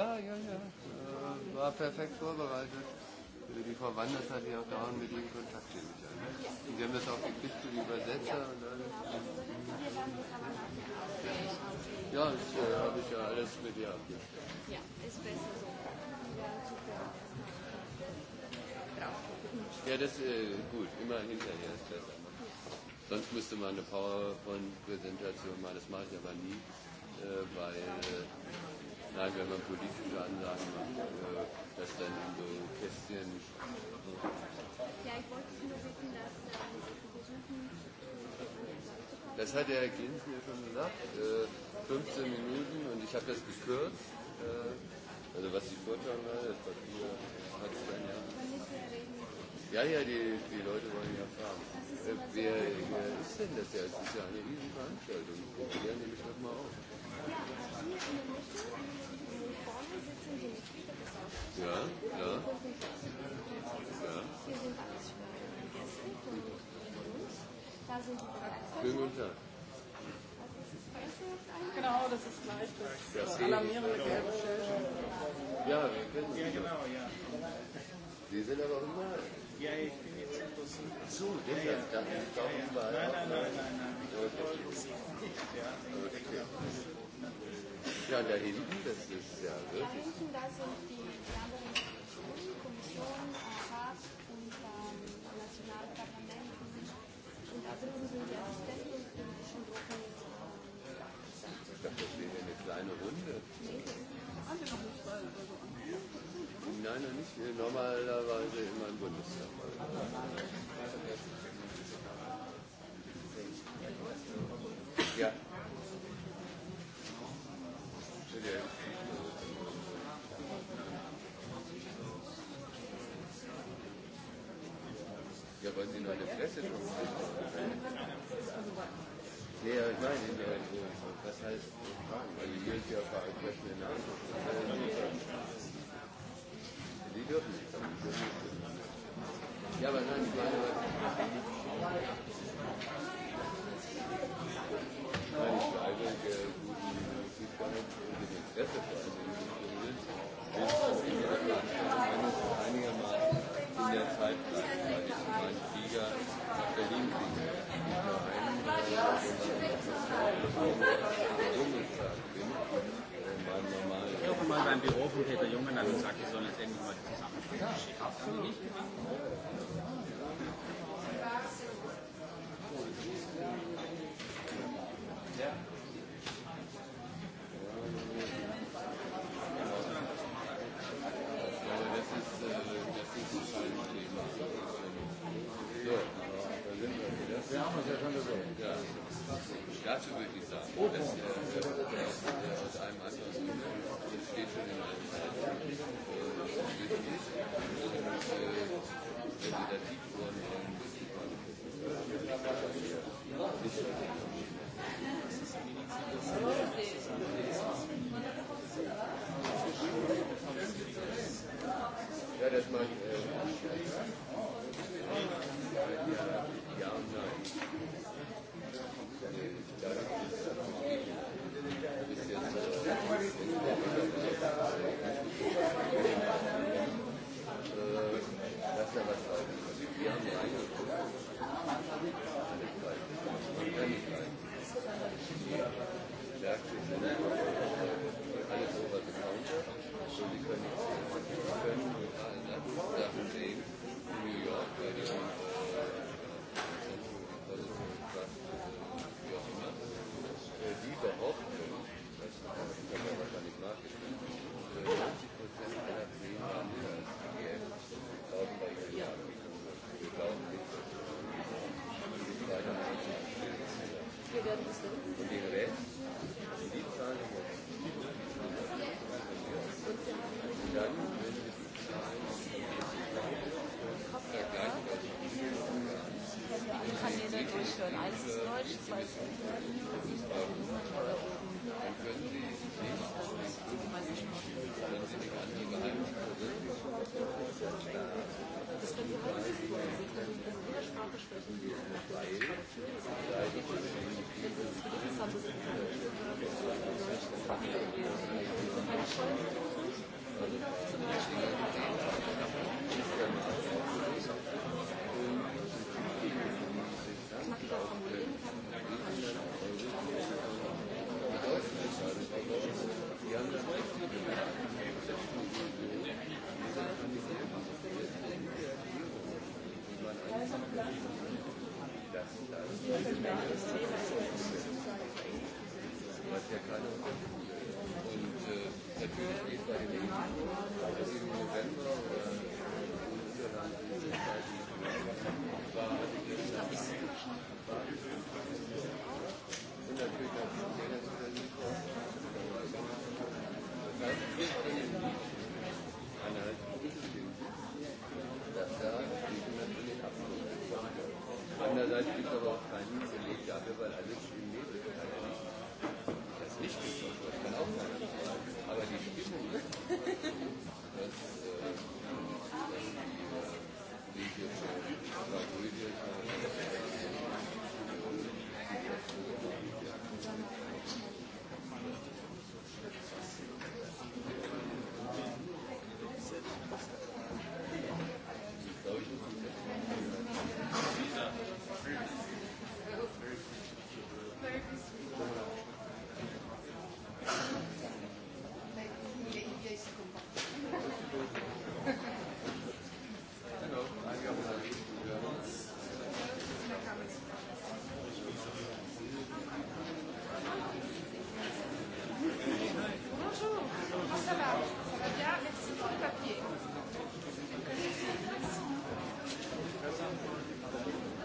Ja, ja, ja. Äh, war perfekt vorbereitet. Die Frau Wanders hatte ja auch dauernd mit ihm Kontakt, nehme ich an. Und wir haben das auch gekriegt für die Übersetzer und alles. Ja, das äh, habe ich ja alles mit ihr abgestimmt. Ja, ist besser so. Ja, das ist äh, gut. Immer hinterher ist besser. Ne? Sonst müsste man eine PowerPoint-Präsentation machen, das mache ich aber nie, äh, weil. Äh, Nein, wenn man politische Anlagen macht, äh, das dann in so Kästchen. Ja, ich wollte Sie nur bitten, dass äh, wir suchen. Das hat der Herr Ginz mir schon gesagt, äh, 15 Minuten und ich habe das gekürzt. Äh, also was die Vortragen hat, das Papier hat es dann ja. Ja, ja, die, die Leute wollen ja fragen. Äh, wer, wer ist denn das ja? Es ist ja eine riesen Veranstaltung. Wir probieren nämlich nochmal auf. Ja, ja. ja. Wir sind alles für Gäste von uns. Da sind die Schönen guten Tag. Genau, das ist gleich das ja, alarmierende gelbe Schild. Ja, wir kennen das. Ja, genau, ja. Sie sind aber immer. Ja, ich bin jetzt im Bus. Ach so, deshalb. Ja, ja. Dann ja, ja. Nein, nein, nein, nein, nein. Okay. Ja, okay. Ja, da hinten, das ist ja wirklich. Da hinten, da sind die, die anderen Institutionen, Kommission, Rat und ähm, nationale Parlamenten. Und da drüben sind die Assistenten und politischen Gruppen. Ich dachte, das wäre eine kleine Runde. Nee, haben wir noch nicht mal so an. Nein, nein, nicht normalerweise immer im Bundestag. Ja. Ja, weil sie nur eine Fresse schon Nee, ja, ich meine, das heißt, weil die gilt ja bei Aggression in der Hand. Die dürfen nicht. Ja, aber nein, ich meine, Ich habe es nicht gemacht.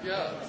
Yeah.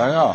Ja, ja.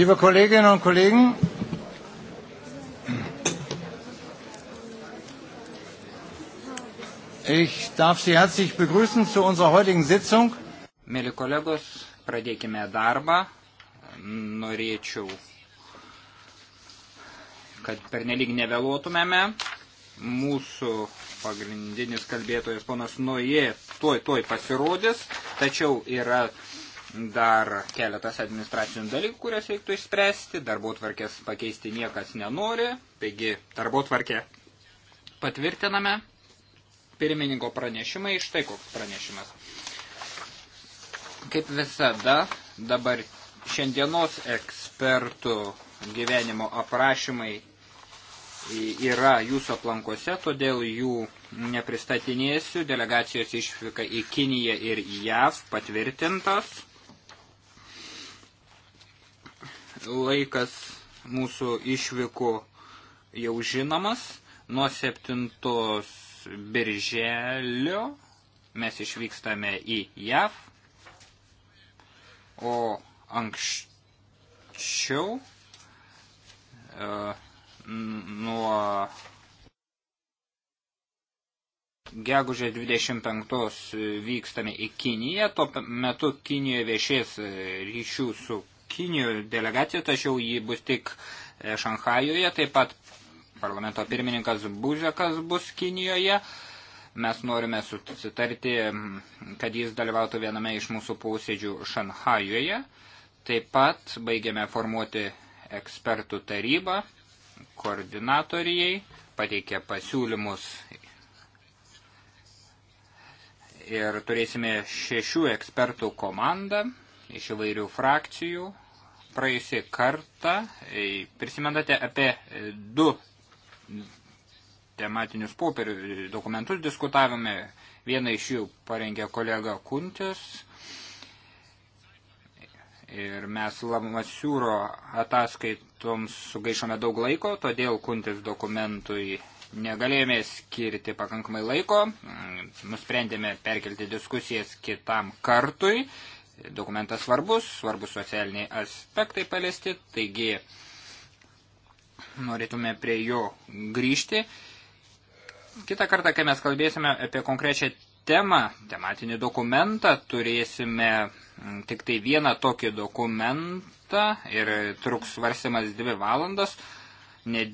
Liebe Kolleginnen und Kollegen, ich darf Sie herzlich begrüßen zu unserer heutigen Sitzung. Mėly kolegos, pradėkime darbą. Norėčiau, kad pernelyg nevėluotumėme. Mūsų pagrindinis kalbėtojas ponas Noje tuoj tuoj pasirodys, tačiau yra dar keletas administracinių dalykų, kurias reiktų išspręsti, darbo tvarkės pakeisti niekas nenori, taigi darbo tvarkė patvirtiname, pirmininko pranešimai, štai koks pranešimas. Kaip visada, dabar šiandienos ekspertų gyvenimo aprašymai yra jūsų aplankose, todėl jų nepristatinėsiu. Delegacijos išvyka į Kiniją ir į JAV patvirtintas. laikas mūsų išvykų jau žinomas. Nuo 7 birželio mes išvykstame į JAV, o anksčiau e, nuo gegužės 25 vykstame į Kiniją, tuo metu Kinijoje viešės ryšių su Kinijų delegacija, tačiau ji bus tik e, Šanhajuje, taip pat parlamento pirmininkas Buzekas bus Kinijoje. Mes norime susitarti, kad jis dalyvautų viename iš mūsų posėdžių Šanhajuje. Taip pat baigiame formuoti ekspertų tarybą, koordinatoriai pateikė pasiūlymus ir turėsime šešių ekspertų komandą iš įvairių frakcijų. Praėjusį kartą e, prisimenate apie e, du tematinius popierių e, dokumentus diskutavome. Vieną iš jų parengė kolega Kuntis. Ir mes Lamasiūro ataskaitoms sugaišome daug laiko, todėl Kuntis dokumentui negalėjome skirti pakankamai laiko, mm, nusprendėme perkelti diskusijas kitam kartui dokumentas svarbus, svarbus socialiniai aspektai paliesti, taigi norėtume prie jo grįžti. Kita kartą, kai mes kalbėsime apie konkrečią temą, tematinį dokumentą, turėsime mm, tik tai vieną tokį dokumentą ir truks svarstymas dvi valandas, ne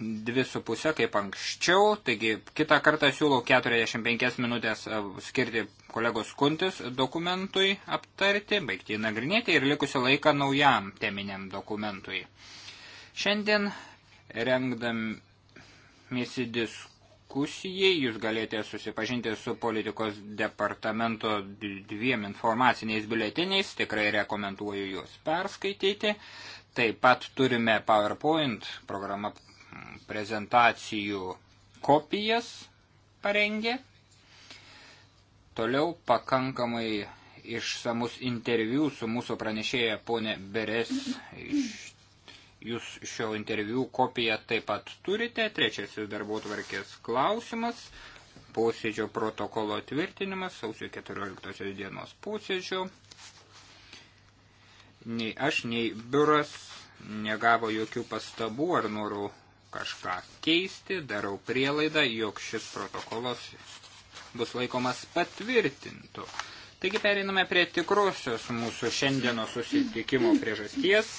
dvi su pusė kaip anksčiau, taigi kitą kartą siūlau 45 minutės e, skirti kolegos Kuntis dokumentui aptarti, baigti nagrinėti ir likusią laiką naujam teminiam dokumentui. Šiandien rengdamiesi diskusijai jūs galite susipažinti su politikos departamento dviem informaciniais biuletiniais, tikrai rekomenduoju juos perskaityti. Taip pat turime PowerPoint programą prezentacijų kopijas parengė Toliau pakankamai išsamus interviu su mūsų pranešėja ponė Beres. Jūs šio interviu kopiją taip pat turite. Trečiasis darbo tvarkės klausimas. Posėdžio protokolo tvirtinimas sausio 14 dienos posėdžio. Nei aš, nei biuras negavo jokių pastabų ar norų kažką keisti. Darau prielaidą, jog šis protokolas bus laikomas patvirtintų. Taigi periname prie tikrosios mūsų šiandieno susitikimo priežasties.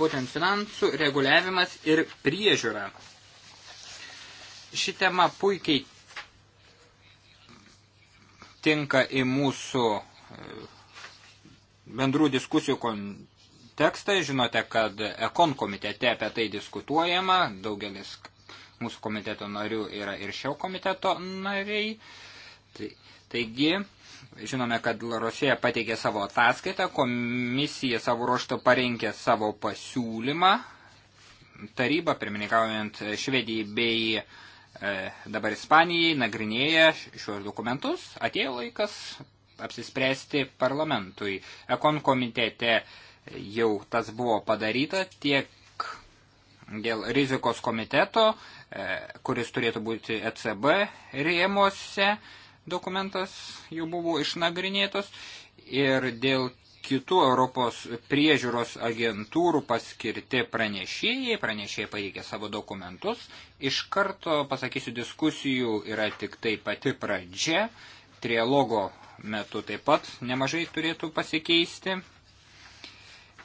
Būtent finansų reguliavimas ir priežiūra. Ši tema puikiai tinka į mūsų e, bendrų diskusijų kontekstą. Žinote, kad Ekon komitete apie tai diskutuojama, daugelis mūsų komiteto narių yra ir šio komiteto nariai. Tai, taigi, žinome, kad Rusija pateikė savo ataskaitą, komisija savo ruoštų parinkė savo pasiūlymą, taryba, pirmininkaujant Švedijai bei e, dabar Ispanijai, nagrinėja šios dokumentus, atėjo laikas apsispręsti parlamentui. Ekon komitete jau tas buvo padaryta tiek dėl rizikos komiteto, E, kuris turėtų būti ECB rėmose, dokumentas jau buvo išnagrinėtos ir dėl kitų Europos priežiūros agentūrų paskirti pranešėjai, pranešėjai pateikė savo dokumentus. Iš karto, pasakysiu, diskusijų yra tik tai pati pradžia, trialogo metu taip pat nemažai turėtų pasikeisti.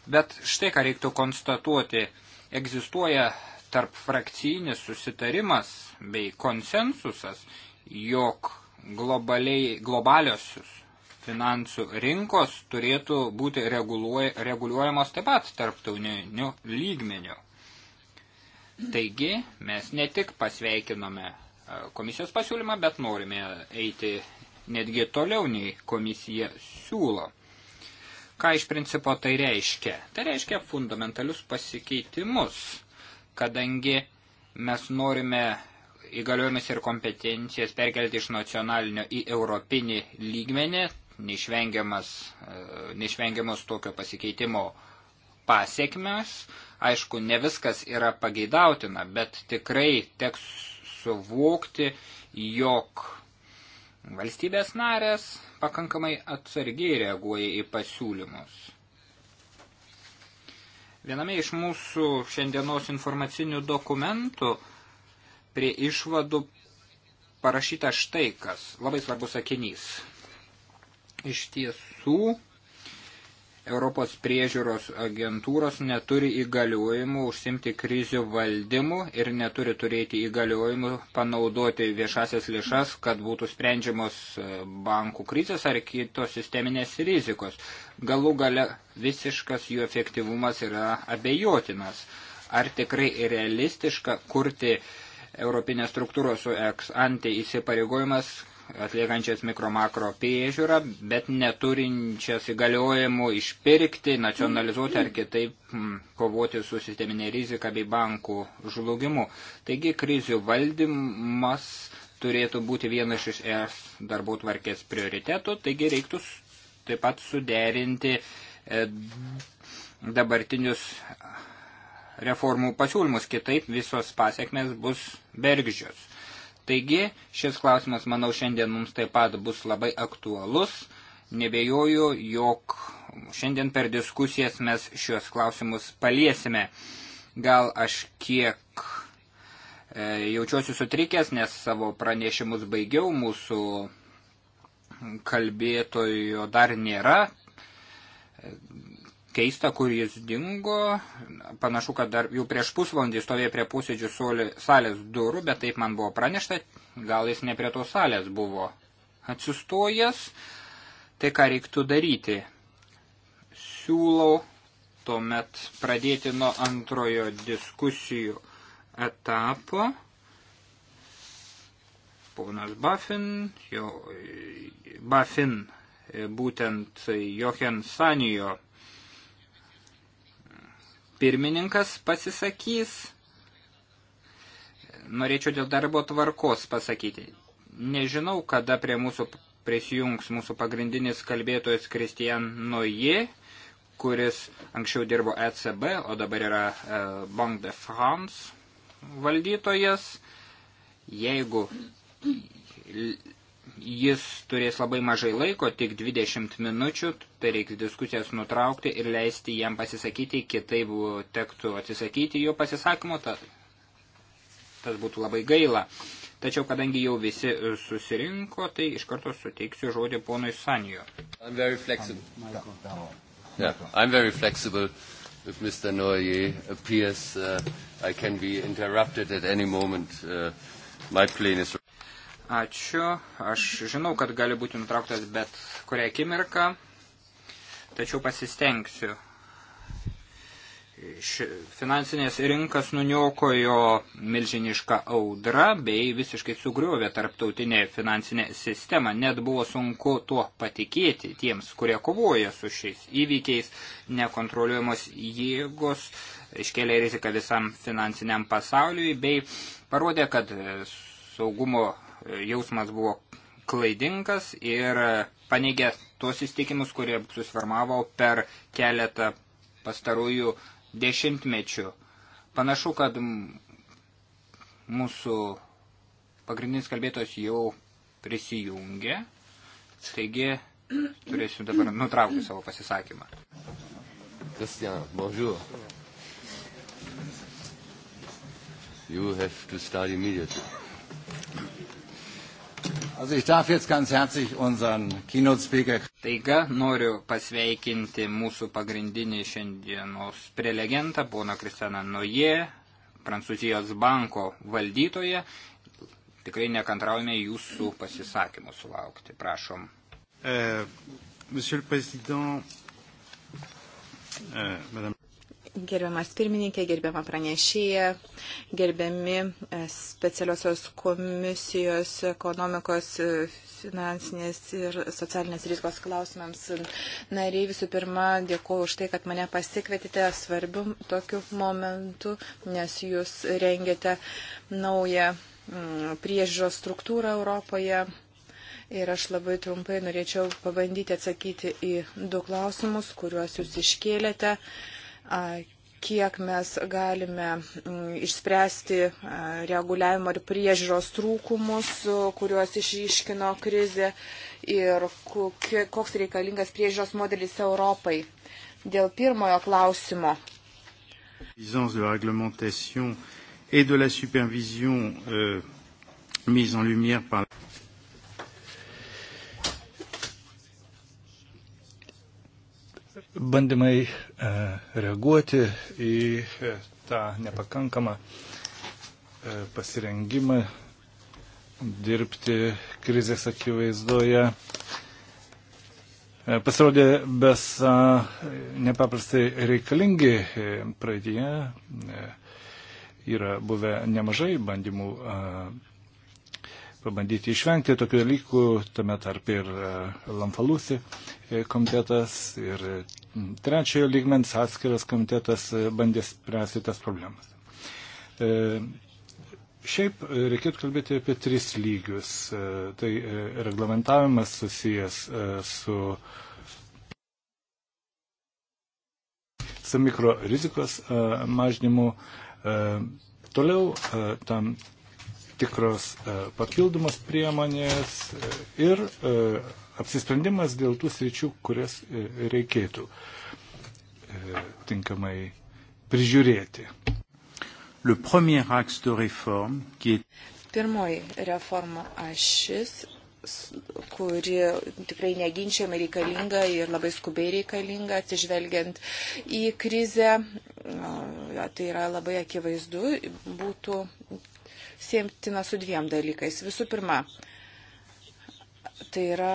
Bet štai ką reiktų konstatuoti, egzistuoja tarp frakcijinis susitarimas bei konsensusas, jog globaliai, globaliosius finansų rinkos turėtų būti reguluoj, reguliuojamos taip pat tarptauniniu lygmeniu. Taigi, mes ne tik pasveikinome e, komisijos pasiūlymą, bet norime eiti netgi toliau nei komisija siūlo. Ką iš principo tai reiškia? Tai reiškia fundamentalius pasikeitimus kadangi mes norime įgaliojimus ir kompetencijas perkelti iš nacionalinio į europinį lygmenį, neišvengiamas e, tokio pasikeitimo pasiekmes. Aišku, ne viskas yra pageidautina, bet tikrai teks suvokti, jog valstybės narės pakankamai atsargiai reaguoja į pasiūlymus. Viename iš mūsų šiandienos informacinių dokumentų prie išvadų parašyta štai kas. Labai svarbus sakinys. Iš tiesų, Europos priežiūros agentūros neturi įgaliojimų užsimti krizių valdymu ir neturi turėti įgaliojimų panaudoti viešasias lėšas, kad būtų sprendžiamos e, bankų krizės ar kitos sisteminės rizikos. Galų gale visiškas jų efektyvumas yra abejotinas. Ar tikrai realistiška kurti Europinės struktūros su ex ante įsipareigojimas atliekančias mikromakro priežiūrą, bet neturinčias įgaliojimų išpirkti, nacionalizuoti ar kitaip mm, kovoti su sisteminė rizika bei bankų žlugimu. Taigi krizių valdymas turėtų būti vienas iš ES darbų tvarkės prioritetų, taigi reiktų taip pat suderinti e, dabartinius reformų pasiūlymus, kitaip visos pasiekmes bus bergžios. Taigi, šis klausimas, manau, šiandien mums taip pat bus labai aktualus. Nebejoju, jog šiandien per diskusijas mes šios klausimus paliesime. Gal aš kiek e, jaučiuosi sutrikęs, nes savo pranešimus baigiau, mūsų kalbėtojo dar nėra keista, kur jis dingo. Panašu, kad dar jau prieš pusvalandį stovėjo prie posėdžių salės durų, bet taip man buvo pranešta, gal jis ne prie tos salės buvo atsistojęs. Tai ką reiktų daryti? Siūlau tuomet pradėti nuo antrojo diskusijų etapo. Ponas Buffin, jo, Buffin būtent Jochen Sanijo pirmininkas pasisakys. Norėčiau dėl darbo tvarkos pasakyti. Nežinau, kada prie mūsų prisijungs mūsų pagrindinis kalbėtojas Kristijan Noji, kuris anksčiau dirbo ECB, o dabar yra e, Bank de France valdytojas. Jeigu Jis turės labai mažai laiko, tik 20 minučių, tai reiks diskusijas nutraukti ir leisti jam pasisakyti, kitaip tektų atsisakyti jo pasisakymo, ta, tas būtų labai gaila. Tačiau, kadangi jau visi susirinko, tai iš karto suteiksiu žodį ponui Sanijo. I'm very flexible. Yeah, I'm very flexible. If Mr. Noyer appears, uh, I can be interrupted at any moment. Uh, my plane is... Ačiū. Aš žinau, kad gali būti nutrauktas bet kurią akimirką, tačiau pasistengsiu. Finansinės rinkas nuniokojo milžinišką audrą bei visiškai sugriovė tarptautinę finansinę sistemą. Net buvo sunku tuo patikėti tiems, kurie kovoja su šiais įvykiais. Nekontroliuojamos jėgos iškėlė riziką visam finansiniam pasauliui bei parodė, kad saugumo jausmas buvo klaidingas ir paneigė tuos įstikimus, kurie susformavo per keletą pastarųjų dešimtmečių. Panašu, kad mūsų pagrindinis kalbėtojas jau prisijungė, taigi turėsiu dabar nutraukti savo pasisakymą. Christian, bonjour. You have to start immediately. Also ich darf jetzt ganz herzlich unseren Keynote Speaker. Taiga noriu pasveikinti mūsų pagrindinį šiandienos prelegentą, poną Kristianą Noje, Prancūzijos banko valdytoje. Tikrai nekantraujame jūsų pasisakymų sulaukti. Prašom. Uh, monsieur le Président, uh, Madame. Gerbiamas pirmininkė, gerbiama pranešėja, gerbiami e, specialiosios komisijos ekonomikos e, finansinės ir socialinės rizikos klausimams nariai. Visų pirma, dėkuoju už tai, kad mane pasikvietėte svarbiu tokiu momentu, nes jūs rengiate naują mm, priežiūros struktūrą Europoje, Ir aš labai trumpai norėčiau pabandyti atsakyti į du klausimus, kuriuos jūs iškėlėte. Uh, kiek mes galime mm, išspręsti reguliavimo ir priežiūros trūkumus, kuriuos išryškino krizė ir koks reikalingas priežiūros modelis Europai. Dėl pirmojo klausimo. bandymai e, reaguoti į e, tą nepakankamą e, pasirengimą dirbti krizės akivaizdoje pasirodė besa nepaprastai reikalingi praeitie. Yra buvę nemažai bandymų pabandyti išvengti tokių dalykų, tame tarp ir e, Lamfalusi e, komitetas ir trečiojo lygmens atskiras komitetas e, bandė spręsti tas problemas. Šiaip reikėtų kalbėti apie tris lygius. Tai reglamentavimas susijęs su, su mikro rizikos mažinimu. Toliau tam tikros e, papildomos priemonės e, ir e, apsisprendimas dėl tų sričių, kurias reikėtų tinkamai prižiūrėti. Pirmoji reforma ašis kuri tikrai neginčiamai reikalinga ir labai skubiai reikalinga atsižvelgiant į krizę. Tai yra labai akivaizdu, būtų siemtina su dviem dalykais. Visų pirma, tai yra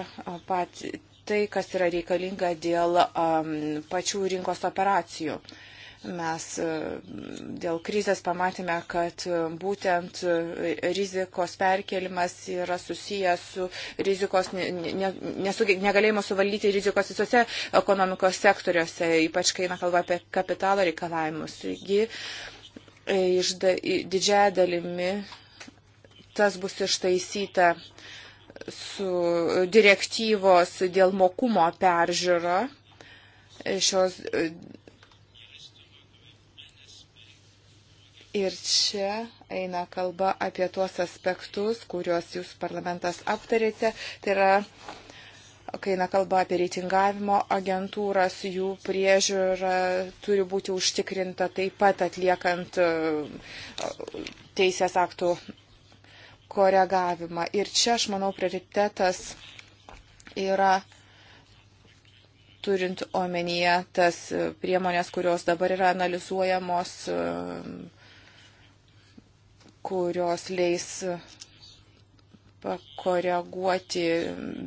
pat, tai, kas yra reikalinga dėl um, pačių rinkos operacijų. Mes dėl krizės pamatėme, kad būtent rizikos perkelimas yra susijęs su rizikos negalėjimu suvaldyti rizikos visose ekonomikos sektoriuose, ypač kai eina kalba apie kapitalo reikalavimus. Taigi, išda, didžiąją dalimi tas bus ištaisyta su direktyvos dėl mokumo peržiūra. Šios... Ir čia eina kalba apie tuos aspektus, kuriuos jūs parlamentas aptarėte. Tai yra, kai eina kalba apie reitingavimo agentūras, jų priežiūra turi būti užtikrinta taip pat atliekant e, teisės aktų koregavimą. Ir čia, aš manau, prioritetas yra turint omenyje tas priemonės, kurios dabar yra analizuojamos, kurios leis pakoreguoti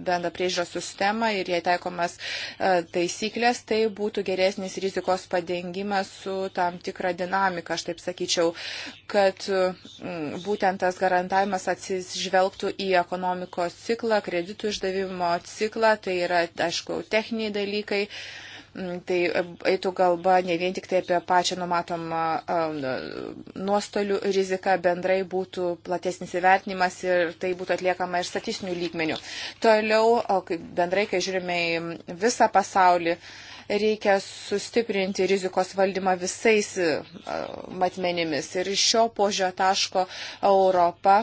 bendrą priežiūros sistemą ir jai taikomas e, taisyklės, tai būtų geresnis rizikos padengimas su tam tikra dinamika, aš taip sakyčiau, kad būtent tas garantavimas atsižvelgtų į ekonomikos ciklą, kreditų išdavimo ciklą, tai yra, aišku, techniniai dalykai. Mm, tai e, eitų kalba ne vien tik tai apie pačią numatomą nuostolių riziką, bendrai būtų platesnis įvertinimas ir tai būtų atliekama ir statistinių lygmenių. Toliau, bendrai, kai žiūrime į visą pasaulį, reikia sustiprinti rizikos valdymą visais e, matmenimis. Ir iš šio požio taško Europa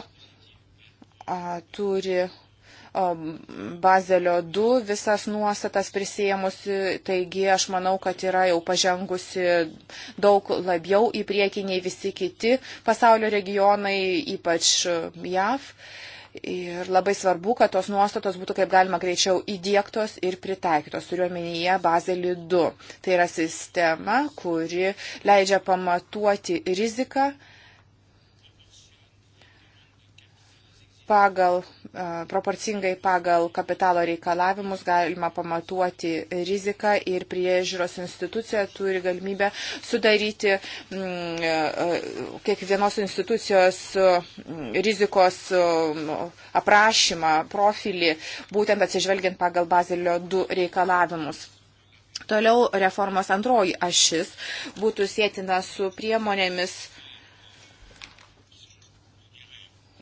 turi Um, Bazelio 2 visas nuostatas prisėmusi, taigi aš manau, kad yra jau pažengusi daug labiau į priekį nei visi kiti pasaulio regionai, ypač um, JAV. Ir labai svarbu, kad tos nuostatos būtų kaip galima greičiau įdėktos ir pritaikytos, turiuomenyje bazelį 2. Tai yra sistema, kuri leidžia pamatuoti riziką pagal, e, proporcingai pagal kapitalo reikalavimus galima pamatuoti riziką ir priežiūros institucija turi galimybę sudaryti mm, e, e, kiekvienos institucijos mm, rizikos mm, aprašymą, profilį, būtent atsižvelgiant pagal Bazelio 2 reikalavimus. Toliau reformos antroji ašis būtų sėtina su priemonėmis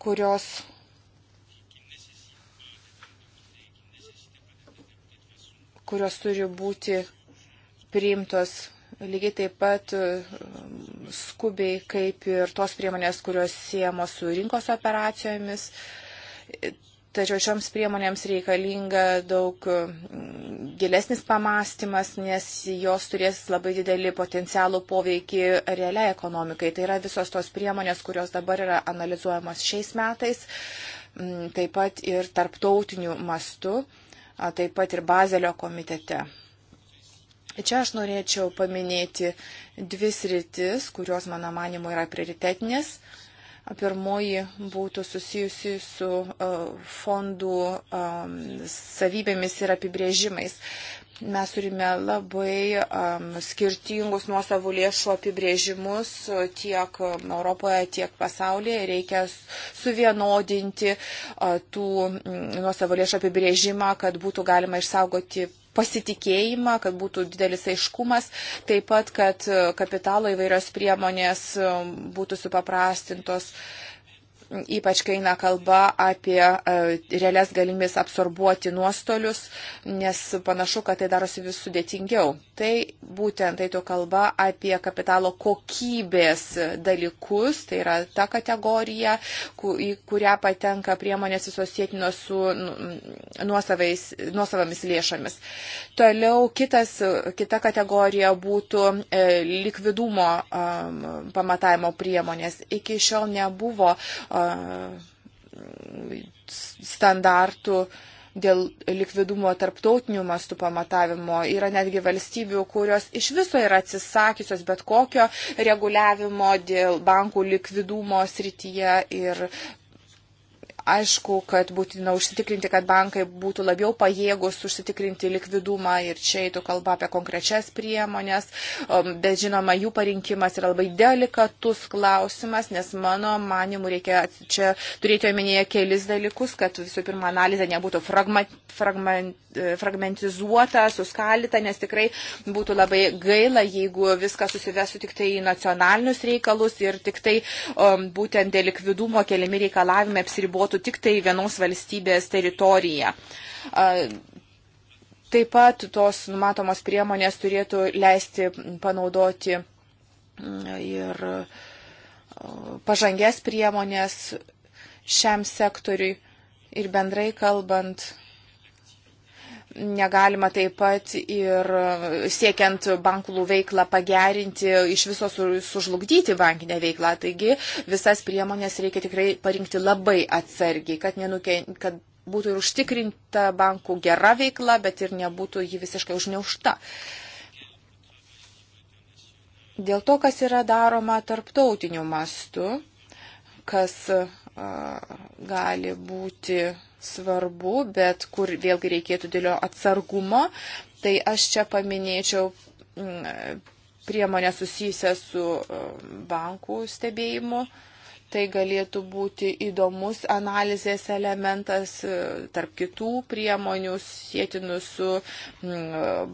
kurios kurios turi būti priimtos lygiai taip pat um, skubiai, kaip ir tos priemonės, kurios siejamos su rinkos operacijomis. Tačiau šioms priemonėms reikalinga daug um, gilesnis pamastymas, nes jos turės labai didelį potencialų poveikį realiai ekonomikai. Tai yra visos tos priemonės, kurios dabar yra analizuojamos šiais metais, um, taip pat ir tarptautiniu mastu taip pat ir Bazelio komitete. Čia aš norėčiau paminėti dvi sritis, kurios mano manimo yra prioritetinės. Pirmoji būtų susijusi su fondų savybėmis ir apibrėžimais. Mes turime labai um, skirtingus nuosavų lėšų apibrėžimus uh, tiek um, Europoje, tiek pasaulyje. Reikia suvienodinti uh, tų mm, nuosavų lėšų apibrėžimą, kad būtų galima išsaugoti pasitikėjimą, kad būtų didelis aiškumas, taip pat, kad uh, kapitalo įvairios priemonės um, būtų supaprastintos ypač kai eina kalba apie e, realias galimybės absorbuoti nuostolius, nes panašu, kad tai darosi vis sudėtingiau. Tai būtent tai tu kalba apie kapitalo kokybės dalykus, tai yra ta kategorija, į kurią patenka priemonės visos sėtinos su nu, nuosavomis lėšomis. Toliau kitas, kita kategorija būtų e, likvidumo pamatavimo priemonės. Iki šiol nebuvo standartų dėl likvidumo tarptautinių mastų pamatavimo. Yra netgi valstybių, kurios iš viso yra atsisakiusios bet kokio reguliavimo dėl bankų likvidumo srityje ir Aišku, kad būtina užsitikrinti, kad bankai būtų labiau pajėgus užsitikrinti likvidumą ir čia eitų kalba apie konkrečias priemonės, um, bet žinoma, jų parinkimas yra labai delikatus klausimas, nes mano manimu reikia čia turėti omenyje kelis dalykus, kad visų pirma analizė nebūtų fragma, fragma, e, fragmentizuota, suskalita, nes tikrai būtų labai gaila, jeigu viskas susivesų tik tai į nacionalinius reikalus ir tik tai um, būtent dėl likvidumo keliami reikalavimai apsiribotų apimtų tik tai vienos valstybės teritoriją. Taip pat tos numatomos priemonės turėtų leisti panaudoti mm, ir pažangės priemonės šiam sektoriui ir bendrai kalbant Negalima taip pat ir siekiant bankų veiklą pagerinti, iš viso sužlugdyti bankinę veiklą. Taigi visas priemonės reikia tikrai parinkti labai atsargiai, kad, nenukien, kad būtų ir užtikrinta bankų gera veikla, bet ir nebūtų ji visiškai užneušta. Dėl to, kas yra daroma tarptautiniu mastu, kas gali būti svarbu, bet kur vėlgi reikėtų dėlio atsargumo, tai aš čia paminėčiau mm, priemonę susijusią su mm, bankų stebėjimu. Tai galėtų būti įdomus analizės elementas mm, tarp kitų priemonių sėtinų su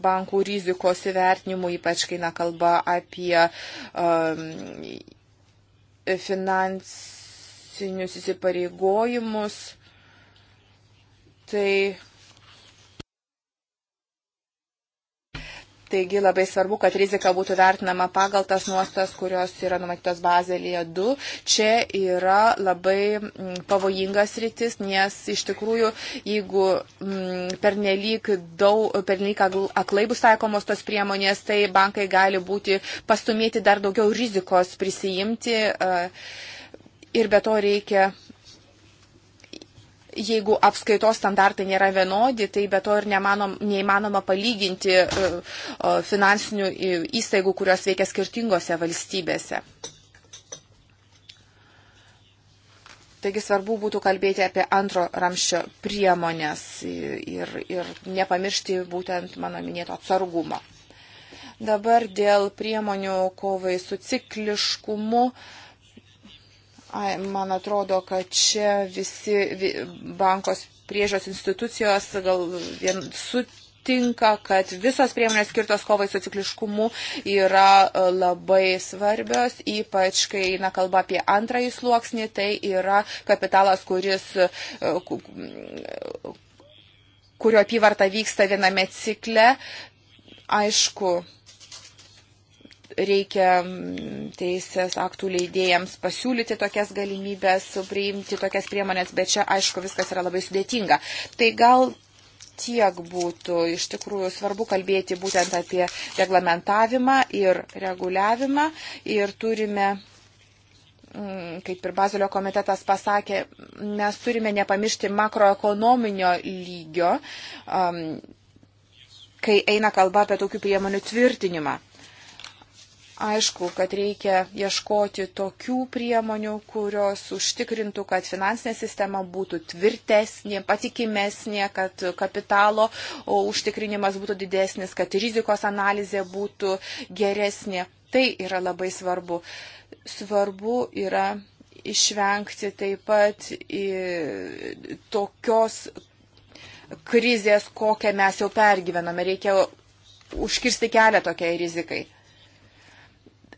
bankų rizikos įvertinimu, ypač kai na kalba apie um, finansinius įsipareigojimus Tai Taigi labai svarbu, kad rizika būtų vertinama pagal tas nuostas, kurios yra numatytos bazelėje 2. Čia yra labai mm, pavojingas rytis, nes iš tikrųjų, jeigu mm, pernelyg, daug, pernelyg aklai bus taikomos tos priemonės, tai bankai gali būti pastumėti dar daugiau rizikos prisijimti. E, ir be to reikia jeigu apskaitos standartai nėra vienodi, tai be to ir nemanom, neįmanoma palyginti e, e, finansinių e, įstaigų, kurios veikia skirtingose valstybėse. Taigi svarbu būtų kalbėti apie antro ramščio priemonės ir, ir nepamiršti būtent mano minėto atsargumo. Dabar dėl priemonių kovai su cikliškumu. Uh, Ai, man atrodo, kad čia visi bankos priežos institucijos gal vien sutinka, kad visos priemonės skirtos kovai su cikliškumu yra e, labai svarbios, ypač kai eina kalba apie antrąjį sluoksnį, tai yra kapitalas, kuris e, kurio apyvarta vyksta viename cikle. Aišku, reikia mm, teisės aktų leidėjams pasiūlyti tokias galimybės, priimti tokias priemonės, bet čia, aišku, viskas yra labai sudėtinga. Tai gal tiek būtų iš tikrųjų svarbu kalbėti būtent apie reglamentavimą ir reguliavimą ir turime mm, kaip ir Bazilio komitetas pasakė, mes turime nepamiršti makroekonominio lygio, um, kai eina kalba apie tokių priemonių tvirtinimą. Aišku, kad reikia ieškoti tokių priemonių, kurios užtikrintų, kad finansinė sistema būtų tvirtesnė, patikimesnė, kad kapitalo užtikrinimas būtų didesnis, kad rizikos analizė būtų geresnė. Tai yra labai svarbu. Svarbu yra išvengti taip pat tokios krizės, kokią mes jau pergyvename. Reikia užkirsti kelią tokiai rizikai.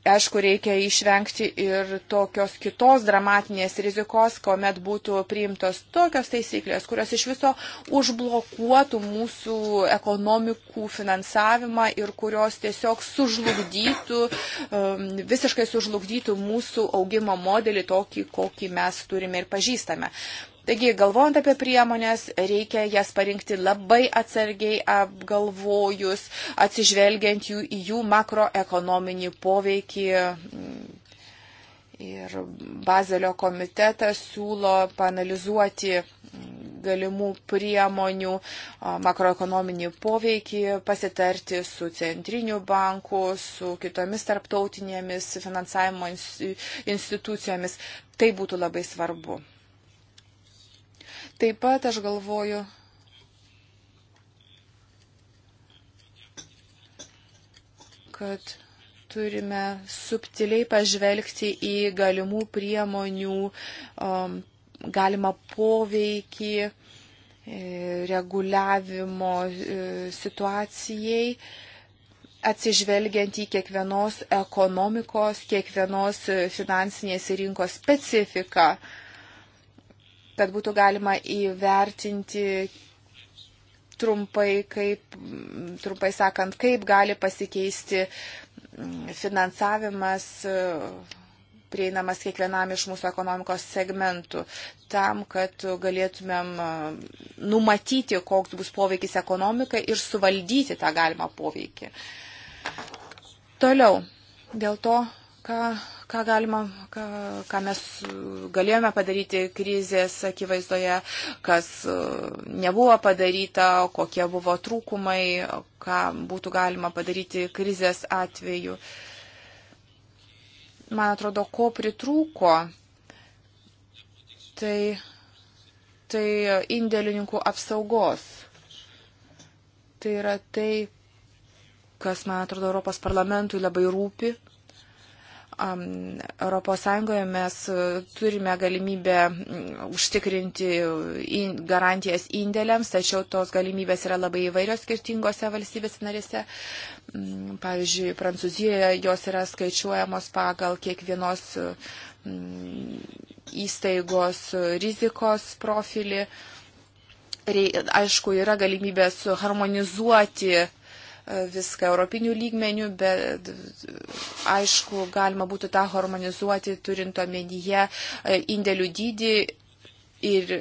Aišku, reikia išvengti ir tokios kitos dramatinės rizikos, kuomet būtų priimtos tokios taisyklės, kurios iš viso užblokuotų mūsų ekonomikų finansavimą ir kurios tiesiog sužlugdytų, um, visiškai sužlugdytų mūsų augimo modelį tokį, kokį mes turime ir pažįstame. Taigi, galvojant apie priemonės, reikia jas parinkti labai atsargiai apgalvojus, atsižvelgiant jų į jų makroekonominį poveikį Ir Bazelio komitetas siūlo panalizuoti galimų priemonių makroekonominį poveikį, pasitarti su centriniu banku, su kitomis tarptautinėmis finansavimo institucijomis. Tai būtų labai svarbu. Taip pat aš galvoju. kad turime subtiliai pažvelgti į galimų priemonių um, galimą poveikį e, reguliavimo e, situacijai, atsižvelgiant į kiekvienos ekonomikos, kiekvienos e, finansinės rinkos specifiką. Uh, kad būtų galima įvertinti trumpai, kaip, trumpai sakant, kaip gali pasikeisti mm, finansavimas prieinamas kiekvienam iš mūsų ekonomikos segmentų, tam, kad galėtumėm mm, numatyti, koks bus poveikis ekonomikai ir suvaldyti tą galimą poveikį. Toliau, dėl to, ką, ką, galima, ką, ką mes galėjome padaryti krizės akivaizdoje, kas e, nebuvo padaryta, kokie buvo trūkumai, ką būtų galima padaryti krizės atveju. Man atrodo, ko pritrūko, tai, tai indėlininkų apsaugos. Tai yra tai, kas, man atrodo, Europos parlamentui labai rūpi, ES mes e, turime galimybę užtikrinti garantijas indėliams, tačiau tos galimybės yra labai įvairios skirtingose valstybės narėse. Pavyzdžiui, Prancūzijoje jos yra skaičiuojamos pagal kiekvienos įstaigos rizikos profilį. Aišku, yra galimybės harmonizuoti uh, viską europinių lygmenių, bet aišku, galima būtų tą harmonizuoti turint omenyje e, indėlių dydį ir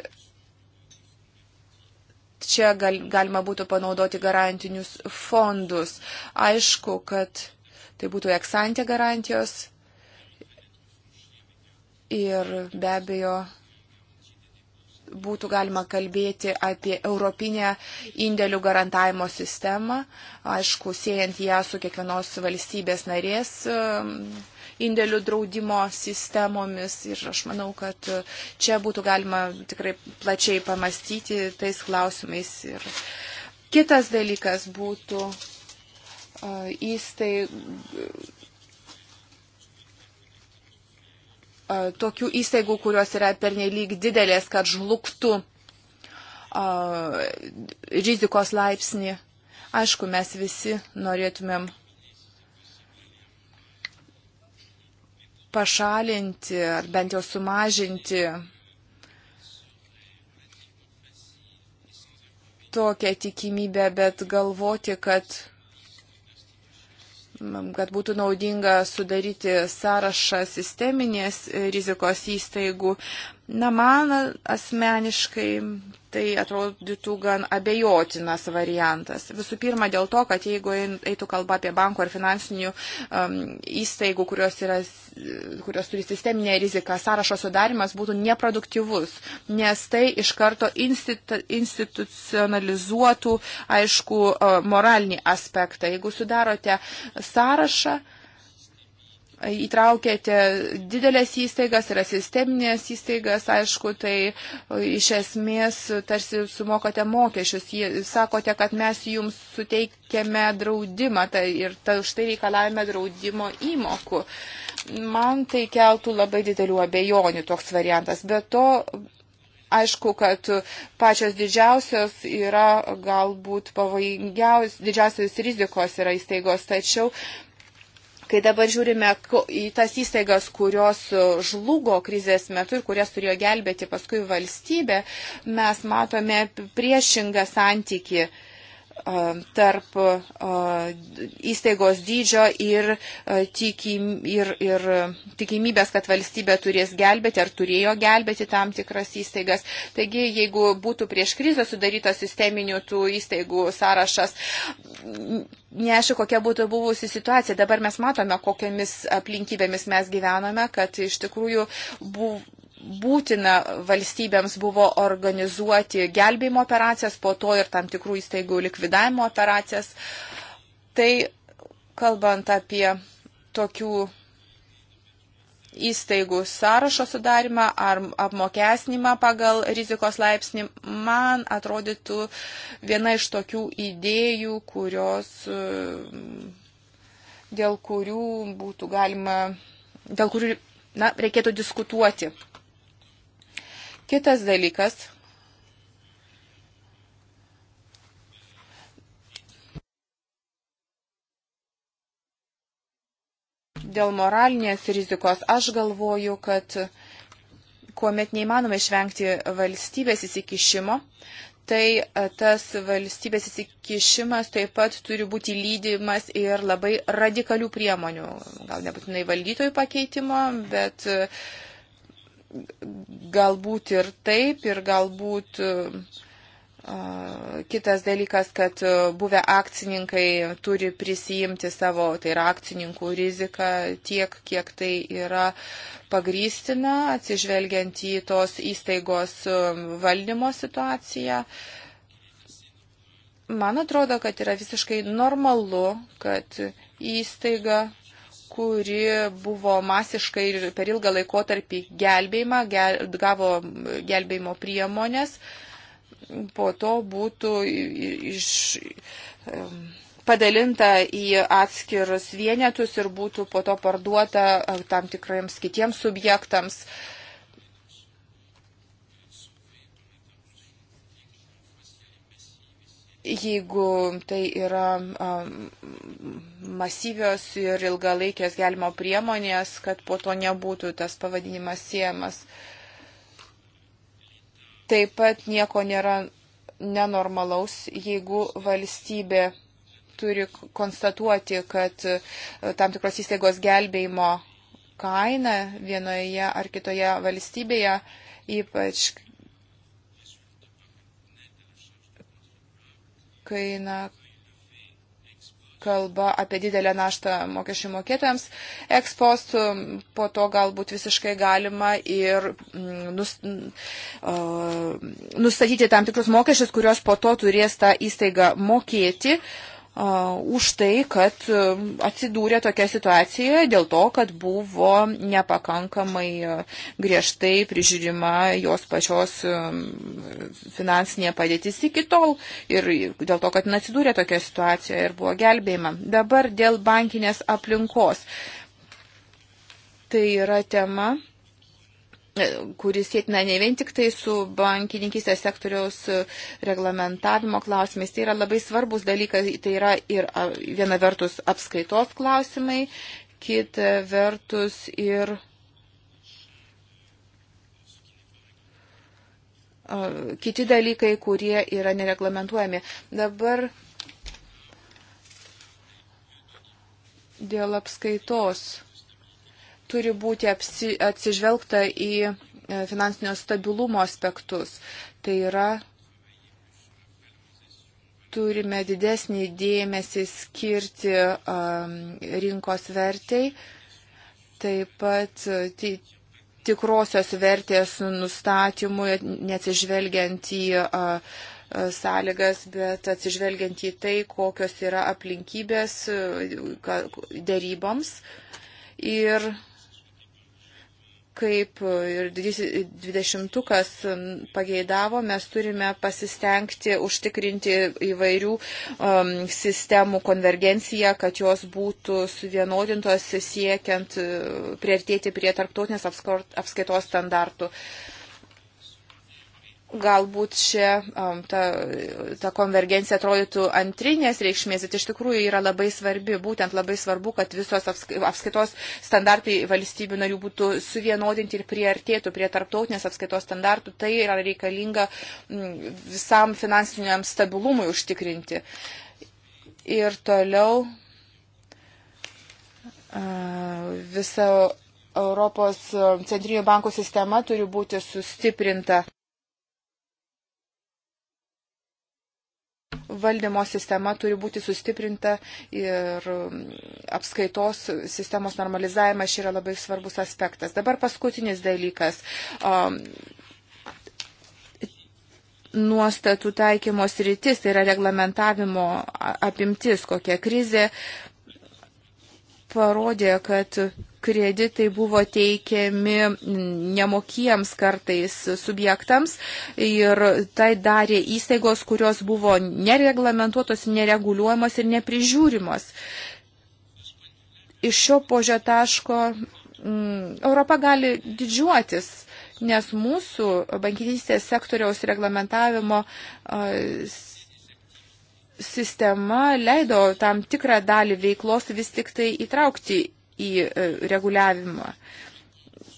čia gal, galima būtų panaudoti garantinius fondus. Aišku, kad tai būtų eksantė garantijos ir be abejo būtų galima kalbėti apie europinę indėlių garantavimo sistemą, aišku, siejant ją su kiekvienos valstybės narės um, indėlių draudimo sistemomis ir aš manau, kad čia būtų galima tikrai plačiai pamastyti tais klausimais. Ir kitas dalykas būtų uh, įstaig tokių įstaigų, kurios yra pernelyg didelės, kad žlugtų rizikos laipsnį. Aišku, mes visi norėtumėm pašalinti ar bent jau sumažinti tokią tikimybę, bet galvoti, kad kad būtų naudinga sudaryti sąrašą sisteminės rizikos įstaigų, Na, man asmeniškai tai atrodytų gan abejotinas variantas. Visų pirma, dėl to, kad jeigu eitų kalba apie banko ar finansinių um, įstaigų, kurios, yra, kurios turi sisteminę riziką, sąrašo sudarimas būtų neproduktyvus, nes tai iš karto institu, institucionalizuotų, aišku, uh, moralinį aspektą. Jeigu sudarote sąrašą, įtraukėte didelės įstaigas, yra sisteminės įstaigas, aišku, tai iš esmės tarsi sumokote mokesčius. Sakote, kad mes jums suteikėme draudimą tai ir tai už tai reikalavime draudimo įmokų. Man tai keltų labai didelių abejonių toks variantas. Be to, aišku, kad pačios didžiausios yra galbūt pavojingiausios, didžiausios rizikos yra įstaigos, tačiau Kai dabar žiūrime į tas įstaigas, kurios e, žlugo krizės metu ir kurias turėjo gelbėti paskui valstybė, mes matome priešingą santyki. Uh, Um, tarp uh, įstaigos dydžio ir, uh, tikim, ir, ir um, tikimybės, kad valstybė turės gelbėti ar turėjo gelbėti tam tikras įstaigas. Taigi, jeigu būtų prieš krizę sudarytas sisteminių tų įstaigų sąrašas, neaišku, kokia būtų buvusi situacija. Dabar mes matome, kokiamis aplinkybėmis mes gyvename, kad iš tikrųjų buv, būtina valstybėms buvo organizuoti gelbėjimo operacijas, po to ir tam tikrų įstaigų likvidavimo operacijas. Tai kalbant apie tokių įstaigų sąrašo sudarimą ar apmokesnimą pagal rizikos laipsnį, man atrodytų viena iš tokių idėjų, kurios, e, dėl kurių būtų galima, dėl kurių na, reikėtų diskutuoti. Kitas dalykas. Dėl moralinės rizikos aš galvoju, kad kuomet neįmanoma išvengti valstybės įsikišimo, tai e, tas valstybės įsikišimas taip pat turi būti lydimas ir labai radikalių priemonių. Gal nebūtinai valdytojų pakeitimo, bet galbūt ir taip, ir galbūt kitas dalykas, kad buvę akcininkai turi prisijimti savo, tai yra akcininkų riziką tiek, kiek tai yra pagrystina, atsižvelgiant į tos įstaigos um, valdymo situaciją. Man atrodo, kad yra visiškai normalu, kad įstaiga kuri buvo masiškai ir per ilgą laikotarpį gelbėjimą, gel, gavo gelbėjimo priemonės, po to būtų iš, padalinta į atskirus vienetus ir būtų po to parduota e, tam tikriems kitiems subjektams. Uh, Jeigu tai yra masyvios ir ilgalaikės gelimo priemonės, kad po to nebūtų tas pavadinimas siejamas. Taip pat nieko nėra nenormalaus, jeigu valstybė turi konstatuoti, kad e, tam tikros įstaigos gelbėjimo kaina vienoje ar kitoje valstybėje, ypač kai na, kalba apie didelę naštą mokesčių mokėtojams. Ekspost po to galbūt visiškai galima ir mm, nus, uh, nustatyti tam tikrus mokesčius, kuriuos po to turės tą įstaigą mokėti. Uh, už tai, kad atsidūrė tokia situacija dėl to, kad buvo nepakankamai griežtai prižiūrima jos pačios finansinė padėtis iki tol ir dėl to, kad atsidūrė tokia situacija ir buvo gelbėjama. Dabar dėl bankinės aplinkos. Tai yra tema kuris sėtina ne vien tik tai su bankininkystės sektoriaus e, reglamentavimo klausimais. Tai yra labai svarbus dalykas, tai yra ir viena vertus apskaitos klausimai, kita vertus ir kiti dalykai, kurie yra nereglamentuojami. Dabar dėl apskaitos turi būti apsi, atsižvelgta į e, finansinio stabilumo aspektus. Tai yra, turime didesnį dėmesį skirti um, rinkos vertei, taip pat tai, tikrosios vertės nustatymui, neatsižvelgiant į uh, sąlygas, bet atsižvelgiant į tai, kokios yra aplinkybės e, dėryboms. Ir kaip e, ir 20-ukas pageidavo, mes turime pasistengti užtikrinti įvairių um, sistemų konvergenciją, kad jos būtų suvienodintos siekiant e, priartėti prie tarptautinės apskaitos standartų. Uh, galbūt čia um, ta, ta konvergencija atrodytų antrinės reikšmės, bet iš tikrųjų yra labai svarbi. Būtent labai svarbu, kad visos apskaitos standartai valstybių narių būtų suvienodinti ir priartėtų prie tarptautinės apskaitos standartų. Tai yra reikalinga mm, visam finansiniam stabilumui užtikrinti. Ir toliau visa Europos centrinio banko sistema turi būti sustiprinta. valdymo sistema turi būti sustiprinta ir um, apskaitos sistemos normalizavimas yra labai svarbus aspektas. Dabar paskutinis dalykas um, nuostatų taikymos rytis, tai yra reglamentavimo apimtis, kokia krizė parodė, kad kreditai buvo teikiami nemokiems kartais subjektams ir tai darė įstaigos, kurios buvo nereglamentuotos, nereguliuojamos ir neprižiūrimos. Iš šio požio taško m, mm, Europa gali didžiuotis, nes mūsų bankininkystės sektoriaus reglamentavimo uh, sistema leido tam tikrą dalį veiklos vis tik tai įtraukti į e, reguliavimą.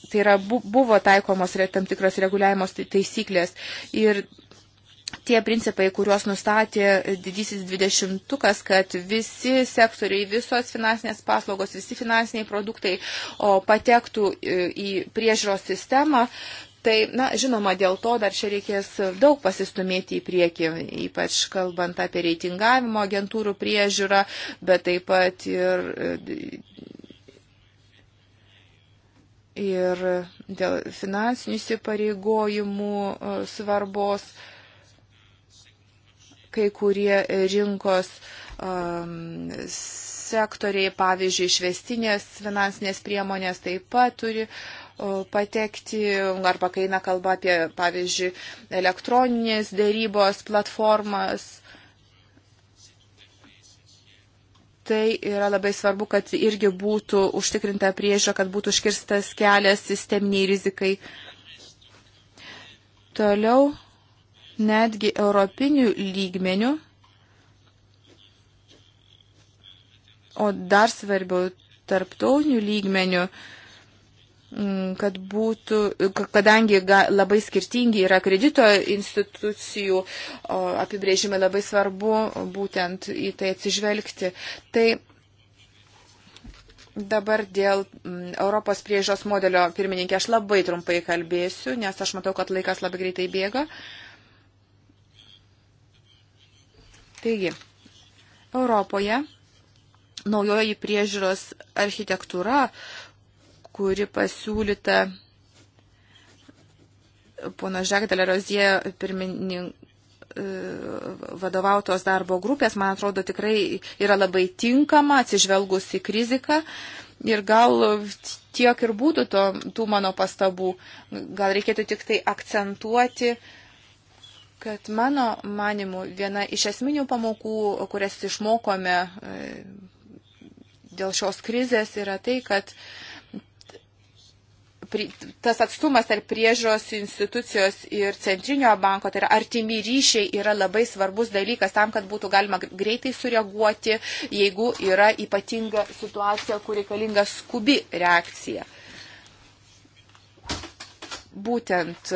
Tai yra, buvo taikomos tam tikros reguliavimo taisyklės. Ir tie principai, kuriuos nustatė didysis dvidešimtukas, kad visi sektoriai, visos finansinės paslaugos, visi finansiniai produktai o, patektų e, į priežiūros sistemą, Tai, na, žinoma, dėl to dar čia reikės daug pasistumėti į priekį, ypač kalbant apie reitingavimo agentūrų priežiūrą, bet taip pat ir. Ir dėl finansinių įsipareigojimų e, svarbos kai kurie rinkos um, sektoriai, pavyzdžiui, išvestinės finansinės priemonės taip pat turi uh, patekti, arba kai eina kalba apie, pavyzdžiui, elektroninės dėrybos platformas. tai yra labai svarbu, kad irgi būtų užtikrinta priežio, kad būtų užkirstas kelias sisteminiai rizikai. Toliau netgi europinių lygmenių, o dar svarbiau tarptautinių lygmenių, uh, Mm, kad būtų, kadangi labai skirtingi yra kredito institucijų apibrėžimai, labai svarbu būtent į tai atsižvelgti. Tai dabar dėl mm, Europos priežos modelio pirmininkė aš labai trumpai kalbėsiu, nes aš matau, kad laikas labai greitai bėga. Taigi, Europoje naujoji priežiūros architektūra, kuri pasiūlyta pono Žagdelė Rozie pirmininkas e, vadovautos darbo grupės, man atrodo, tikrai yra labai tinkama atsižvelgus į kriziką. Ir gal tiek ir būtų to, tų mano pastabų. Gal reikėtų tik tai akcentuoti, kad mano manimu viena iš esminių pamokų, kurias išmokome e, dėl šios krizės, yra tai, kad uh, tas atstumas tarp priežiūros institucijos ir centrinio banko, tai yra artimi ryšiai, yra labai svarbus dalykas tam, kad būtų galima greitai sureaguoti, jeigu yra ypatinga situacija, kur reikalinga skubi reakcija. Būtent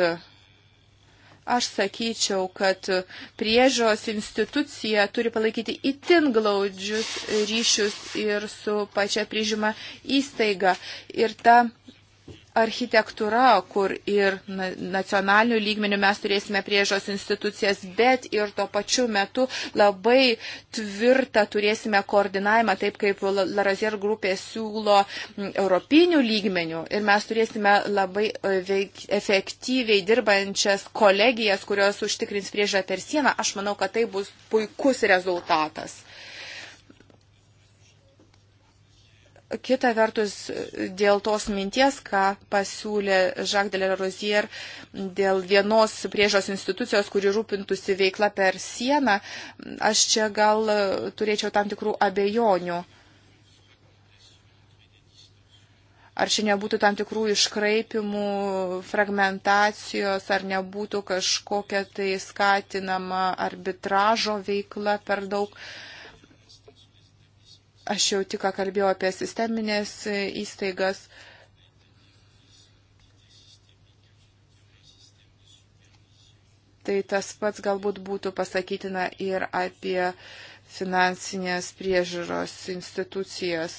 aš sakyčiau, kad priežos institucija turi palaikyti itin glaudžius ryšius ir su pačia prižima įstaiga. Ir ta architektūra, kur ir nacionalinių lygmenių mes turėsime priežos institucijas, bet ir tuo pačiu metu labai tvirtą turėsime koordinavimą, taip kaip Larazier grupė siūlo europinių lygmenių. Ir mes turėsime labai e, veik, efektyviai dirbančias kolegijas, kurios užtikrins priežą per sieną. Aš manau, kad tai bus puikus rezultatas. Kita vertus, dėl tos minties, ką pasiūlė Jacques de la Rosière, dėl vienos priežos institucijos, kuri rūpintųsi veikla per sieną, aš čia gal turėčiau tam tikrų abejonių ar čia nebūtų tam tikrų iškraipimų, fragmentacijos, ar nebūtų kažkokia tai skatinama arbitražo veikla per daug. Uh, Aš jau tik kalbėjau apie sisteminės įstaigas. Tai tas pats galbūt būtų pasakytina ir apie finansinės priežiūros institucijas.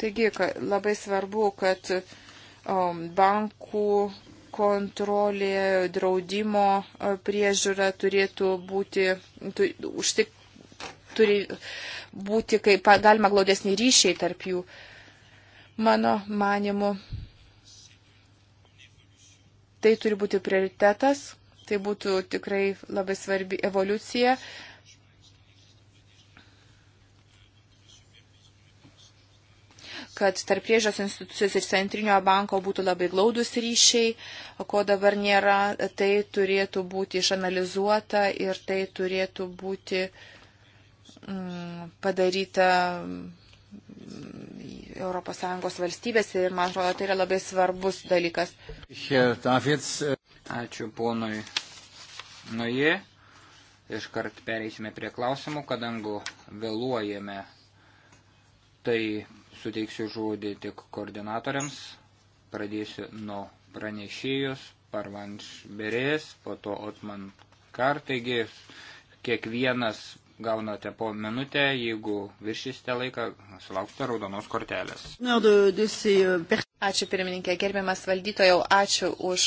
Taigi labai svarbu, kad um, bankų kontrolė, draudimo e, priežiūra turėtų būti, tu, užtik, turi būti kaip galima glaudesni ryšiai tarp jų. Mano manimu, tai turi būti prioritetas, tai būtų tikrai labai svarbi evoliucija. Uh, kad tarp priežios institucijos ir centrinio banko būtų labai glaudus ryšiai, ko dabar nėra, tai turėtų būti išanalizuota ir tai turėtų būti mm, padaryta mm, ES valstybėse ir man atrodo, tai yra labai svarbus dalykas. Äh, äh, Ačiū ponui Nuje. Iškart pereisime prie klausimų, kadangi vėluojame, tai suteiksiu žodį tik koordinatoriams. Pradėsiu nuo pranešėjus, Parvanš Berės, po to Otman Kar, taigi kiekvienas gaunate po minutę, jeigu viršysite laiką, sulauksite raudonos kortelės. Ačiū pirmininkė, gerbiamas valdytojau, ačiū už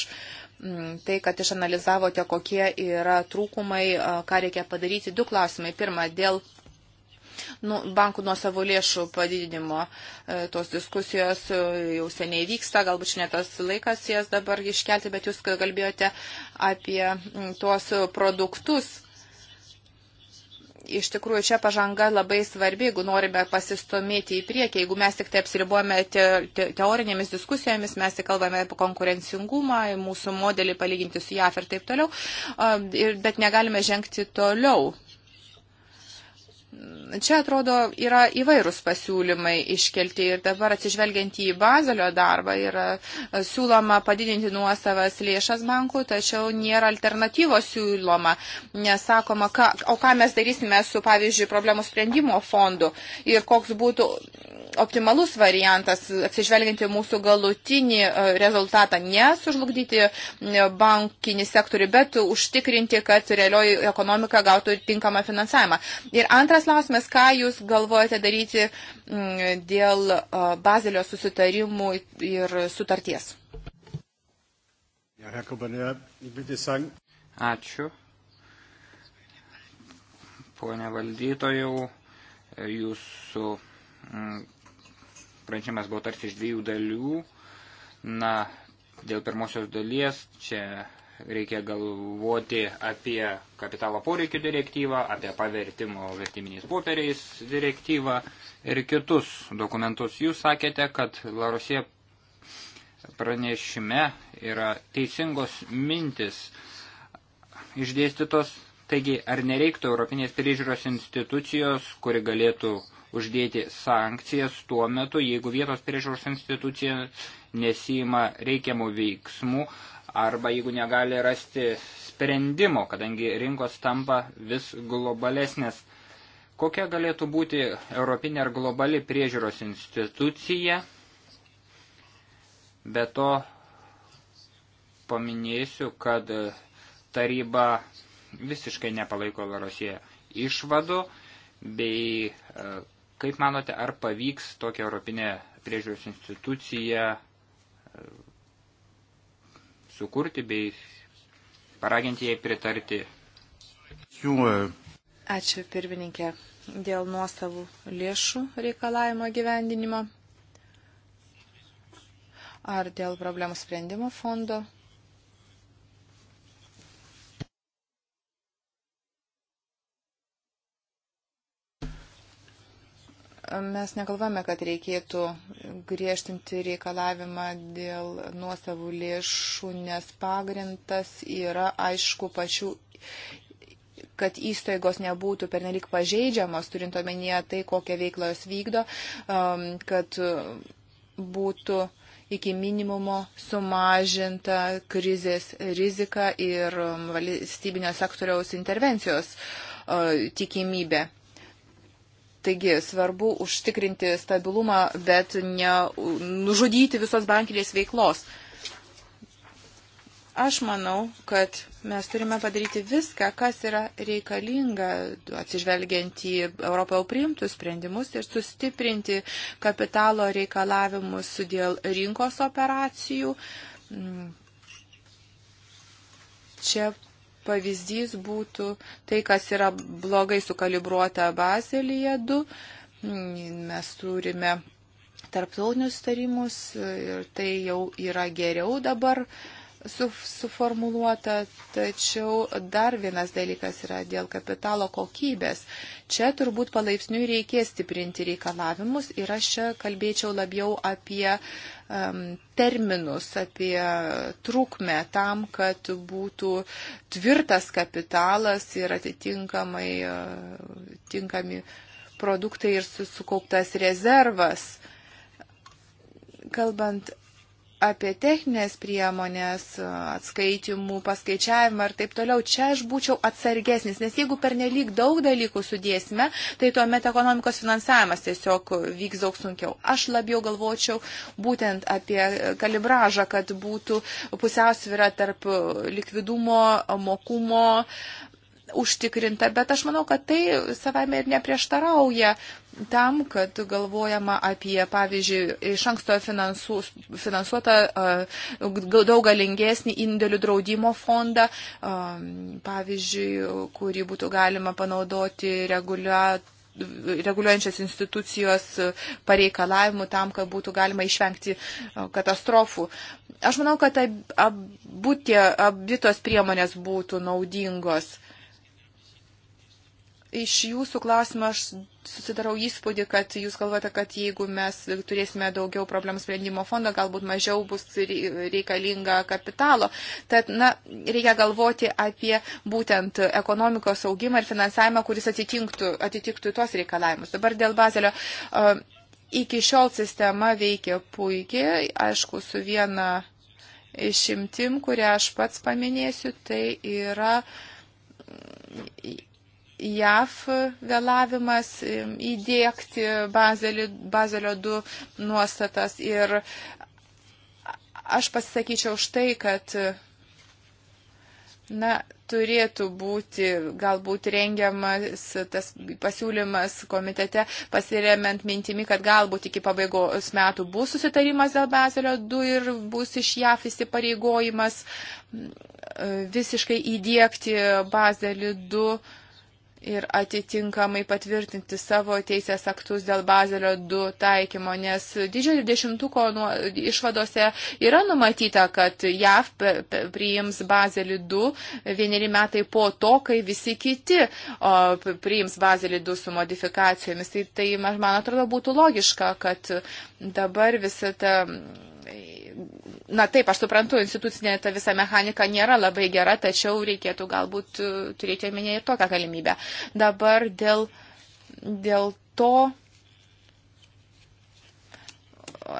mm, tai, kad išanalizavote, kokie yra trūkumai, ką reikia padaryti. Du klausimai. Pirma, dėl nu, bankų nuosavų lėšų padidinimo. E, tos diskusijos e, jau seniai vyksta, galbūt čia netas laikas jas dabar iškelti, bet jūs kalbėjote apie tuos produktus iš tikrųjų čia pažanga labai svarbi, jeigu norime pasistumėti į priekį, jeigu mes tik tai apsiribuojame te, te, teorinėmis diskusijomis, mes tik kalbame apie konkurencingumą, mūsų modelį palyginti su JAF ir taip toliau, ir, bet negalime žengti toliau. Čia atrodo yra įvairūs pasiūlymai iškelti ir dabar atsižvelgiant į bazalio darbą yra e, siūloma padidinti nuosavas lėšas bankų, tačiau nėra alternatyvos siūloma. Nesakoma, ką, o ką mes darysime su, pavyzdžiui, problemų sprendimo fondu ir koks būtų optimalus variantas, atsižvelgiant į mūsų galutinį e, rezultatą, nesužlugdyti bankinį sektorių, bet užtikrinti, kad realioji ekonomika gautų ir tinkamą finansavimą. Ir antras klausimas, ką jūs galvojate daryti dėl e, bazelio susitarimų ir sutarties? Ačiū. Pone valdytojau, e, jūsų pranešimas buvo tarsi iš dviejų dalių. Na, dėl pirmosios dalies čia reikia galvoti apie kapitalo poreikių direktyvą, apie pavertimo vertiminiais popieriais direktyvą ir kitus dokumentus. Jūs sakėte, kad Larosie pranešime yra teisingos mintis išdėstytos, taigi ar nereiktų Europinės priežiūros institucijos, kuri galėtų uždėti sankcijas tuo metu, jeigu vietos priežiūros institucija nesima reikiamų veiksmų arba jeigu negali rasti sprendimo, kadangi rinkos tampa vis globalesnės. Kokia galėtų būti europinė ar globali priežiūros institucija? Be to paminėsiu, kad taryba visiškai nepalaiko Larosėje išvadų bei e, Kaip manote, ar pavyks tokią Europinę priežiūros instituciją e, sukurti bei paraginti jai pritarti? Ačiū pirmininkė dėl nuosavų lėšų reikalavimo gyvendinimo ar dėl problemų sprendimo fondo Mes negalvame, kad reikėtų griežtinti reikalavimą dėl nuosavų lėšų, nes pagrindas yra aišku pačių kad įstaigos nebūtų pernelik pažeidžiamos, turint omenyje tai, kokią veiklą jos vykdo, um, kad būtų iki minimumo sumažinta krizės rizika ir um, valstybinio sektoriaus intervencijos uh, tikimybė. Taigi svarbu užtikrinti stabilumą, bet nenužudyti visos bankinės veiklos. Aš manau, kad mes turime padaryti viską, kas yra reikalinga, atsižvelgiant į Europoje priimtus sprendimus ir sustiprinti kapitalo reikalavimus dėl rinkos operacijų. Mm. Čia pavyzdys būtų tai, kas yra blogai sukalibruota Bazelyje 2. Mes turime tarptautinius tarimus ir tai jau yra geriau dabar su, suformuluota, tačiau dar vienas dalykas yra dėl kapitalo kokybės. Čia turbūt palaipsniui reikės stiprinti reikalavimus ir aš čia kalbėčiau labiau apie um, terminus, apie trukmę tam, kad būtų tvirtas kapitalas ir atitinkamai uh, tinkami produktai ir sukauptas rezervas. Kalbant apie techninės priemonės, atskaitimų, paskaičiavimą ir taip toliau, čia aš būčiau atsargesnis, nes jeigu per nelik daug dalykų sudėsime, tai tuomet ekonomikos finansavimas tiesiog vyks daug sunkiau. Aš labiau galvočiau būtent apie kalibražą, kad būtų pusiausvyrą tarp likvidumo, mokumo, užtikrinta, bet aš manau, kad tai savame ir neprieštarauja tam, kad galvojama apie, pavyzdžiui, iš anksto finansu, finansuotą daug galingesnį indėlių draudimo fondą, pavyzdžiui, kurį būtų galima panaudoti reguliuot reguliuojančios institucijos pareikalavimų tam, kad būtų galima išvengti katastrofų. Aš manau, kad ab, ab, būtė, abi tos priemonės būtų naudingos. Iš jūsų klausimą aš susidarau įspūdį, kad jūs galvote, kad jeigu mes turėsime daugiau problemų sprendimo fondo, galbūt mažiau bus reikalinga kapitalo. Tad, na, reikia galvoti apie būtent ekonomikos augimą ir finansavimą, kuris atitinktų, atitiktų tuos reikalavimus. Dabar dėl bazelio. Iki šiol sistema veikia puikiai, aišku, su viena išimtim, kurią aš pats paminėsiu, tai yra JAF vėlavimas įdėkti bazelį, bazelio 2 nuostatas. Ir aš pasisakyčiau už tai, kad na, turėtų būti galbūt rengiamas tas pasiūlymas komitete, pasiremiant mintimi, kad galbūt iki pabaigos metų bus susitarimas dėl Bazelio 2 ir bus iš JAF įsipareigojimas visiškai įdėkti Bazelį 2 ir atitinkamai patvirtinti savo teisės aktus dėl Bazelio 2 taikymo, nes didžiojo dešimtuko nuo, išvadose yra numatyta, kad JAV priims Bazelį 2 vieneri metai po to, kai visi kiti o, priims Bazelį 2 su modifikacijomis. Tai, tai man atrodo būtų logiška, kad dabar visa ta na taip, aš suprantu, institucinė ta visa mechanika nėra labai gera, tačiau reikėtų galbūt e, turėti omenyje ir tokią galimybę. Dabar dėl, dėl to,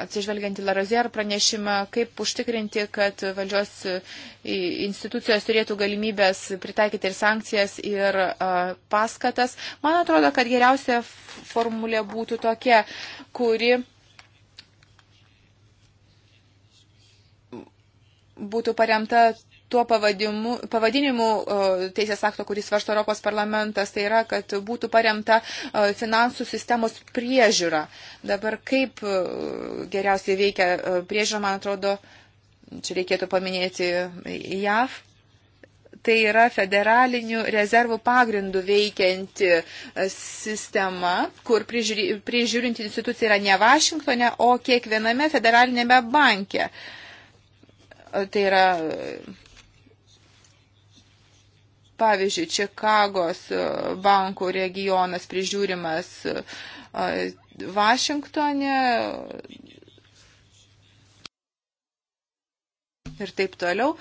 atsižvelgiant į Larazier pranešimą, kaip užtikrinti, kad valdžios e, institucijos turėtų galimybės pritaikyti ir sankcijas, ir e, paskatas. Man atrodo, kad geriausia formulė būtų tokia, kuri būtų paremta tuo pavadimu, pavadinimu teisės akto, kuris svarsto Europos parlamentas, tai yra, kad būtų paremta finansų sistemos priežiūra. Dabar kaip geriausiai veikia priežiūra, man atrodo, čia reikėtų paminėti JAV. Tai yra federalinių rezervų pagrindų veikianti e, sistema, kur prižiūri, prižiūrinti institucija yra ne Vašingtone, o kiekviename federalinėme banke. Uh, Tai yra, pavyzdžiui, Čikagos bankų regionas prižiūrimas Vašingtonė ir taip toliau.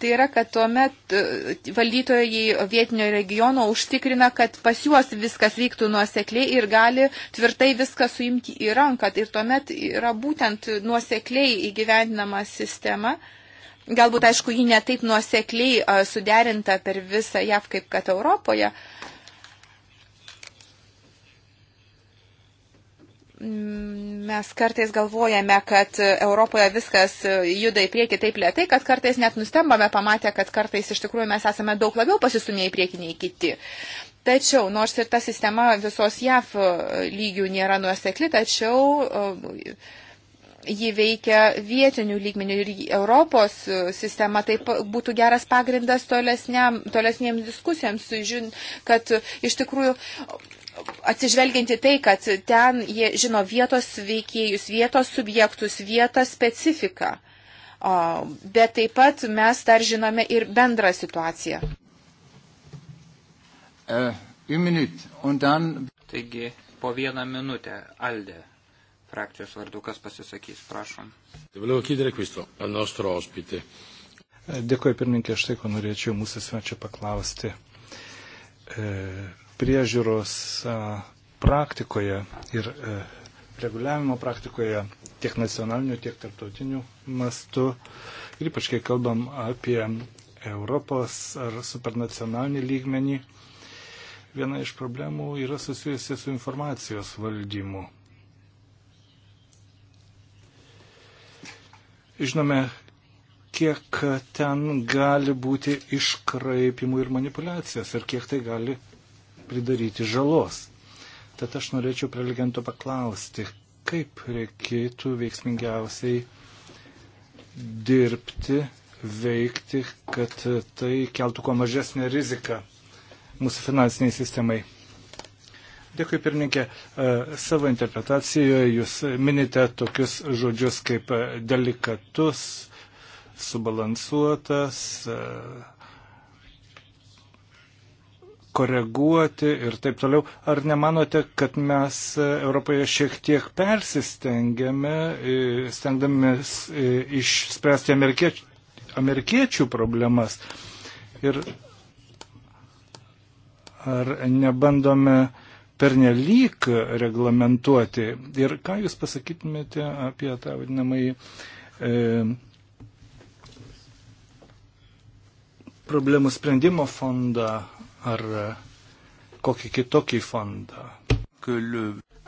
Tai yra, kad tuomet e, valdytojai vietinio regiono užtikrina, kad pas juos viskas vyktų nuosekliai ir gali tvirtai viską suimti į ranką. Ir tuomet yra būtent nuosekliai įgyvendinama sistema. Galbūt, aišku, ji netaip nuosekliai suderinta per visą JAV kaip kad Europoje. Uh, Mm, mes kartais galvojame, kad Europoje viskas juda į priekį taip lietai, kad kartais net nustembame pamatę, kad kartais iš tikrųjų mes esame daug labiau pasistumėję į priekį nei kiti. Tačiau, nors ir ta sistema visos JAF lygių nėra nuosekli, tačiau e, ji veikia vietinių lygmenių ir Europos sistema, taip būtų geras pagrindas tolesniam, tolesniems diskusijoms, žin, kad iš tikrųjų atsižvelginti tai, kad ten jie žino vietos veikėjus, vietos subjektus, vietą specifiką. O, bet taip pat mes dar žinome ir bendrą situaciją. E, Taigi, po vieną minutę, Aldė, frakcijos vardu, kas pasisakys, prašom. Dėkuoju, pirmininkė, aš tai, ko norėčiau mūsų svečio paklausti. E priežiūros praktikoje ir e, reguliavimo praktikoje tiek nacionaliniu, tiek tarptautiniu mastu. Ir ypač, kai kalbam apie Europos ar supernacionalinį lygmenį, viena iš problemų yra susijusi su informacijos valdymu. Žinome, kiek ten gali būti iškraipimų ir manipulacijos ir kiek tai gali pridaryti žalos. Tad aš norėčiau prelegento paklausti, kaip reikėtų veiksmingiausiai dirbti, veikti, kad tai keltų kuo mažesnę riziką mūsų finansiniai sistemai. Dėkui, pirmininkė. E, savo interpretacijoje jūs minite tokius žodžius kaip delikatus, subalansuotas, e, koreguoti ir taip toliau. Ar nemanote, kad mes Europoje šiek tiek persistengėme, stengdamės e, išspręsti amerikiečių, amerikiečių problemas? Ir ar nebandome pernelyg reglamentuoti? Ir ką Jūs pasakytumėte apie tą vadinamąjį. E, problemų sprendimo fondą ar e, kokį kitokį fondą.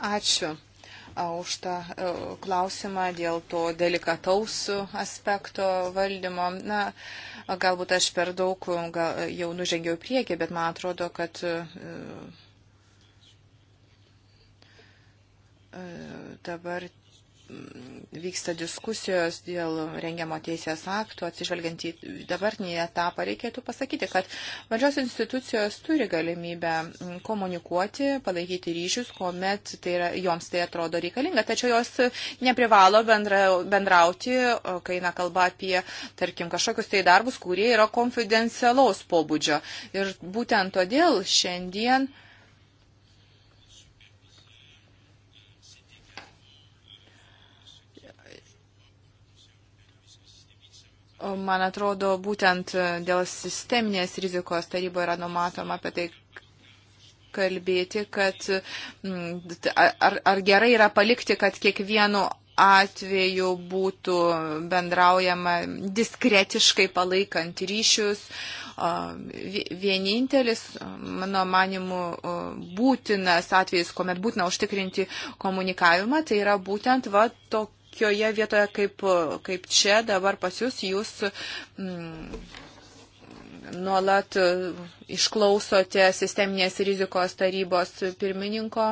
Ačiū už tą e, klausimą dėl to delikataus aspekto valdymo. Na, galbūt aš per daug e, gal, jau nužengiau priekį, bet man atrodo, kad dabar vyksta diskusijos dėl rengiamo teisės aktų, atsižvelgiant į dabartinį etapą, reikėtų pasakyti, kad valdžios institucijos turi galimybę komunikuoti, palaikyti ryšius, kuomet tai yra, joms tai atrodo reikalinga, tačiau jos neprivalo bendra, bendrauti, kai eina kalba apie, tarkim, kažkokius tai darbus, kurie yra konfidencialaus pobūdžio. Ir būtent todėl šiandien Man atrodo, būtent e, dėl sisteminės rizikos taryboje yra numatoma apie tai kalbėti, kad ar, ar gerai yra palikti, kad kiekvienu atveju būtų bendraujama diskretiškai palaikant ryšius. Vienintelis, mano manimu, būtinas atvejis, kuomet būtina užtikrinti komunikavimą, tai yra būtent va, tokia tokioje vietoje kaip, kaip čia dabar pas jūs, jūs mm, nuolat išklausote sisteminės rizikos tarybos pirmininko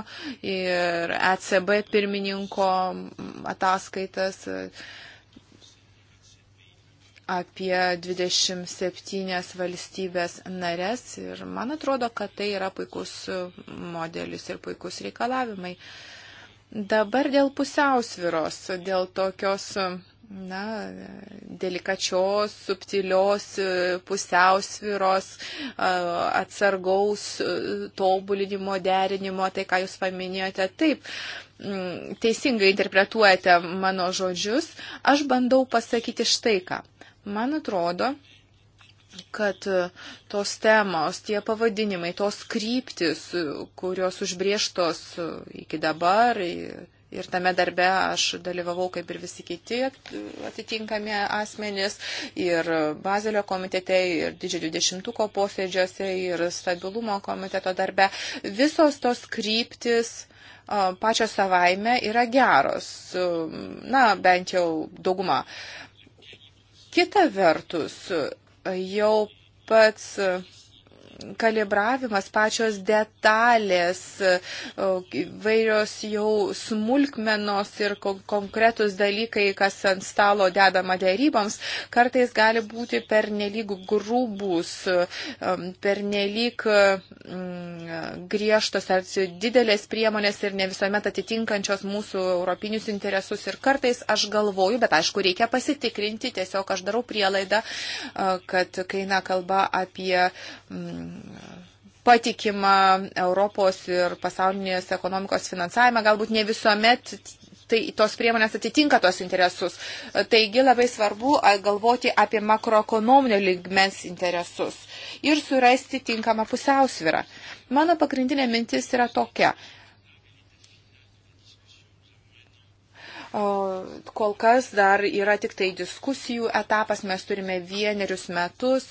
ir ECB pirmininko ataskaitas apie 27 valstybės narės ir man atrodo, kad tai yra puikus modelis ir puikus reikalavimai. Uh, Dabar dėl pusiausviros, dėl tokios, na, delikačios, subtilios pusiausviros, atsargaus tobulinimo, derinimo, tai ką jūs paminėjote, taip, mm, teisingai interpretuojate mano žodžius, aš bandau pasakyti štai ką. Man atrodo, kad e, tos temos, tie pavadinimai, tos kryptis, e, kurios užbrieštos e, iki dabar ir tame darbe aš dalyvavau kaip ir visi kiti atitinkami asmenys ir Bazelio komitete, ir didžiojo dvidešimtuko posėdžiuose, ir stabilumo komiteto darbe. Visos tos kryptis pačios savaime yra geros, na, bent jau dauguma. Kita vertus, jau pats kalibravimas, pačios detalės, vairios jau smulkmenos ir konkretus dalykai, kas ant stalo dedama dėryboms, kartais gali būti pernelyg grūbus, um, pernelyg mm, griežtos ar didelės priemonės ir ne visuomet atitinkančios mūsų europinius interesus. Ir kartais aš galvoju, bet aišku, reikia pasitikrinti, tiesiog aš darau prielaidą, kad kai eina kalba apie mm, patikimą Europos ir pasaulinės ekonomikos finansavimą, galbūt ne visuomet tai tos priemonės atitinka tos interesus. Taigi labai svarbu galvoti apie makroekonominio lygmens interesus ir surasti tinkamą pusiausvyrą. Mano pagrindinė mintis yra tokia. Kol kas dar yra tik tai diskusijų etapas, mes turime vienerius metus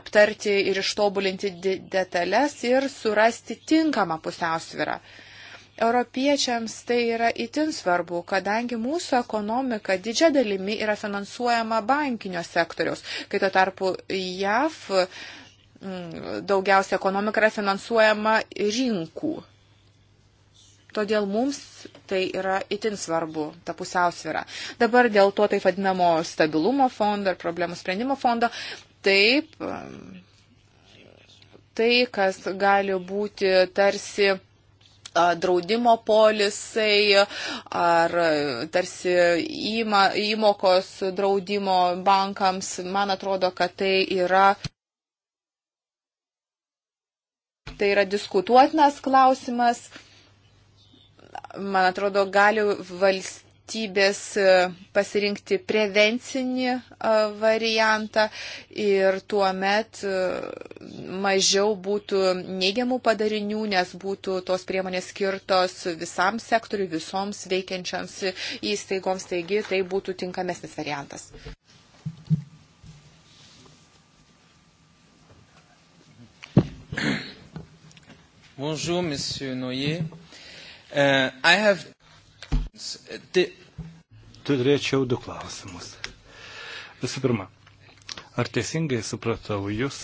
aptarti ir ištobulinti detalės ir surasti tinkamą pusiausvyrą. Europiečiams tai yra itin svarbu, kadangi mūsų ekonomika didžia dalimi yra finansuojama bankinio sektoriaus, kai tuo tarpu JAV daugiausia ekonomika yra finansuojama rinkų. Todėl mums tai yra itin svarbu, ta pusiausvėra. Dabar dėl to taip vadinamo stabilumo fondo ir problemų sprendimo fondo, taip, um, tai, kas gali būti tarsi draudimo polisai ar tarsi įma, įmokos draudimo bankams, man atrodo, kad tai yra tai yra diskutuotinas klausimas man atrodo, gali valstybės e, pasirinkti prevencinį e, variantą ir tuo met e, mažiau būtų neigiamų padarinių, nes būtų tos priemonės skirtos visam sektoriu, visoms veikiančioms įstaigoms, taigi tai būtų tinkamesnis variantas. Bonjour, Monsieur Noyer. Uh, have... the... Turėčiau du klausimus. Visų pirma, ar teisingai supratau jūs,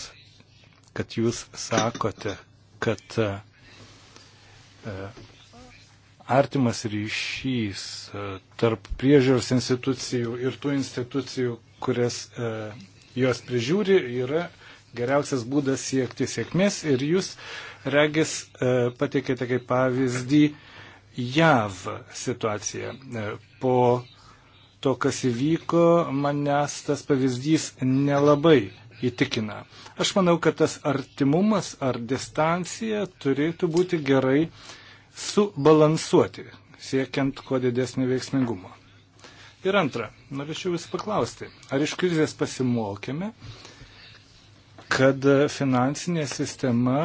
kad jūs sakote, kad uh, artimas ryšys uh, tarp priežiūros institucijų ir tų institucijų, kurias uh, jos prižiūri, yra geriausias būdas siekti sėkmės ir jūs, regis, uh, pateikėte kaip pavyzdį JAV situaciją. Po to, kas įvyko, manęs tas pavyzdys nelabai įtikina. Aš manau, kad tas artimumas ar distancija turėtų būti gerai subalansuoti, siekiant kuo didesnį veiksmingumą. Ir antra, norėčiau Jūs paklausti, ar iš krizės pasimokėme, kad finansinė sistema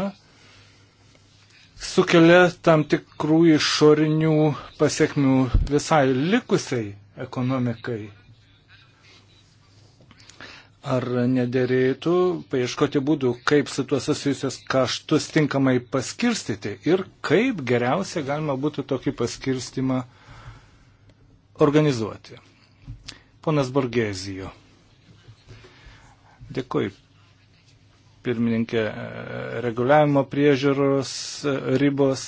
sukelia tam tikrų išorinių pasiekmių visai likusiai ekonomikai. Ar nedėrėtų paieškoti būdų, kaip su tuo susijusios kaštus tinkamai paskirstyti ir kaip geriausia galima būtų tokį paskirstimą organizuoti. Ponas Borgezijo. Dėkui, pirmininkė, e, reguliavimo priežiūros e, ribos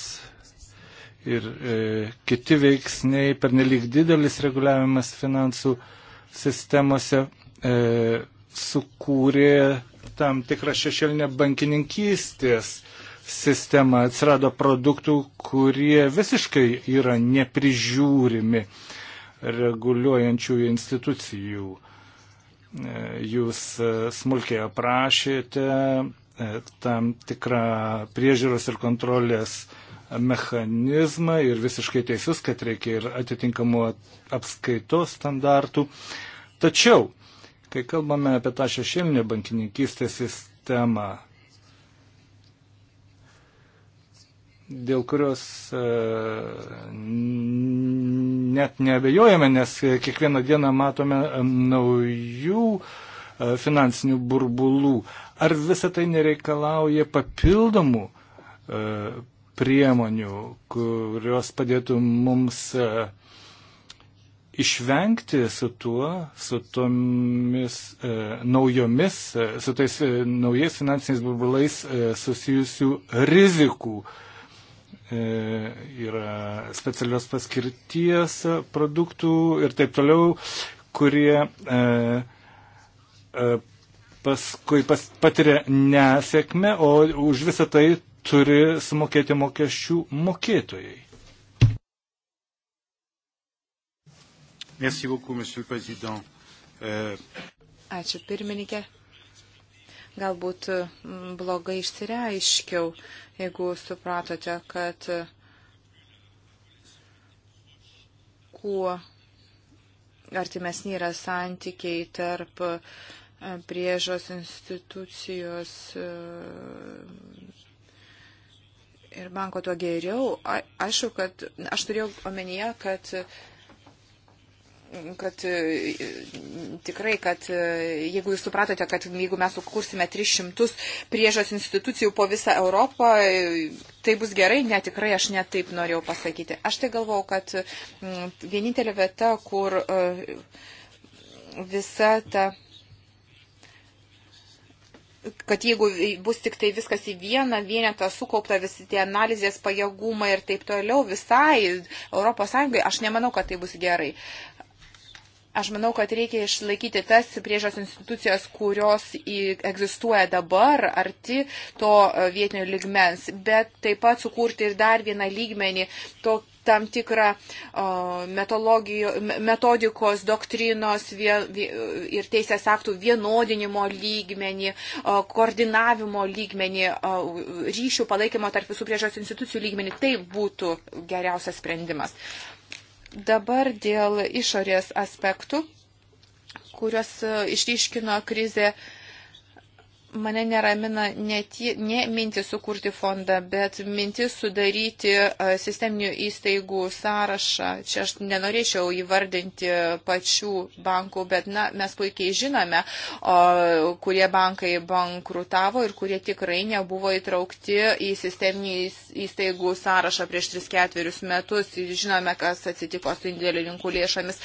ir e, kiti veiksniai, pernelyg didelis reguliavimas finansų sistemose sukūrė tam tikrą šešėlinę bankininkystės sistemą, atsirado produktų, kurie visiškai yra neprižiūrimi reguliuojančių institucijų. Jūs e, smulkiai aprašėte e, tam tikrą priežiūros ir kontrolės mechanizmą ir visiškai teisus, kad reikia ir atitinkamų apskaitos standartų. Tačiau, kai kalbame apie tą šešėlinę bankininkystės sistemą, dėl kurios e, net nebejojame, nes kiekvieną dieną matome e, naujų e, finansinių burbulų. Ar visa tai nereikalauja papildomų priemonių, kurios padėtų mums išvengti su tuo, su tomis e, naujomis, e, su tais e, naujais finansiniais burbulais e, susijusių rizikų. E, E, yra specialios paskirties produktų ir taip toliau, kurie e, e, paskui pas, patiria nesėkmę, o už visą tai turi sumokėti mokesčių mokėtojai. Merci beaucoup, monsieur le président. Euh... Ačiū pirmininkė. Galbūt mm, blogai išsireiškiau, jeigu supratote, kad kuo artimesni yra santykiai tarp e, priežos institucijos e, ir banko tuo geriau. Aišku, kad aš turėjau omenyje, kad kad e, tikrai, kad e, jeigu jūs supratote, kad jeigu mes sukursime 300 priežas institucijų po visą Europą, e, tai bus gerai, ne tikrai aš netaip norėjau pasakyti. Aš tai galvau, kad vienintelė vieta, kur visa ta kad jeigu bus tik tai viskas į vieną vienetą sukaupta visi tie analizės pajėgumai ir taip toliau visai ES, aš nemanau, kad tai bus gerai. Aš manau, kad reikia išlaikyti tas priežos institucijas, kurios egzistuoja dabar arti to e, vietinio ligmens, bet taip pat sukurti ir dar vieną lygmenį, to, tam tikrą o, metodikos, doktrinos vien, ir teisės aktų vienodinimo lygmenį, o, koordinavimo lygmenį, o, ryšių palaikymo tarp visų priežos institucijų lygmenį. Tai būtų geriausias sprendimas. Dabar dėl išorės aspektų, kuriuos e, išryškino krizė, mane neramina ne, tie, ne mintis sukurti fondą, bet mintis sudaryti e, sisteminių įstaigų sąrašą. Čia aš nenorėčiau įvardinti pačių bankų, bet na, mes puikiai žinome, o, kurie bankai bankrutavo ir kurie tikrai nebuvo įtraukti į sisteminių įstaigų sąrašą prieš 3-4 metus. Žinome, kas atsitiko su indėlininkų lėšomis.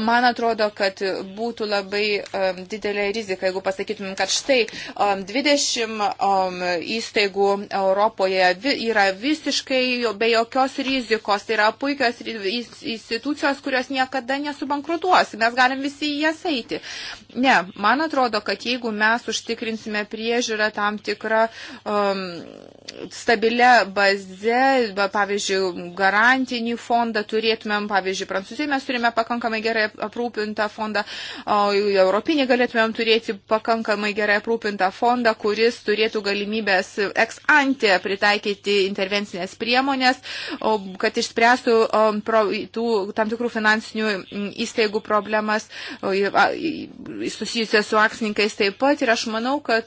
Man atrodo, kad būtų labai um, didelė rizika, jeigu pasakytumėm, kad štai o, e, 20 įstaigų Europoje yra visiškai be jokios rizikos. Tai yra puikios institucijos, kurios niekada nesubankrutuos. Mes galim visi į jas eiti. Ne, man atrodo, kad jeigu mes užtikrinsime priežiūrą tam tikrą um, stabilę bazę, pavyzdžiui, garantinį fondą turėtumėm, pavyzdžiui, Prancūzijoje mes turime pakankamai gerai aprūpintą fondą, o Europinį galėtumėm turėti pakankamai gerai aprūpintą fondą, kuris turėtų galimybės ex ante pritaikyti intervencinės priemonės, kad išspręstų tų, tam tikrų finansinių įstaigų problemas susijusias su aksininkais taip pat. Ir aš manau, kad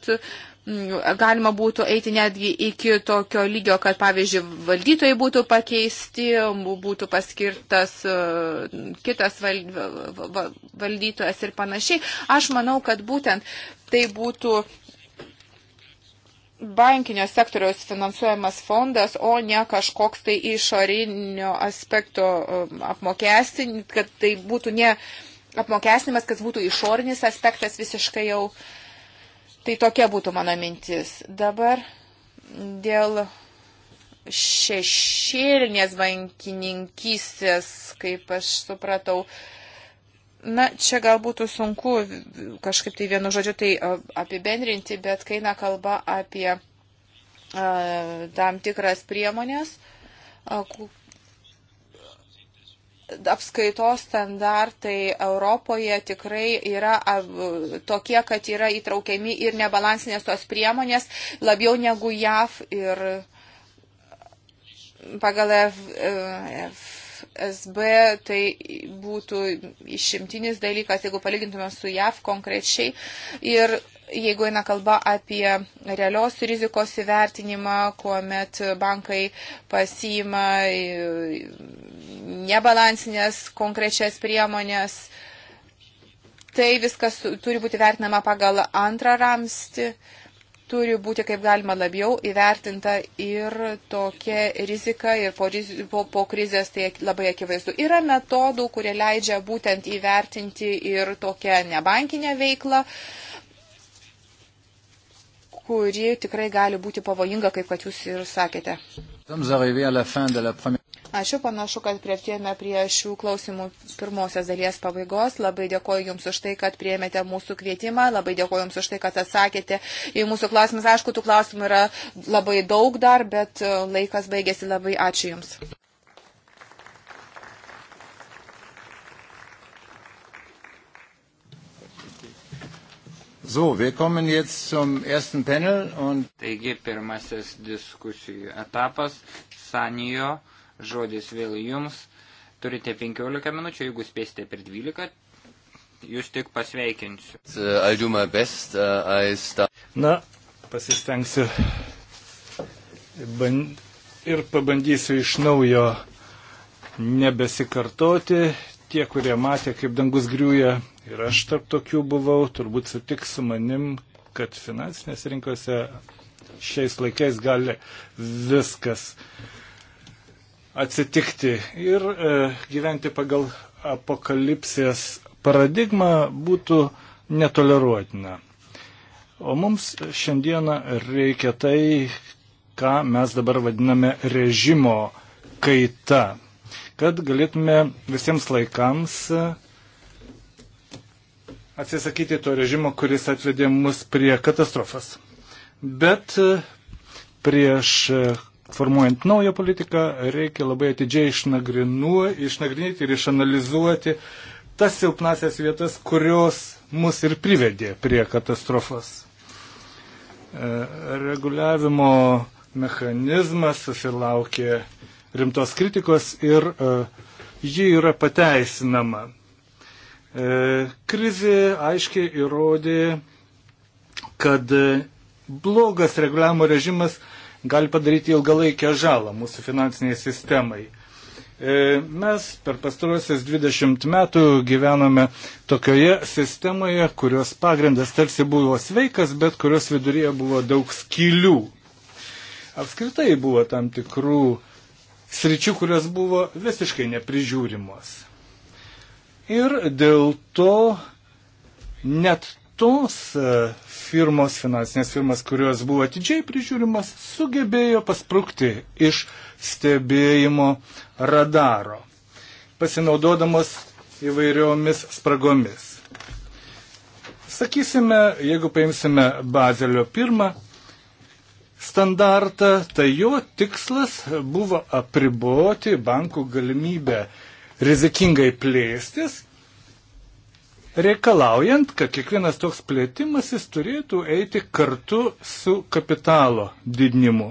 galima būtų eiti netgi iki tokio lygio, kad pavyzdžiui valdytojai būtų pakeisti, būtų paskirtas e, kitas valdytojas ir panašiai. Aš manau, kad būtent tai būtų bankinio sektoriaus finansuojamas fondas, o ne kažkoks tai išorinio aspekto um, apmokestinimas, kad tai būtų ne apmokestinimas, kad būtų išorinis aspektas visiškai jau. Tai tokia būtų mano mintis. Dabar dėl šešėlinės bankininkystės, kaip aš supratau, uh, Na, čia gal būtų sunku kažkaip tai vienu žodžiu tai apibendrinti, bet kai eina kalba apie a, tam tikras priemonės, a, apskaitos standartai Europoje tikrai yra tokie, kad yra įtraukiami ir nebalansinės tos priemonės labiau negu JAV ir pagal F, e, F SB tai būtų išimtinis dalykas, jeigu palygintume su JAV konkrečiai. Ir jeigu eina kalba apie realios rizikos įvertinimą, kuomet bankai pasiima e, nebalansinės konkrečias priemonės, tai viskas turi būti vertinama pagal antrą ramstį. Uh, turi būti kaip galima labiau įvertinta ir tokia rizika, ir po, po, po krizės tai labai akivaizdu. Yra metodų, kurie leidžia būtent įvertinti ir tokią nebankinę veiklą, kuri tikrai gali būti pavojinga, kaip kad jūs ir sakėte. Ačiū, panašu, kad prieartėjome prie šių klausimų pirmosios dalies pabaigos. Labai dėkoju Jums už tai, kad priėmėte mūsų kvietimą, labai dėkoju Jums už tai, kad atsakėte į mūsų klausimus. Aišku, tų klausimų yra labai daug dar, bet e, laikas baigėsi labai. Ačiū Jums. So, wir kommen jetzt zum ersten Panel und Taigi pirmasis diskusijų etapas Sanijo žodis vėl jums. Turite 15 minučių, jeigu spėsite per 12, jūs tik pasveikinsiu. Uh, best, uh, Na, pasistengsiu Ban... ir pabandysiu iš naujo nebesikartoti. Tie, kurie matė, kaip dangus griūja, ir aš tarp tokių buvau, turbūt sutiks su manim, kad finansinės rinkose šiais laikais gali viskas uh, atsitikti ir e, gyventi pagal apokalipsės paradigmą būtų netoleruotina. O mums šiandieną reikia tai, ką mes dabar vadiname režimo kaita, kad galėtume visiems laikams atsisakyti to režimo, kuris atvedė mus prie katastrofas. Bet prieš formuojant naują politiką, reikia labai atidžiai išnagrinėti ir išanalizuoti tas silpnasias vietas, kurios mus ir privedė prie katastrofos. E, reguliavimo mechanizmas susilaukė rimtos kritikos ir e, ji yra pateisinama. E, krizė aiškiai įrodė, kad blogas reguliavimo režimas gali padaryti ilgalaikę žalą mūsų finansiniai sistemai. E, mes per pastarosius 20 metų gyvenome tokioje sistemoje, kurios pagrindas tarsi buvo sveikas, bet kurios viduryje buvo daug skylių. Apskritai buvo tam tikrų sričių, kurios buvo visiškai neprižiūrimos. Ir dėl to net tos e, firmos, finansinės firmas, kurios buvo atidžiai prižiūrimas, sugebėjo pasprūkti iš stebėjimo radaro, pasinaudodamos įvairiomis spragomis. Sakysime, jeigu paimsime Bazelio pirmą standartą, tai jo tikslas buvo apriboti bankų galimybę rizikingai plėstis reikalaujant, kad kiekvienas toks plėtimasis turėtų eiti kartu su kapitalo didinimu.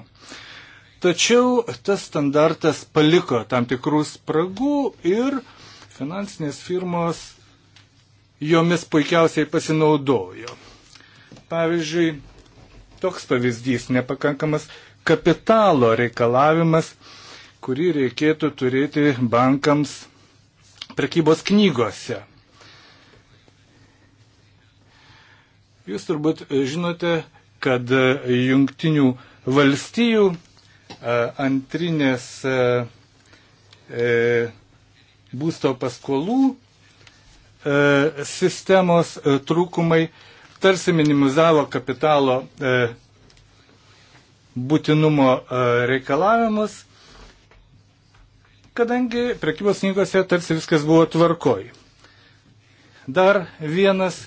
Tačiau tas standartas paliko tam tikrų spragų ir finansinės firmos jomis puikiausiai pasinaudojo. Pavyzdžiui, toks pavyzdys nepakankamas kapitalo reikalavimas, kurį reikėtų turėti bankams prekybos knygose. Jūs turbūt e, žinote, kad e, jungtinių valstijų e, antrinės būsto paskolų sistemos trūkumai tarsi minimizavo kapitalo būtinumo reikalavimus, kadangi prekybos knygose tarsi viskas buvo tvarkoj. Dar vienas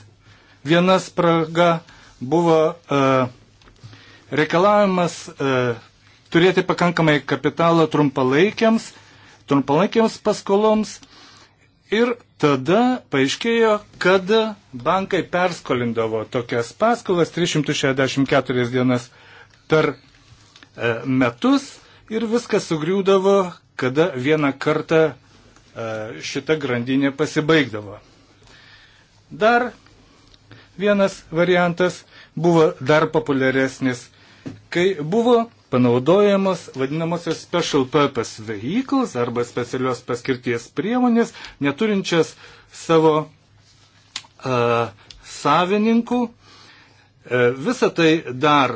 Viena spraga buvo e, reikalavimas e, turėti pakankamai kapitalą trumpalaikiams, trumpalaikiams paskoloms ir tada paaiškėjo, kad bankai perskolindavo tokias paskolas 364 dienas per e, metus ir viskas sugriūdavo, kada vieną kartą e, šita grandinė pasibaigdavo. Dar Vienas variantas buvo dar populiaresnis, kai buvo panaudojamos vadinamosios special purpose vehicles arba specialios paskirties priemonės, neturinčias savo uh, savininkų. Uh, visa tai dar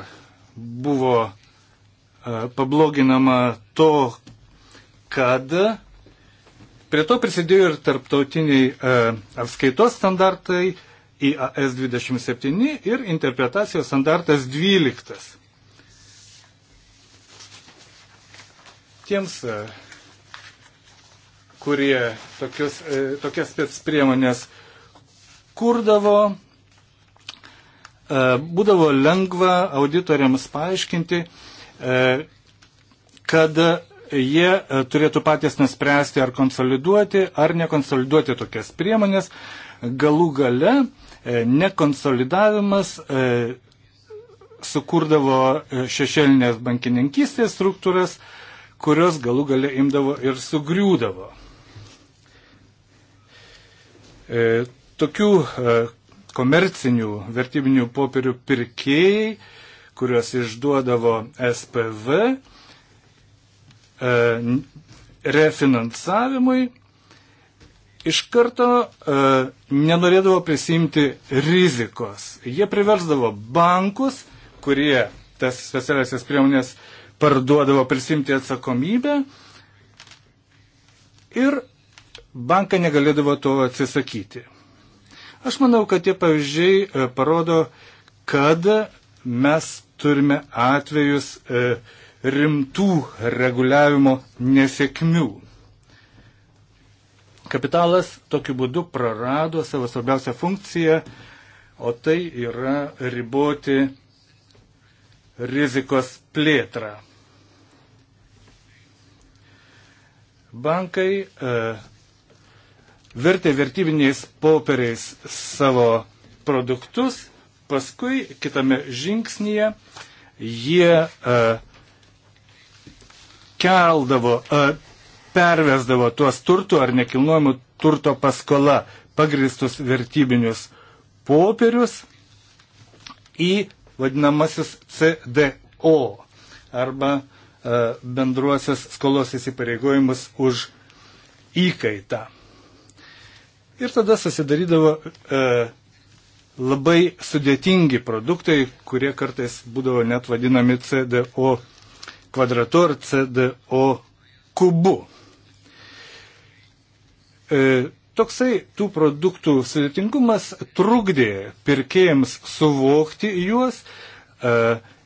buvo uh, pabloginama to, kad prie to prisidėjo ir tarptautiniai uh, apskaitos standartai, uh, IAS 27 ir interpretacijos standartas 12. Tiems, e, kurie tokius, e, tokias spets priemonės kurdavo, e, būdavo lengva auditoriams paaiškinti, kad jie turėtų patys nuspręsti, ar konsoliduoti, ar nekonsoliduoti tokias priemonės. Galų gale E, nekonsolidavimas e, sukurdavo e, šešėlinės bankininkystės struktūras, kurios galų gale imdavo ir sugriūdavo. Tokių komercinių vertybinių popierių pirkėjai, kuriuos išduodavo SPV, refinansavimui iš karto e, nenorėdavo prisimti rizikos. Jie priversdavo bankus, kurie tas specialiasias priemonės parduodavo prisimti atsakomybę ir bankai negalėdavo to atsisakyti. Aš manau, kad tie pavyzdžiai e, parodo, kad mes turime atvejus e, rimtų reguliavimo nesėkmių. Kapitalas tokiu būdu prarado savo svarbiausią funkciją, o tai yra riboti rizikos plėtrą. Bankai e, vertė vertybiniais popieriais savo produktus, paskui kitame žingsnyje jie e, keldavo, e, pervesdavo tuos turtų ar nekilnojimų turto paskola pagristus vertybinius popierius į vadinamasis CDO arba e, bendruosios skolos įsipareigojimus už įkaitą. Ir tada susidarydavo e, labai sudėtingi produktai, kurie kartais būdavo net vadinami CDO kvadratu ar CDO kubu. E, toksai tų produktų sudėtingumas trukdė pirkėjams suvokti juos, e,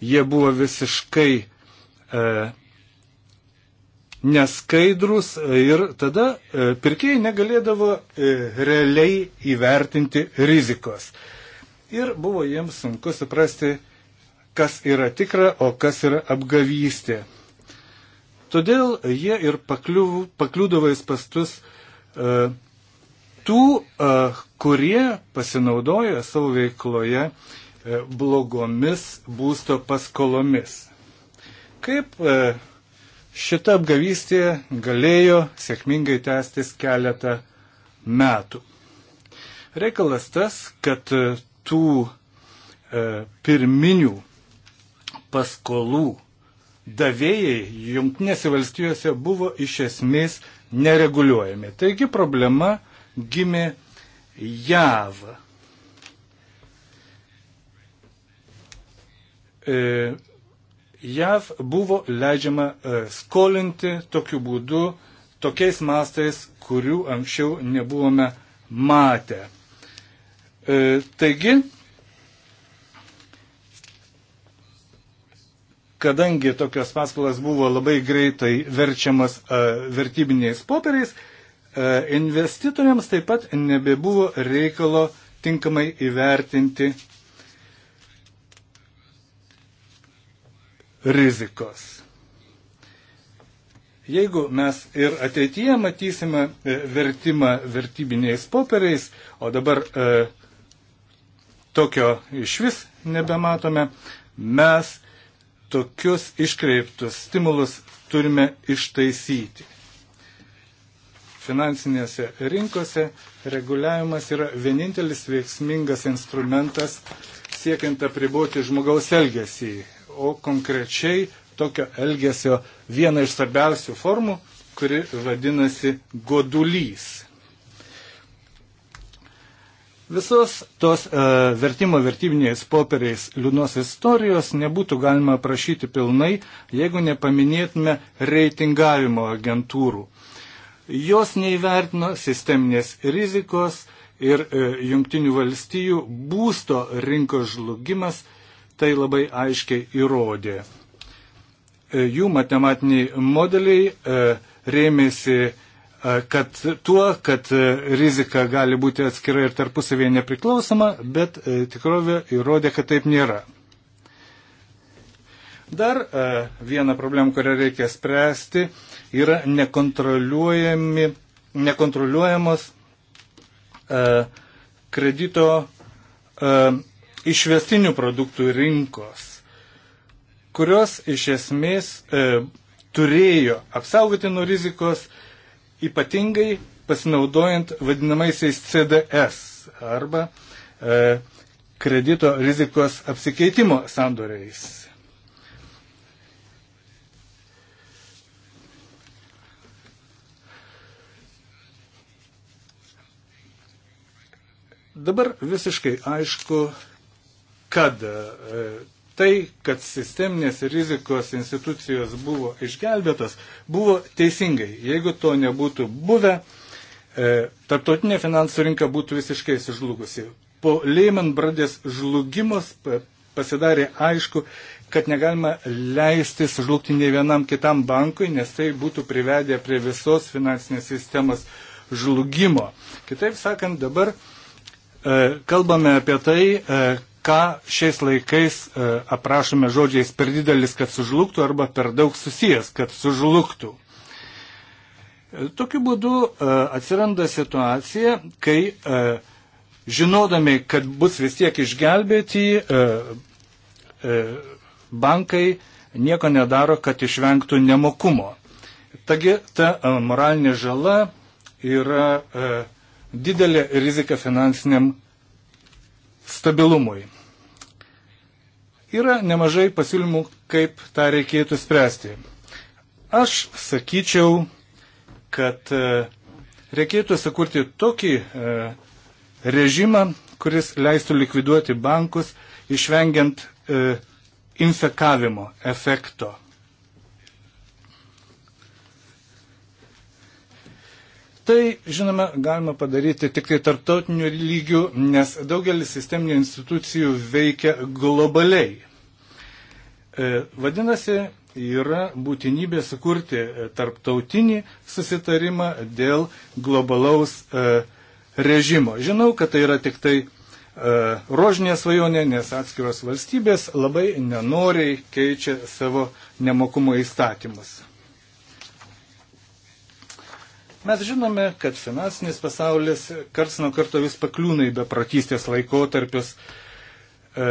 jie buvo visiškai e, neskaidrus ir tada pirkėjai negalėdavo realiai įvertinti rizikos. Ir buvo jiems sunku suprasti, kas yra tikra, o kas yra apgavystė. Todėl jie ir pakliuv, pakliūdavo į spastus E, tų, e, kurie pasinaudoja savo veikloje e, blogomis būsto paskolomis. Kaip šita apgavystė galėjo sėkmingai tęstis keletą metų. Reikalas tas, kad tų e, pirminių paskolų davėjai jungtinėse valstijose buvo iš esmės nereguliuojami. Taigi problema gimė JAV. E, JAV buvo leidžiama e, skolinti tokiu būdu, tokiais mastais, kurių anksčiau nebuvome matę. E, taigi, kadangi tokios paskolas buvo labai greitai verčiamas e, vertybiniais popieriais, e, investitoriams taip pat nebebuvo reikalo tinkamai įvertinti rizikos. Jeigu mes ir ateityje matysime e, vertimą vertybiniais popieriais, o dabar e, tokio iš vis nebematome, mes tokius iškreiptus stimulus turime ištaisyti. Finansinėse rinkose reguliavimas yra vienintelis veiksmingas instrumentas siekiant apriboti žmogaus elgesį, o konkrečiai tokio elgesio viena iš svarbiausių formų, kuri vadinasi godulys Visos tos e, vertimo vertybiniais popieriais liūdnos istorijos nebūtų galima aprašyti pilnai, jeigu nepaminėtume reitingavimo agentūrų. Jos neįvertino sisteminės rizikos ir e, jungtinių valstijų būsto rinkos žlugimas tai labai aiškiai įrodė. E, jų matematiniai modeliai e, rėmėsi kad tuo, kad e, rizika gali būti atskira ir tarpusavėje nepriklausoma, bet e, tikrovė įrodė, kad taip nėra. Dar e, viena problema, kurią reikia spręsti, yra nekontroliuojamos kredito išvestinių produktų rinkos, kurios iš esmės turėjo apsaugoti nuo rizikos ypatingai pasinaudojant vadinamaisiais CDS arba e, kredito rizikos apsikeitimo sandoriais. Dabar visiškai aišku, kad e, tai, kad sisteminės rizikos institucijos buvo išgelbėtos, buvo teisingai. Jeigu to nebūtų buvę, e, tarptautinė finansų rinka būtų visiškai sužlugusi. Po Lehman Brothers žlugimos pasidarė aišku, kad negalima leisti sužlugti ne vienam kitam bankui, nes tai būtų privedę prie visos finansinės sistemos žlugimo. Kitaip sakant, dabar e, kalbame apie tai, e, ką šiais laikais e, aprašome žodžiais per didelis, kad sužlugtų, arba per daug susijęs, kad sužlugtų. E, tokiu būdu e, atsiranda situacija, kai žinodami, kad bus vis tiek išgelbėti, bankai nieko nedaro, kad išvengtų nemokumo. Taigi ta moralinė žala yra didelė rizika finansiniam stabilumui. Yra nemažai pasiūlymų, kaip tą reikėtų spręsti. Aš sakyčiau, kad e, reikėtų sukurti tokį e, režimą, kuris leistų likviduoti bankus, išvengiant e, infekavimo efekto. Tai, žinoma, galima padaryti tik tai tarptautiniu lygiu, nes daugelis sisteminių institucijų veikia globaliai. E, vadinasi, yra būtinybė sukurti tarptautinį susitarimą dėl globalaus e, režimo. Žinau, kad tai yra tik tai e, rožinė svajonė, nes atskiros valstybės labai nenoriai keičia savo nemokumo įstatymus. Mes žinome, kad finansinis pasaulis karts nuo karto vis pakliūna į bepratystės laikotarpius. E,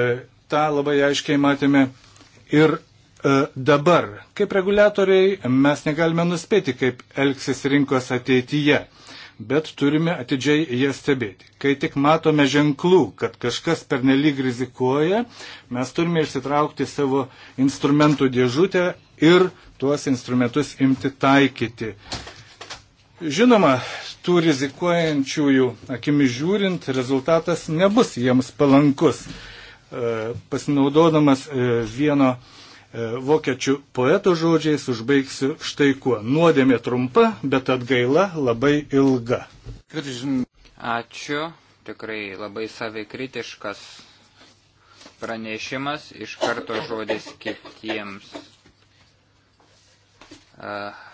tą labai aiškiai matėme ir e, dabar, kaip reguliatoriai, mes negalime nuspėti, kaip elgsis rinkos ateityje, bet turime atidžiai ją stebėti. Kai tik matome ženklų, kad kažkas pernelyg rizikuoja, mes turime išsitraukti savo instrumentų dėžutę ir tuos instrumentus imti taikyti. Žinoma, tų rizikuojančiųjų akimi žiūrint, rezultatas nebus jiems palankus. E, pasinaudodamas e, vieno e, vokiečių poeto žodžiais užbaigsiu štai kuo. Nuodėmė trumpa, bet atgaila labai ilga. Ačiū, tikrai labai savikritiškas pranešimas, iš karto žodis kitiems. Uh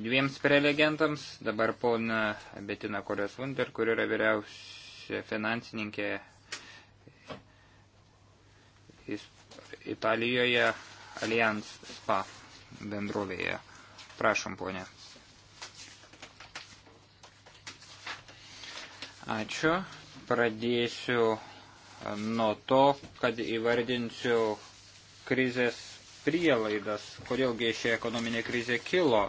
dviems prelegentams, dabar pona Betina Korės Wunder, kur yra vyriausia finansininkė Italijoje Allianz Spa bendrovėje. Prašom, ponė. Ačiū. Pradėsiu nuo to, kad įvardinsiu krizės prielaidas, kodėlgi ši ekonominė krizė kilo.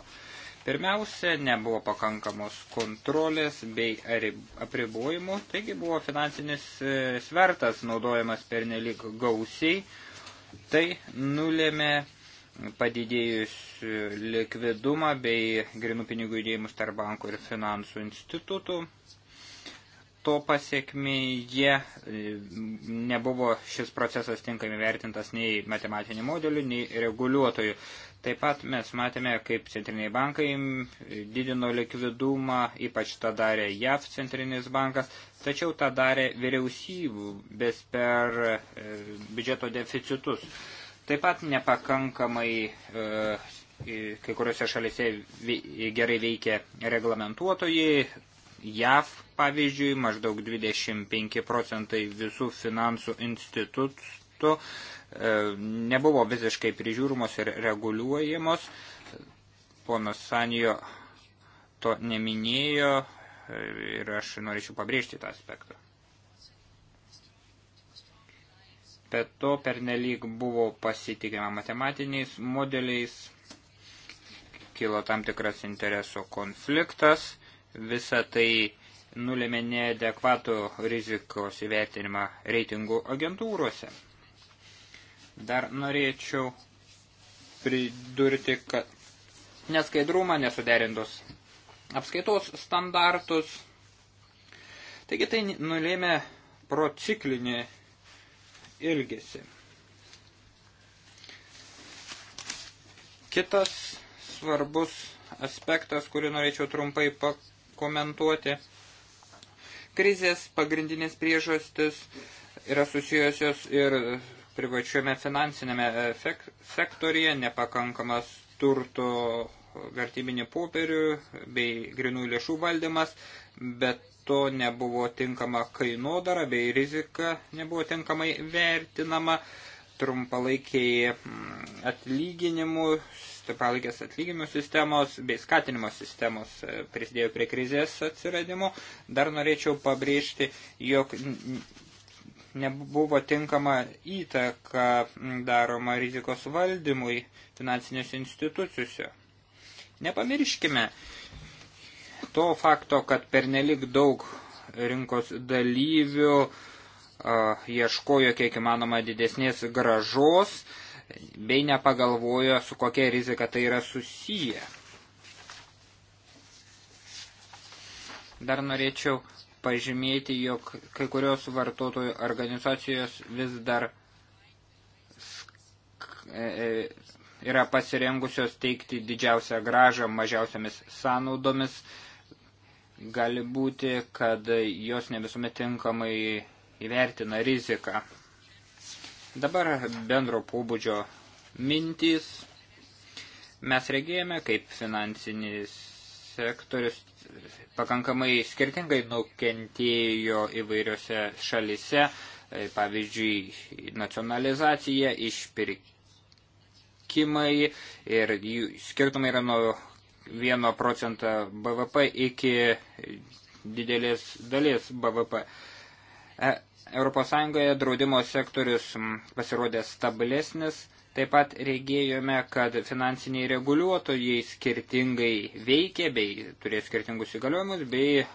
Pirmiausia, nebuvo pakankamos kontrolės bei apribojimų, taigi buvo finansinis e, svertas naudojamas pernelik gausiai. Tai nulėmė padidėjus e, likvidumą bei grinų pinigų judėjimus tarp bankų ir finansų institutų to pasiekmėje e, nebuvo šis procesas tinkamai vertintas nei matematinių modelių, nei reguliuotojų. Taip pat mes matėme, kaip centriniai bankai didino likvidumą, ypač tą darė JAV centrinis bankas, tačiau tą darė vyriausybių, bes per e, biudžeto deficitus. Taip pat nepakankamai e, kai kuriuose šalise gerai veikia reglamentuotojai, JAV, pavyzdžiui, maždaug 25 procentai visų finansų institutų e, nebuvo visiškai prižiūrimos ir reguliuojamos. Ponas Sanijo to neminėjo e, ir aš norėčiau pabrėžti tą aspektą. Bet to pernelyg buvo pasitikima matematiniais modeliais, kilo tam tikras intereso konfliktas Visa tai nulėmė neadekvatų rizikos įvertinimą reitingų agentūrose. Dar norėčiau pridurti, kad neskaidrumą nesuderintus apskaitos standartus. Taigi tai nulėmė prociklinį ilgesį. Kitas svarbus aspektas, kurį norėčiau trumpai pakalbėti pakomentuoti. Krizės pagrindinės priežastis yra susijusios ir privačiuome finansinėme e, sektorije, nepakankamas turto vertybinių popierių bei grinų lėšų valdymas, bet to nebuvo tinkama kainodara bei rizika nebuvo tinkamai vertinama trumpalaikiai mm, atlyginimų trumpalaikės atlyginimų sistemos bei skatinimo sistemos e, prisidėjo prie krizės atsiradimo. Dar norėčiau pabrėžti, jog nebuvo tinkama įtaka daroma rizikos valdymui finansinės institucijose. Nepamirškime to fakto, kad pernelik daug rinkos dalyvių uh, ieškojo kiek įmanoma didesnės gražos, uh, bei nepagalvojo, su kokia rizika tai yra susiję. Dar norėčiau pažymėti, jog kai kurios vartotojų organizacijos vis dar e, e, yra pasirengusios teikti didžiausią gražą mažiausiamis sąnaudomis. Gali būti, kad jos ne visuomet tinkamai įvertina riziką. Dabar bendro pobūdžio mintys. Mes regėjome, kaip finansinis sektorius pakankamai skirtingai nukentėjo įvairiose šalise, pavyzdžiui, nacionalizacija, išpirkimai ir jų skirtumai yra nuo 1 procentą BVP iki didelės dalies BVP. E, ES draudimo sektorius pasirodė stabilesnis, taip pat regėjome, kad finansiniai reguliuotojai skirtingai veikė bei turėjo skirtingus įgaliojimus bei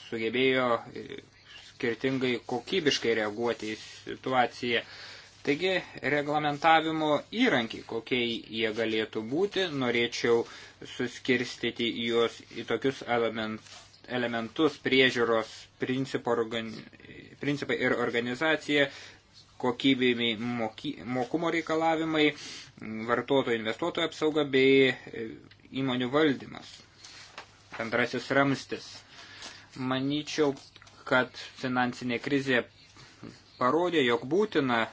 sugebėjo e, skirtingai kokybiškai reaguoti į situaciją. Taigi, reglamentavimo įrankiai, kokie jie galėtų būti, norėčiau suskirstyti juos į tokius elementus elementus priežiūros organi, principai ir organizacija, kokybiniai moky, mokumo reikalavimai, vartotojų investuotojų apsauga bei e, įmonių valdymas. Antrasis ramstis. Manyčiau, kad finansinė krizė parodė, jog būtina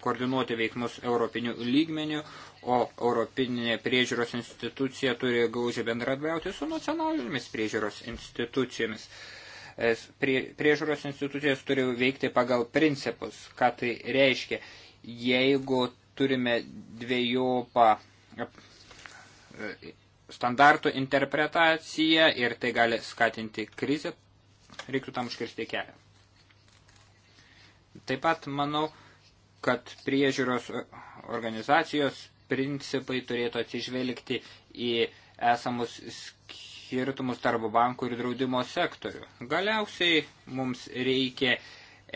koordinuoti veiksmus europinių lygmenių, o Europinė priežiūros institucija turi gaužiai bendradarbiauti su nacionalinėmis priežiūros institucijomis. Prie, priežiūros institucijos turi veikti pagal principus, ką tai reiškia. Jeigu turime dviejopą e, standartų interpretaciją ir tai gali skatinti krizę, reiktų tam užkirsti kelią. Taip pat manau, kad priežiūros organizacijos principai turėtų atsižvelgti į esamus skirtumus tarp bankų ir draudimo sektorių. Galiausiai mums reikia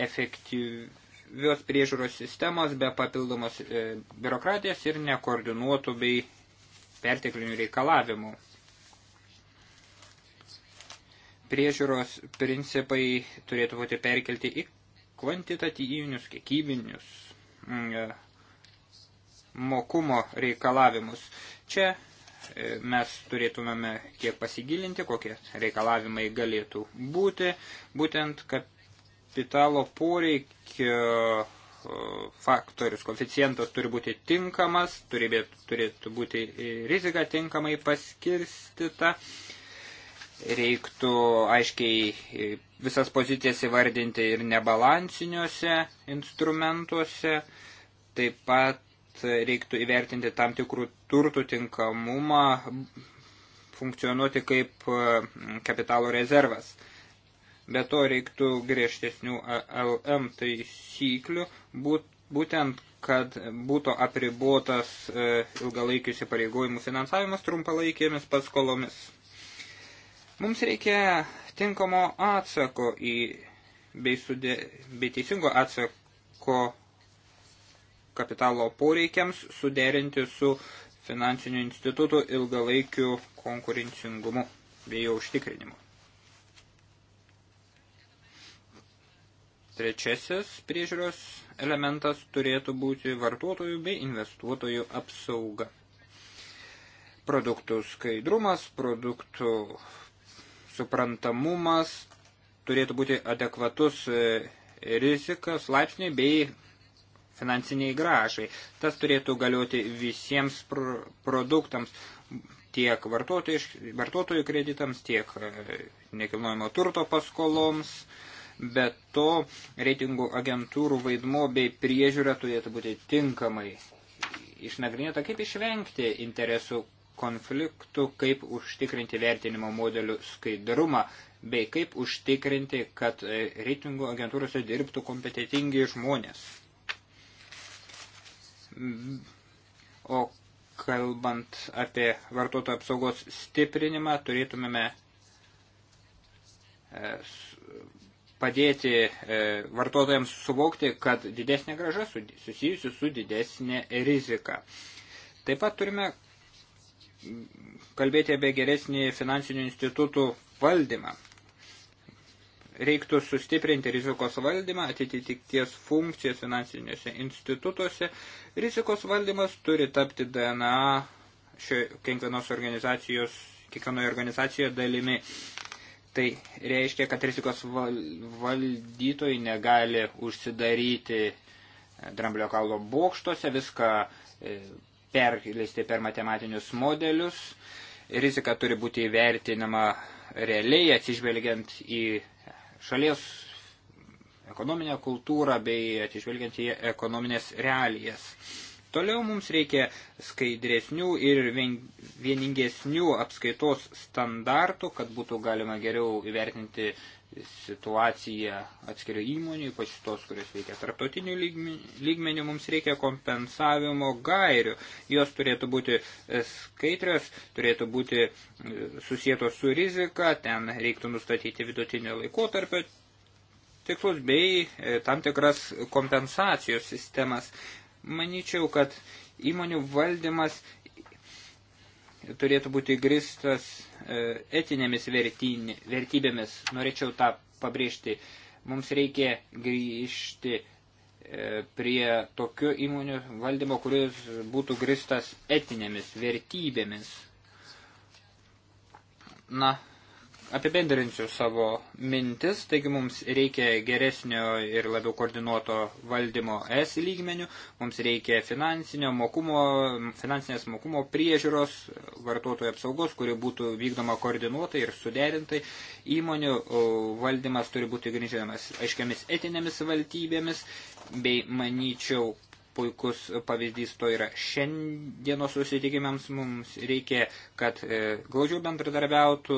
efektyvios priežiūros sistemos be papildomos e, biurokratijos ir nekoordinuotų bei perteklinių reikalavimų. Priežiūros principai turėtų būti perkelti į kvantitatyvinius, kiekybinius mm, e, mokumo reikalavimus. Čia e, mes turėtumėme kiek pasigilinti, kokie reikalavimai galėtų būti, būtent kapitalo poreikio e, faktorius, koficijantas turi būti tinkamas, turėtų būti e, rizika tinkamai paskirstita, reiktų aiškiai visas pozicijas įvardinti ir nebalansiniuose instrumentuose, taip pat reiktų įvertinti tam tikrų turtų tinkamumą funkcionuoti kaip e, kapitalo rezervas. Be to reiktų griežtesnių e, LM taisyklių, būtent, kad būtų apribuotas e, ilgalaikių įsipareigojimų finansavimas trumpalaikėmis paskolomis. Mums reikia tinkamo atsako į, bei, sudė, bei teisingo atsako kapitalo poreikiams suderinti su finansinių institutų ilgalaikiu konkurencingumu bei jo užtikrinimu. Trečiasis priežiūros elementas turėtų būti vartotojų bei investuotojų apsauga. Produktų skaidrumas, produktų suprantamumas turėtų būti adekvatus e, rizikas laipsniai bei finansiniai gražai. Tas turėtų galioti visiems pr produktams, tiek vartotojų kreditams, tiek e, nekilnojamo turto paskoloms. Be to, reitingų agentūrų vaidmo bei priežiūra turėtų būti tinkamai išnagrinėta, kaip išvengti interesų konfliktų, kaip užtikrinti vertinimo modelių skaidrumą, bei kaip užtikrinti, kad e, reitingų agentūrose dirbtų kompetitingi žmonės. O kalbant apie vartotojų apsaugos stiprinimą, turėtumėme e, padėti e, vartotojams suvokti, kad didesnė graža susijusi su didesnė rizika. Taip pat turime kalbėti apie geresnį finansinių institutų valdymą reiktų sustiprinti rizikos valdymą, atitikties funkcijas finansiniuose institutuose. Rizikos valdymas turi tapti DNA šio, kiekvienos organizacijos, kiekvienoje organizacijoje dalimi. Tai reiškia, kad rizikos val, valdytojai negali užsidaryti e, dramblio kaulo bokštuose, viską e, perleisti per matematinius modelius. Rizika turi būti įvertinama realiai atsižvelgiant į šalies ekonominę kultūrą bei atsižvelgiant į ekonominės realijas. Toliau mums reikia skaidresnių ir vieningesnių apskaitos standartų, kad būtų galima geriau įvertinti situaciją atskirių įmonių, ypač tos, kurios veikia tarptautinių lygmenių, mums reikia kompensavimo gairių. Jos turėtų būti skaitrios, turėtų būti e, susijėtos su rizika, ten reiktų nustatyti vidutinio laikotarpio tikslus bei e, tam tikras kompensacijos sistemas. Maničiau, kad įmonių valdymas turėtų būti gristas e, etinėmis vertybėmis. Norėčiau tą pabrėžti. Mums reikia grįžti e, prie tokių įmonių valdymo, kuris būtų gristas etinėmis vertybėmis. Na, Apibendrinsiu savo mintis, taigi mums reikia geresnio ir labiau koordinuoto valdymo S lygmenių, mums reikia finansinio mokumo, finansinės mokumo priežiūros, vartotojų apsaugos, kuri būtų vykdoma koordinuotai ir suderintai, įmonių valdymas turi būti grindžiamas aiškiamis etinėmis valtybėmis, bei manyčiau, puikus pavyzdys to yra šiandienos susitikimams. Mums reikia, kad e, glaudžiau bendradarbiautų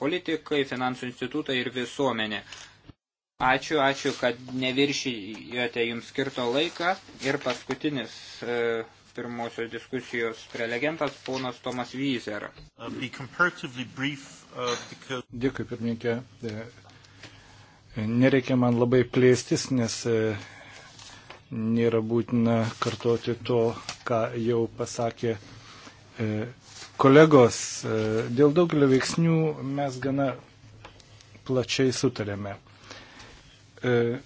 politikai, finansų institutai ir visuomenė. Ačiū, ačiū, kad neviršijote jums skirto laiką. Ir paskutinis e, pirmosios diskusijos prelegentas ponas Tomas Vyzer. Uh, uh, Dėkui, pirmininkė. E, nereikia man labai plėstis, nes e, Nėra būtina kartoti to, ką jau pasakė e, kolegos. E, dėl daugelio veiksnių mes gana plačiai sutarėme. E,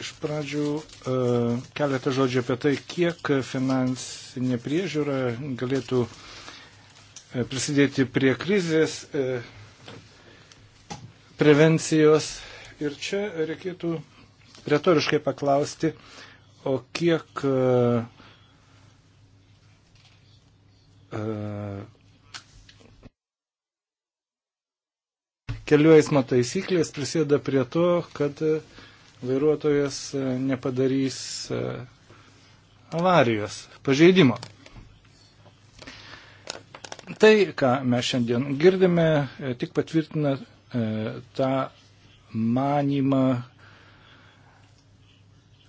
iš pradžių keletą žodžių apie tai, kiek finansinė priežiūra galėtų prisidėti prie krizės prevencijos. Ir čia reikėtų retoriškai paklausti, o kiek e, e, kelių eismo taisyklės prisėda prie to, kad vairuotojas e, nepadarys avarijos pažeidimo. Tai, ką mes šiandien girdime, tik patvirtina tą manimą,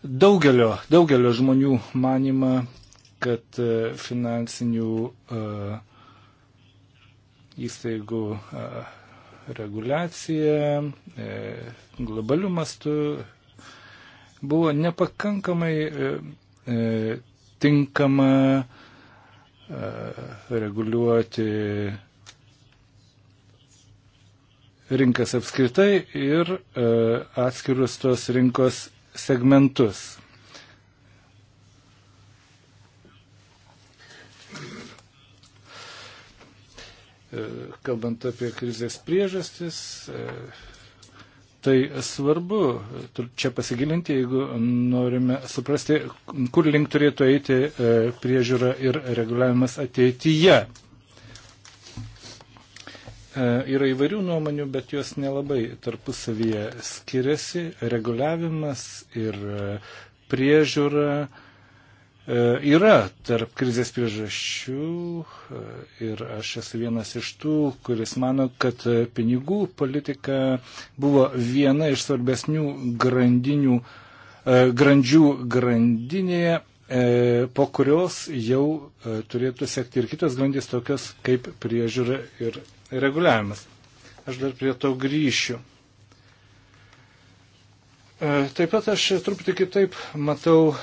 Daugelio, daugelio žmonių manima, kad e, finansinių e, įstaigų e, reguliacija globalių mastų buvo nepakankamai tinkama reguliuoti rinkas apskritai ir atskirus tos rinkos segmentus. E, kalbant apie krizės priežastis, e, tai svarbu e, čia pasigilinti, jeigu norime suprasti, kur link turėtų eiti priežiūra ir reguliavimas ateityje. E, yra įvairių nuomonių, bet jos nelabai tarpusavyje skiriasi. Reguliavimas ir e, priežiūra e, yra tarp krizės priežasčių ir aš esu vienas iš tų, kuris mano, kad pinigų politika buvo viena iš svarbesnių grandinių, grandžių grandinėje, po kurios jau turėtų sekti ir kitos grandys tokios kaip priežiūra ir reguliavimas. Aš dar prie to grįšiu. E, taip pat aš truputį kitaip matau e,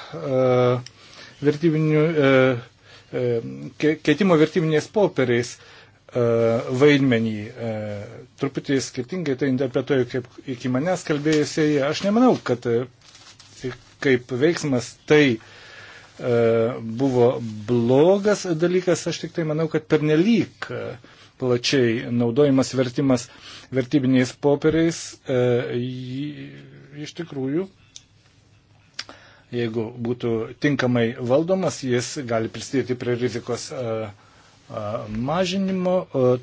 vertybinių, e, keitimo vertybiniais popieriais vaidmenį. Truputį skirtingai tai interpretuoju kaip iki manęs kalbėjusieji. Aš nemanau, kad kaip veiksmas tai buvo blogas dalykas, aš tik tai manau, kad pernelyg uh, plačiai naudojimas vertimas vertybiniais popieriais e, iš tikrųjų, jeigu būtų tinkamai valdomas, jis gali prisidėti prie rizikos e, e, mažinimo,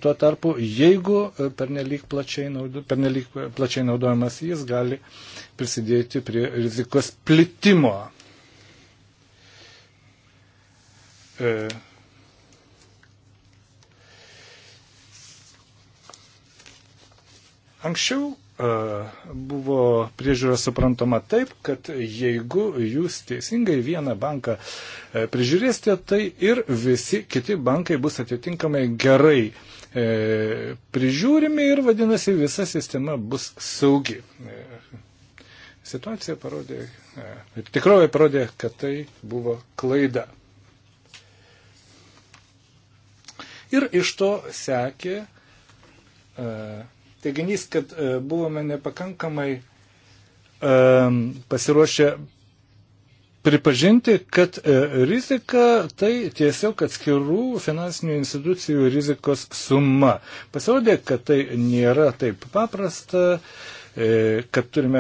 tuo tarpu, jeigu pernelyg plačiai, naudo, pernelyg plačiai naudojamas, jis gali prisidėti prie rizikos plitimo. Anksčiau e, buvo priežiūra suprantama taip, kad jeigu jūs teisingai vieną banką e, prižiūrėsite, tai ir visi kiti bankai bus atitinkamai gerai e, prižiūrimi ir vadinasi visa sistema bus saugi. Situacija parodė, tikrovė parodė, kad tai buvo klaida. Ir iš to sekė teiginys, kad e, buvome nepakankamai e, pasiruošę pripažinti, kad e, rizika tai tiesiog atskirų finansinių institucijų rizikos suma. Pasirodė, kad tai nėra taip paprasta, kad turime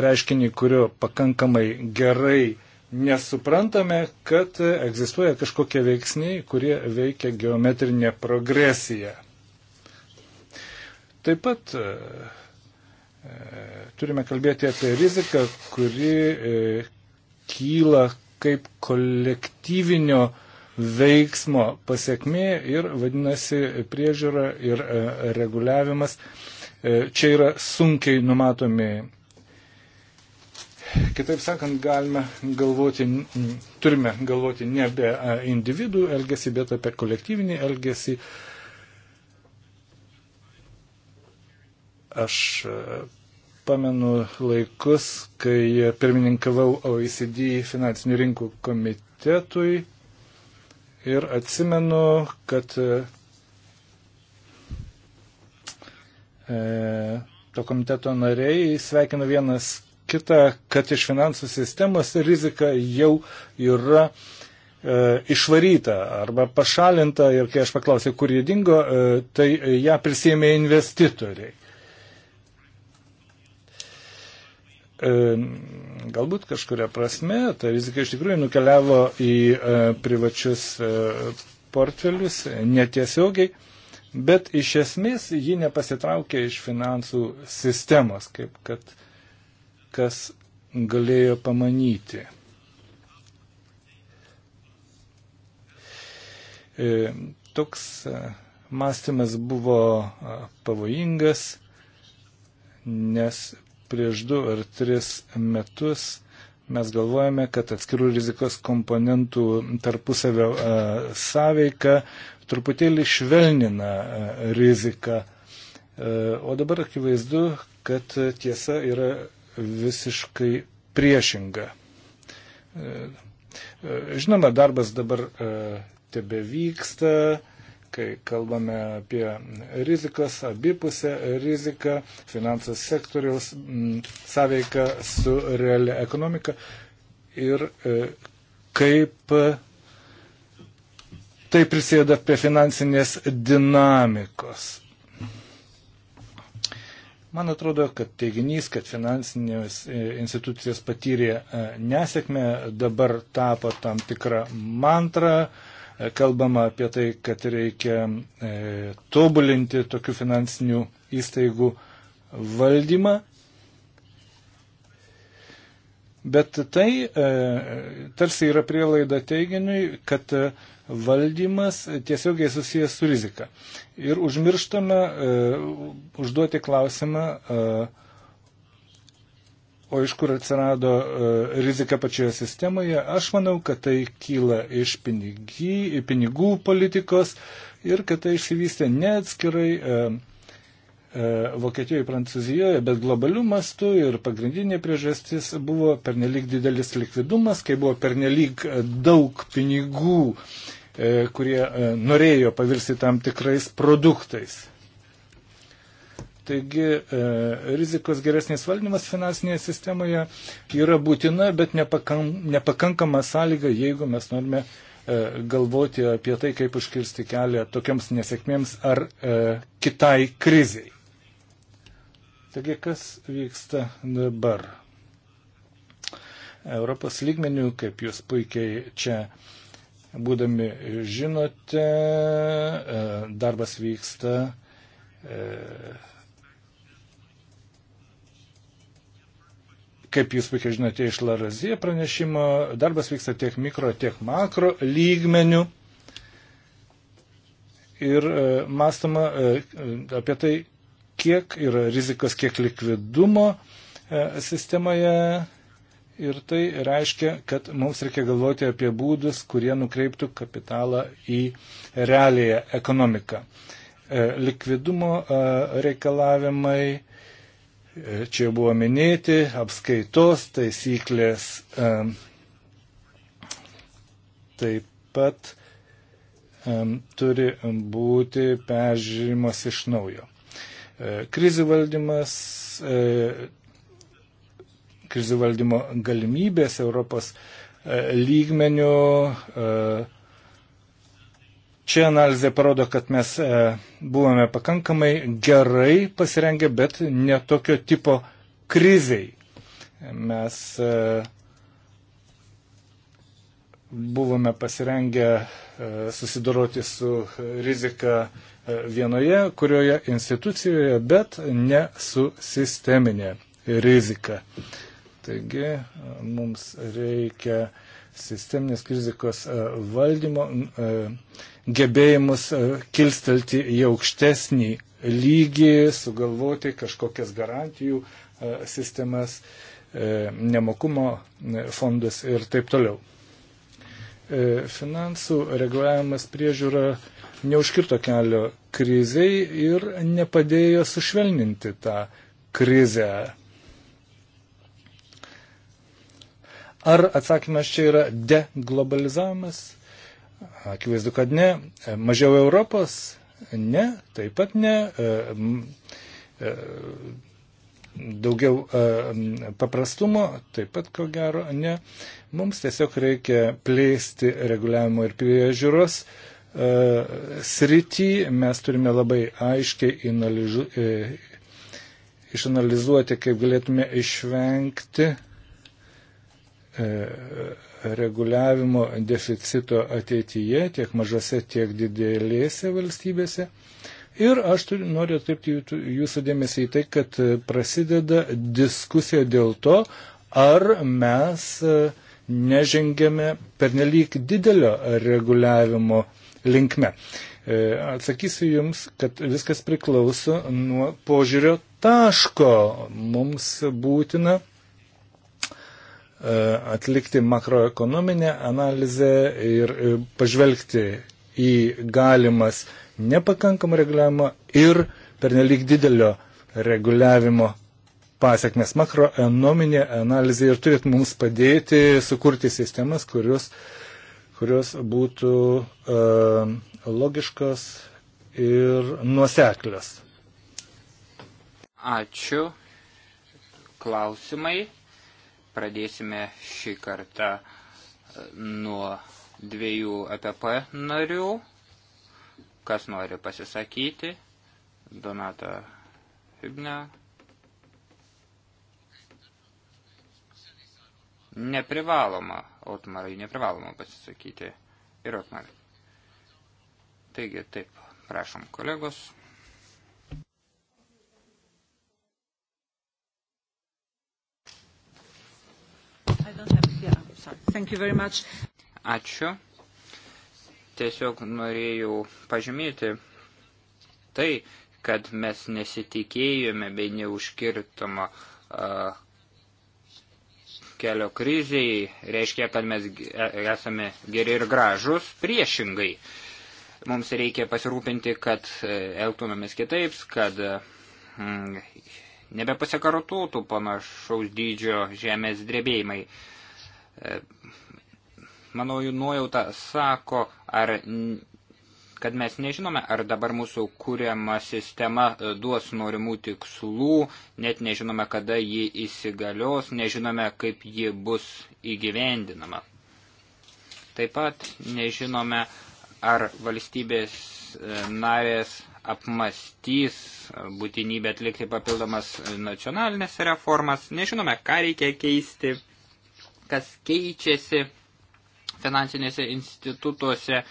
reiškinį, kurio pakankamai gerai nesuprantame, kad egzistuoja kažkokie veiksniai, kurie veikia geometrinę progresiją. Taip pat e, e, turime kalbėti apie riziką, kuri e, kyla kaip kolektyvinio veiksmo pasiekmė ir vadinasi priežiūra ir reguliavimas. Čia yra sunkiai numatomi. Kitaip sakant, galime galvoti, turime galvoti ne apie individų elgesį, bet apie kolektyvinį elgesį, Aš e, pamenu laikus, kai pirmininkavau OECD finansinių rinkų komitetui ir atsimenu, kad e, e to komiteto nariai sveikina vienas kitą, kad iš finansų sistemos rizika jau yra e, išvaryta arba pašalinta ir kai aš paklausiau, kur jie dingo, e, tai ją prisėmė investitoriai. E, galbūt kažkuria prasme ta rizika iš tikrųjų nukeliavo į e, privačius e, portfelius netiesiogiai, bet iš esmės ji nepasitraukė iš finansų sistemos, kaip kad kas galėjo pamanyti. Toks mąstymas buvo pavojingas, nes prieš du ar tris metus mes galvojame, kad atskirų rizikos komponentų tarpusavio e, sąveika truputėlį švelnina e, riziką. E, o dabar akivaizdu, kad tiesa yra visiškai priešinga. Žinoma, darbas dabar tebe vyksta, kai kalbame apie rizikas, abipusę riziką, finansų sektoriaus mm, sąveiką su realia ekonomika ir e, kaip e, tai prisėda prie finansinės dinamikos. Man atrodo, kad teiginys, kad finansinės e, institucijos patyrė nesėkmę, dabar tapo tam tikrą mantrą, kalbama apie tai, kad reikia e, tobulinti tokių finansinių įstaigų valdymą. Bet tai e, tarsi yra prielaida teiginiui, kad e, valdymas tiesiogiai susijęs su rizika. Ir užmirštame e, užduoti klausimą, e, O iš kur atsirado e, rizika pačioje sistemoje, aš manau, kad tai kyla iš pinigy, pinigų politikos ir kad tai išsivystė ne atskirai e, e, Vokietijoje, Prancūzijoje, bet globalių mastų ir pagrindinė priežastis buvo pernelyg didelis likvidumas, kai buvo pernelyg e, daug pinigų, e, kurie e, norėjo pavirsti tam tikrais produktais. Taigi e, rizikos geresnis valdymas finansinėje sistemoje yra būtina, bet nepakankama sąlyga, jeigu mes norime e, galvoti apie tai, kaip užkirsti kelią tokiams nesėkmėms ar e, kitai kriziai. Taigi, kas vyksta dabar? Europos lygmenių, kaip jūs puikiai čia būdami žinote, e, darbas vyksta e, Kaip jūs puikiai žinote iš Larazie pranešimo, darbas vyksta tiek mikro, tiek makro lygmenių. Ir e, mąstama e, apie tai, kiek yra rizikos, kiek likvidumo e, sistemoje. Ir tai reiškia, kad mums reikia galvoti apie būdus, kurie nukreiptų kapitalą į realiją ekonomiką. E, likvidumo e, reikalavimai Čia buvo minėti apskaitos taisyklės. Taip pat turi būti peržiūrimas iš naujo. E, krizių valdymas, e, krizių valdymo galimybės Europos e, lygmenių Čia analizė parodo, kad mes e, buvome pakankamai gerai pasirengę, bet netokio tipo kriziai. Mes e, buvome pasirengę e, susidoroti su rizika vienoje, kurioje institucijoje, bet ne su sisteminė rizika. Taigi mums reikia sisteminės rizikos valdymo, gebėjimus e, kilstelti į aukštesnį lygį, sugalvoti kažkokias garantijų e, sistemas, e, nemokumo fondus ir taip toliau. Finansų reguliavimas priežiūra neužkirto kelio kriziai ir nepadėjo sušvelninti tą krizę. Ar atsakymas čia yra deglobalizavimas? Akivaizdu, kad ne. E, mažiau Europos? Ne, taip pat ne. E, e, daugiau paprastumo? Taip pat ko gero ne. Mums tiesiog reikia plėsti reguliavimo ir priežiūros srity. Mes turime labai aiškiai inaližu, išanalizuoti, kaip galėtume išvengti reguliavimo deficito ateityje tiek mažose, tiek didelėse valstybėse. Ir aš turiu, noriu atkreipti jūsų dėmesį į tai, kad prasideda diskusija dėl to, ar mes e, nežengėme pernelyg didelio reguliavimo linkme. E, atsakysiu Jums, kad viskas priklauso nuo požiūrio taško. Mums būtina E, atlikti makroekonominę analizę ir e, pažvelgti į galimas nepakankamą reguliavimą ir pernelyg didelio reguliavimo pasiekmes. Makroekonominė analizė ir turėtų mums padėti sukurti sistemas, kurios, kurios būtų uh, logiškos ir nuoseklios. Ačiū. Klausimai. Pradėsime šį kartą e, nuo dviejų EPP narių. Kas nori pasisakyti? Donata Hübne. Neprivaloma, Otmarai, neprivaloma pasisakyti. Ir Otmarai. Taigi, taip, prašom kolegos. Ačiū. Tiesiog norėjau pažymėti tai, kad mes nesitikėjome bei neužkirtama uh, kelio kriziai, reiškia, kad mes e, esame geri ir gražus, priešingai. Mums reikia pasirūpinti, kad e, elgtumėmės kitaip, kad mm, nebepasikartotų panašaus dydžio žemės drebėjimai. E, manau, jų nuojauta sako, ar, kad mes nežinome, ar dabar mūsų kūriama sistema e, duos norimų tikslų, net nežinome, kada ji įsigalios, nežinome, kaip ji bus įgyvendinama. Taip pat nežinome, ar valstybės e, narės apmastys būtinybę atlikti papildomas nacionalinės reformas. Nežinome, ką reikia keisti, kas keičiasi finansinėse institutuose,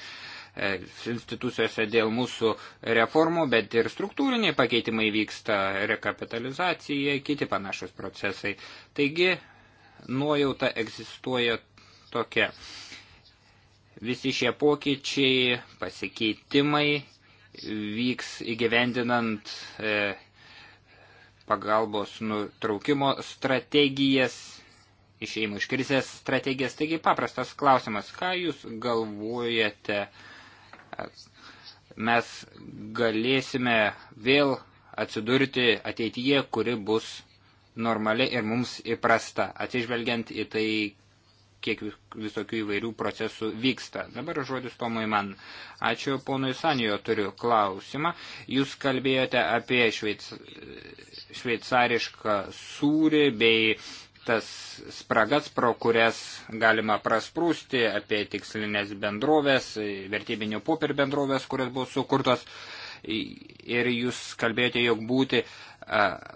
e, institucijose dėl mūsų reformų, bet ir struktūriniai pakeitimai vyksta, rekapitalizacija, kiti panašus procesai. Taigi, nuojauta egzistuoja tokia. Visi šie pokyčiai, pasikeitimai vyks įgyvendinant e, pagalbos nutraukimo strategijas, išėjimo iš krizės strategijas. Taigi paprastas klausimas, ką jūs galvojate, mes galėsime vėl atsidurti ateityje, kuri bus normali ir mums įprasta, atsižvelgiant į tai, kiek visokių įvairių procesų vyksta. Dabar žodis Tomui man. Ačiū ponui Sanijo, turiu klausimą. Jūs kalbėjote apie šveic... šveicarišką sūrį bei tas spragas, pro kurias galima prasprūsti, apie tikslinės bendrovės, vertybinių popir bendrovės, kurios buvo sukurtos. Ir jūs kalbėjote, jog būti,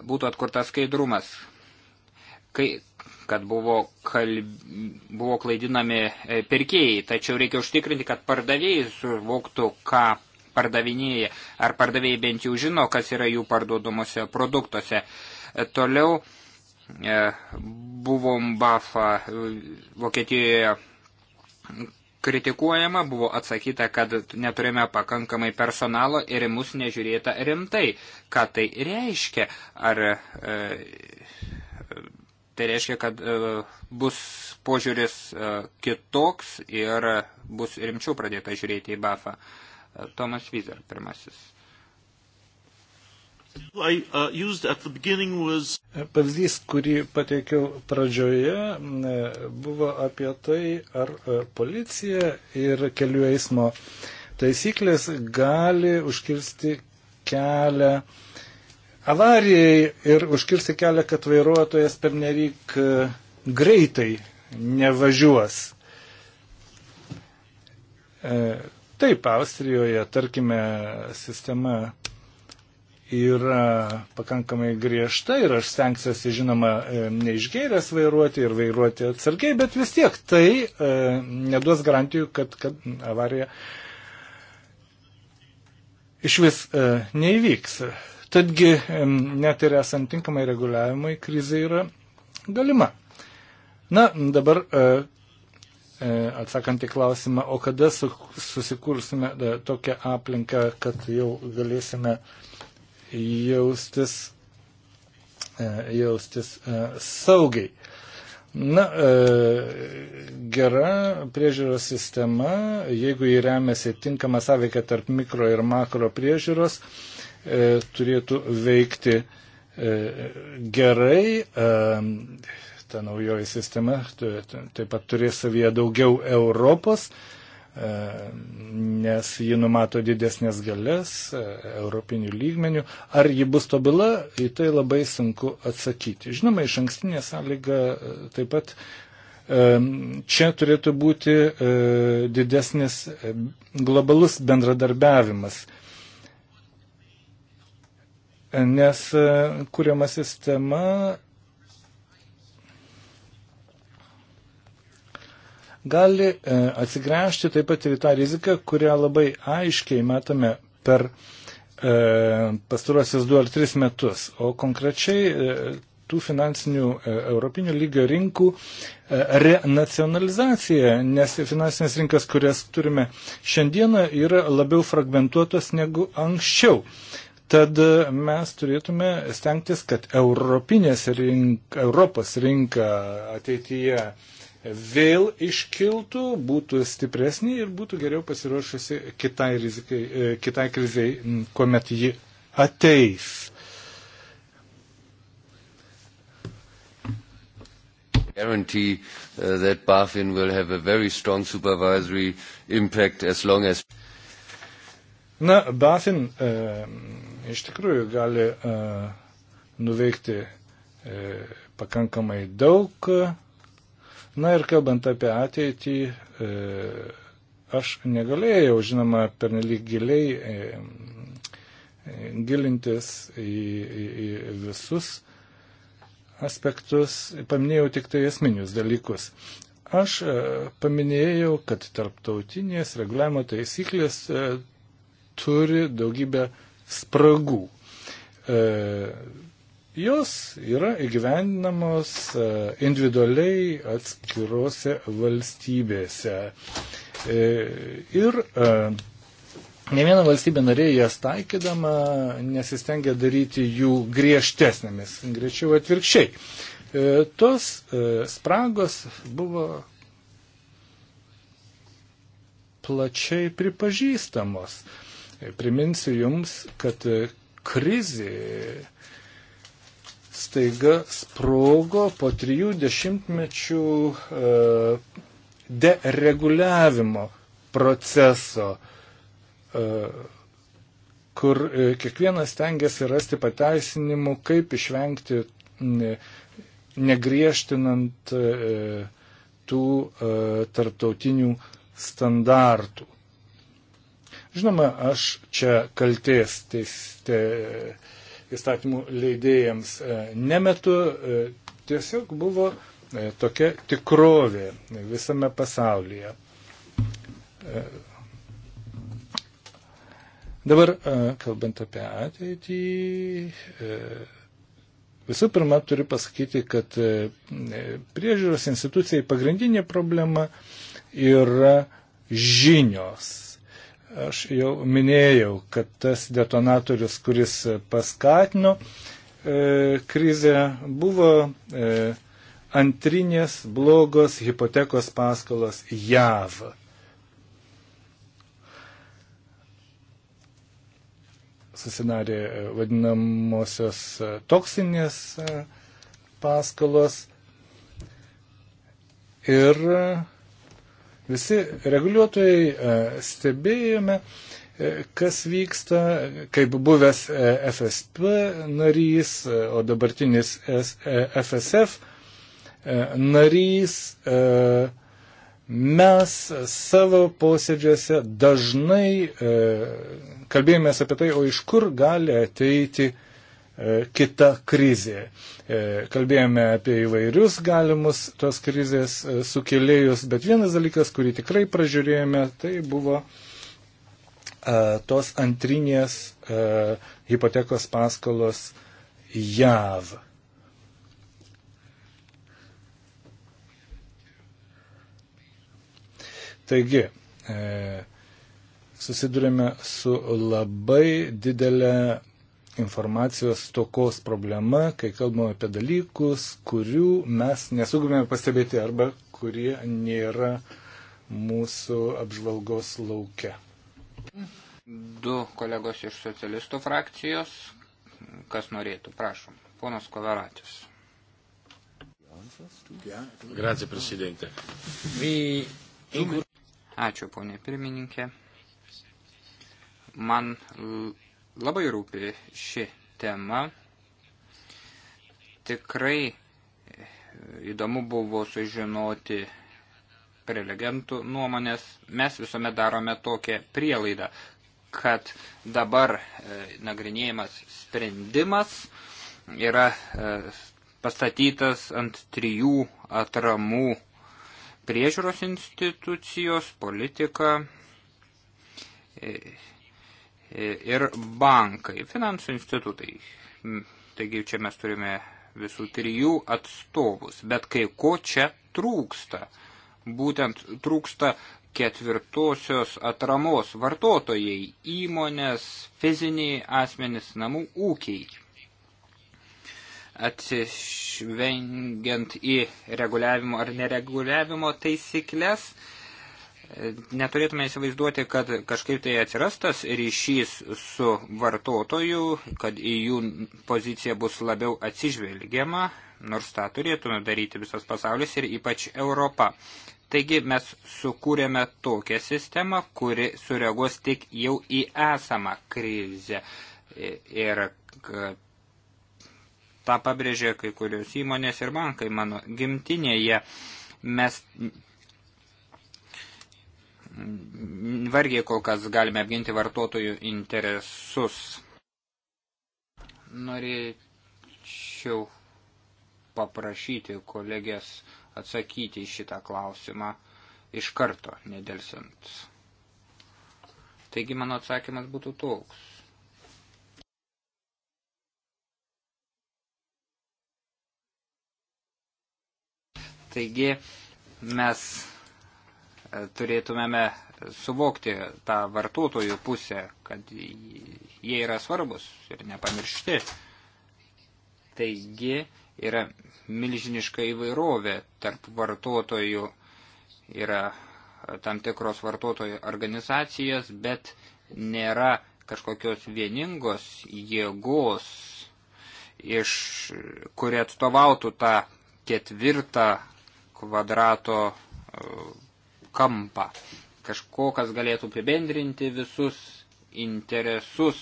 būtų atkurtas skaidrumas. Kai, kad buvo, kalb... buvo klaidinami e, pirkėjai, tačiau reikia užtikrinti, kad pardavėjai suvoktų, ką pardavinėja, ar pardavėjai bent jau žino, kas yra jų parduodamuose produktuose. E, toliau e, buvo Mbafa Vokietijoje kritikuojama, buvo atsakyta, kad neturime pakankamai personalo ir mus nežiūrėta rimtai. Ką tai reiškia? Ar e, Tai reiškia, kad e, bus požiūris e, kitoks ir bus rimčiau pradėta žiūrėti į BAFą. E, Tomas Vizer pirmasis. Uh, pavyzdys, kurį pateikiau pradžioje, buvo apie tai, ar policija ir kelių eismo taisyklės gali užkirsti kelią uh, avarijai ir užkirsti kelią, kad vairuotojas pernelyg e, greitai nevažiuos. E, taip, Austrijoje, tarkime, sistema yra pakankamai griežta ir aš stengsiuosi, žinoma, e, neišgėręs vairuoti ir vairuoti atsargiai, bet vis tiek tai e, neduos garantijų, kad, kad avarija iš vis e, neįvyks. Tadgi net ir esant tinkamai reguliavimai, krizė yra galima. Na, dabar e, e, atsakant į klausimą, o kada susikursime e, tokią aplinką, kad jau galėsime jaustis, jaustis saugiai. Na, gera priežiūros sistema, jeigu jį remiasi tinkama sąveikia tarp mikro ir makro priežiūros, E, turėtų veikti e, gerai. E, ta naujoji sistema taip pat turės savyje daugiau Europos, nes ji numato didesnės galės europinių lygmenių. Ar ji bus tobila, į tai labai sunku atsakyti. Žinoma, iš ankstinė sąlyga taip pat čia turėtų būti didesnis globalus bendradarbiavimas nes e, kuriama sistema gali e, atsigręžti taip pat ir į tą riziką, kurią labai aiškiai matome per e, pastarosius du ar tris metus. O konkrečiai tų finansinių europinio lygio rinkų renacionalizacija, nes finansinės rinkas, kurias turime šiandieną, yra labiau fragmentuotos negu anksčiau. Tad e, mes turėtume stengtis, kad Europinės rink, Europos rinka ateityje vėl iškiltų, būtų stipresnė ir būtų geriau pasiruošusi kitai, rizikai, e, kitai kriziai, kuomet ji ateis. guarantee uh, that BaFin will have a very strong supervisory impact as long as. Na, BaFin uh, iš tikrųjų gali e, nuveikti e, pakankamai daug. Na ir kalbant apie ateitį, e, aš negalėjau, žinoma, pernelyg giliai gilintis į, į, į visus aspektus, paminėjau tik tai esminius dalykus. Aš paminėjau, kad tarptautinės reguliavimo taisyklės turi daugybę spragų. E, jos yra įgyvendinamos e, individualiai atskirose valstybėse. E, ir ne viena valstybė narė jas taikydama nesistengia daryti jų griežtesnėmis, greičiau atvirkščiai. Tos spragos buvo plačiai pripažįstamos. E, Priminsiu Jums, kad e, krizė staiga sprogo po trijų dešimtmečių e, dereguliavimo proceso, e, kur kiekvienas tengiasi rasti pateisinimų, kaip išvengti negriežtinant tų tarptautinių standartų. Žinoma, aš čia kalties teiste įstatymų leidėjams e, nemetu, e, tiesiog buvo e, tokia tikrovė visame pasaulyje. Dabar, kalbant apie ateitį, visų pirma, turiu pasakyti, kad priežiūros institucijai pagrindinė problema yra žinios. Aš jau minėjau, kad tas detonatorius, kuris paskatino e, krizę, buvo e, antrinės blogos hipotekos paskolos JAV. Susidarė e, vadinamosios e, toksinės e, paskolos ir Visi reguliuotojai e, stebėjome, e, kas vyksta, kaip buvęs e, FSP narys, o dabartinis FSF narys. Mes savo posėdžiuose dažnai e, kalbėjomės apie tai, o iš kur gali ateiti e, E, kita krizė. E, kalbėjome apie įvairius galimus tos krizės e, sukėlėjus, bet vienas dalykas, kurį tikrai pražiūrėjome, tai buvo tos antrinės hipotekos paskolos JAV. Taigi, susidurime su labai didelė informacijos tokos problema, kai kalbame apie dalykus, kurių mes nesugebėjome pastebėti arba kurie nėra mūsų apžvalgos laukia. Du kolegos iš socialistų frakcijos, kas norėtų, prašom. Ponas Kovaratis. Grazie, prezidente. Ačiū, ponė pirmininkė. Man labai rūpi ši tema. Tikrai įdomu buvo sužinoti prelegentų nuomonės. Mes visuomet darome tokią prielaidą, kad dabar e, nagrinėjimas sprendimas yra e, pastatytas ant trijų atramų priežiūros institucijos, politika e, ir bankai, finansų institutai. Taigi čia mes turime visų trijų atstovus, bet kai ko čia trūksta. Būtent trūksta ketvirtosios atramos vartotojai, įmonės, fiziniai asmenys, namų ūkiai. Atsižvengiant į reguliavimo ar nereguliavimo taisyklės, neturėtume įsivaizduoti, kad kažkaip tai atsiras tas ryšys su vartotoju, kad į jų poziciją bus labiau atsižvelgiama, nors tą turėtume daryti visas pasaulis ir ypač Europa. Taigi mes sukūrėme tokią sistemą, kuri sureaguos tik jau į esamą krizę. Ir tą pabrėžė kai kurios įmonės ir bankai mano gimtinėje. Mes vargiai kol kas galime apginti vartotojų interesus. Norėčiau paprašyti kolegės atsakyti į šitą klausimą iš karto, nedelsint. Taigi mano atsakymas būtų toks. Taigi mes turėtumėme suvokti tą vartotojų pusę, kad jie yra svarbus ir nepamiršti. Taigi yra milžiniška įvairovė tarp vartotojų, yra tam tikros vartotojų organizacijos, bet nėra kažkokios vieningos jėgos, iš, kuri atstovautų tą ketvirtą kvadrato kampą, kažko, kas galėtų pribendrinti visus interesus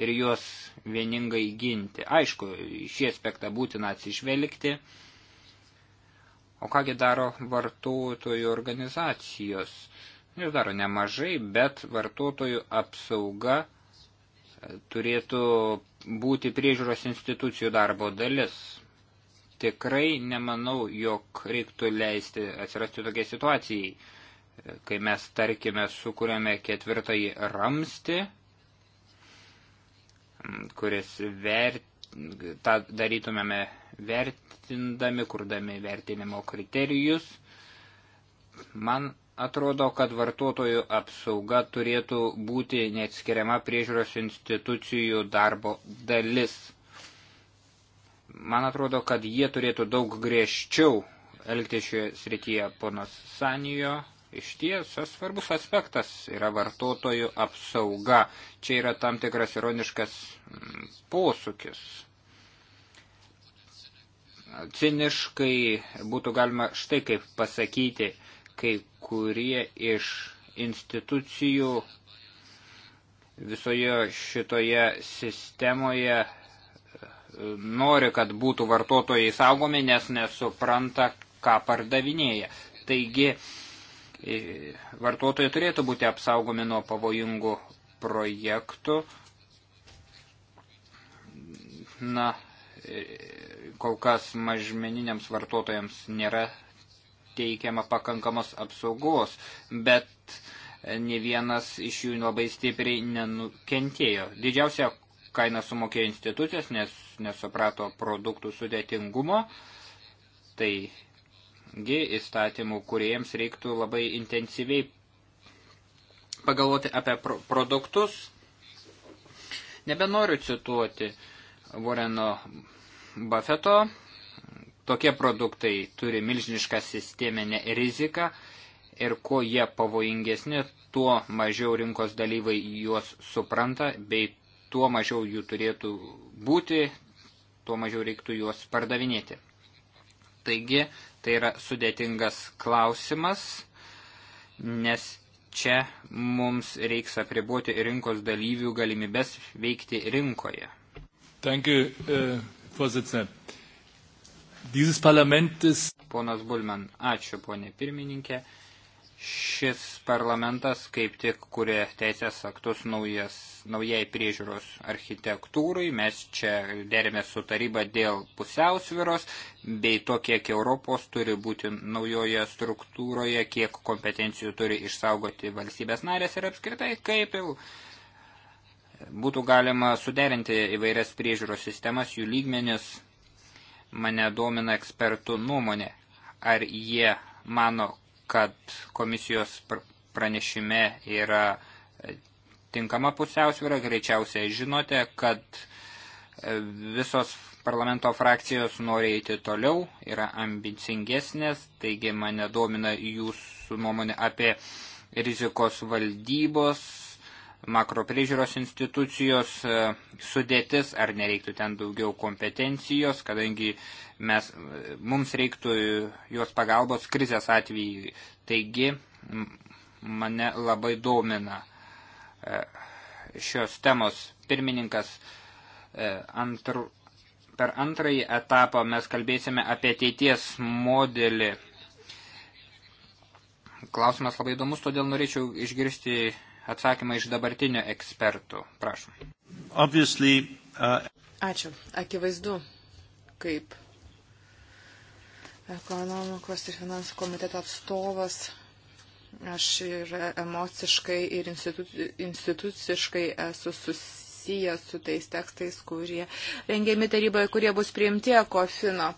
ir juos vieningai ginti. Aišku, šį aspektą būtina atsižvelgti. O kągi daro vartotojų organizacijos? Jis daro nemažai, bet vartotojų apsauga turėtų būti priežiūros institucijų darbo dalis. Tikrai nemanau, jog reiktų leisti atsirasti tokiai situacijai kai mes, tarkime, sukūrėme ketvirtąjį ramstį, kuris vert, tą darytumėme vertindami, kurdami vertinimo kriterijus, man atrodo, kad vartotojų apsauga turėtų būti neatskiriama priežiūros institucijų darbo dalis. Man atrodo, kad jie turėtų daug griežčiau elgti šioje srityje ponas Sanijo Iš tiesas svarbus aspektas yra vartotojų apsauga. Čia yra tam tikras ironiškas mm, posūkis. Ciniškai būtų galima štai kaip pasakyti, kai kurie iš institucijų visoje šitoje sistemoje e, nori, kad būtų vartotojai saugomi, nes nesupranta, ką pardavinėja. Taigi, E, vartotojai turėtų būti apsaugomi nuo pavojingų projektų. Na, e, kol kas mažmeniniams vartotojams nėra teikiama pakankamos apsaugos, bet ne vienas iš jų labai stipriai nenukentėjo. Didžiausia kaina sumokėjo institucijas, nes nesuprato produktų sudėtingumo. Tai G įstatymų, kuriems reiktų labai intensyviai pagalvoti apie pro produktus. Nebenoriu cituoti Voreno Buffeto. Tokie produktai turi milžinišką sisteminę riziką ir kuo jie pavojingesni, tuo mažiau rinkos dalyvai juos supranta, bei tuo mažiau jų turėtų būti, tuo mažiau reiktų juos pardavinėti. Taigi Tai yra sudėtingas klausimas, nes čia mums reiks apriboti rinkos dalyvių galimybės veikti rinkoje. Danke, uh, Dieses Parlamentas. Ponas Bulman, ačiū ponė pirmininkė. Šis parlamentas kaip tik kuria teisės aktus naujas, naujai priežiūros architektūrai. Mes čia derėme su taryba dėl pusiausviros, bei to, kiek Europos turi būti naujoje struktūroje, kiek kompetencijų turi išsaugoti valstybės narės ir apskritai kaip jau būtų galima suderinti įvairias priežiūros sistemas, jų lygmenis. Mane domina ekspertų nuomonė, ar jie mano, kad komisijos pranešime yra e, tinkama pusiausvyrą. Greičiausiai žinote, kad e, visos parlamento frakcijos nori eiti toliau, yra ambicingesnės, taigi mane domina jūsų nuomonė apie rizikos valdybos makropriežiūros institucijos e, sudėtis, ar nereiktų ten daugiau kompetencijos, kadangi mes, e, mums reiktų jos pagalbos krizės atveju. Taigi mane labai domina e, šios temos pirmininkas. Antr, per antrąjį etapą mes kalbėsime apie ateities modelį. Klausimas labai įdomus, todėl norėčiau išgirsti atsakymą iš dabartinio ekspertų. Prašom. Obviously, uh... Ačiū. Akivaizdu, kaip ekonomikos ir finansų komiteto atstovas aš ir emociškai, ir institu, instituciškai esu susijęs su tais tekstais, kurie rengiami taryboje, kurie bus priimti ekofino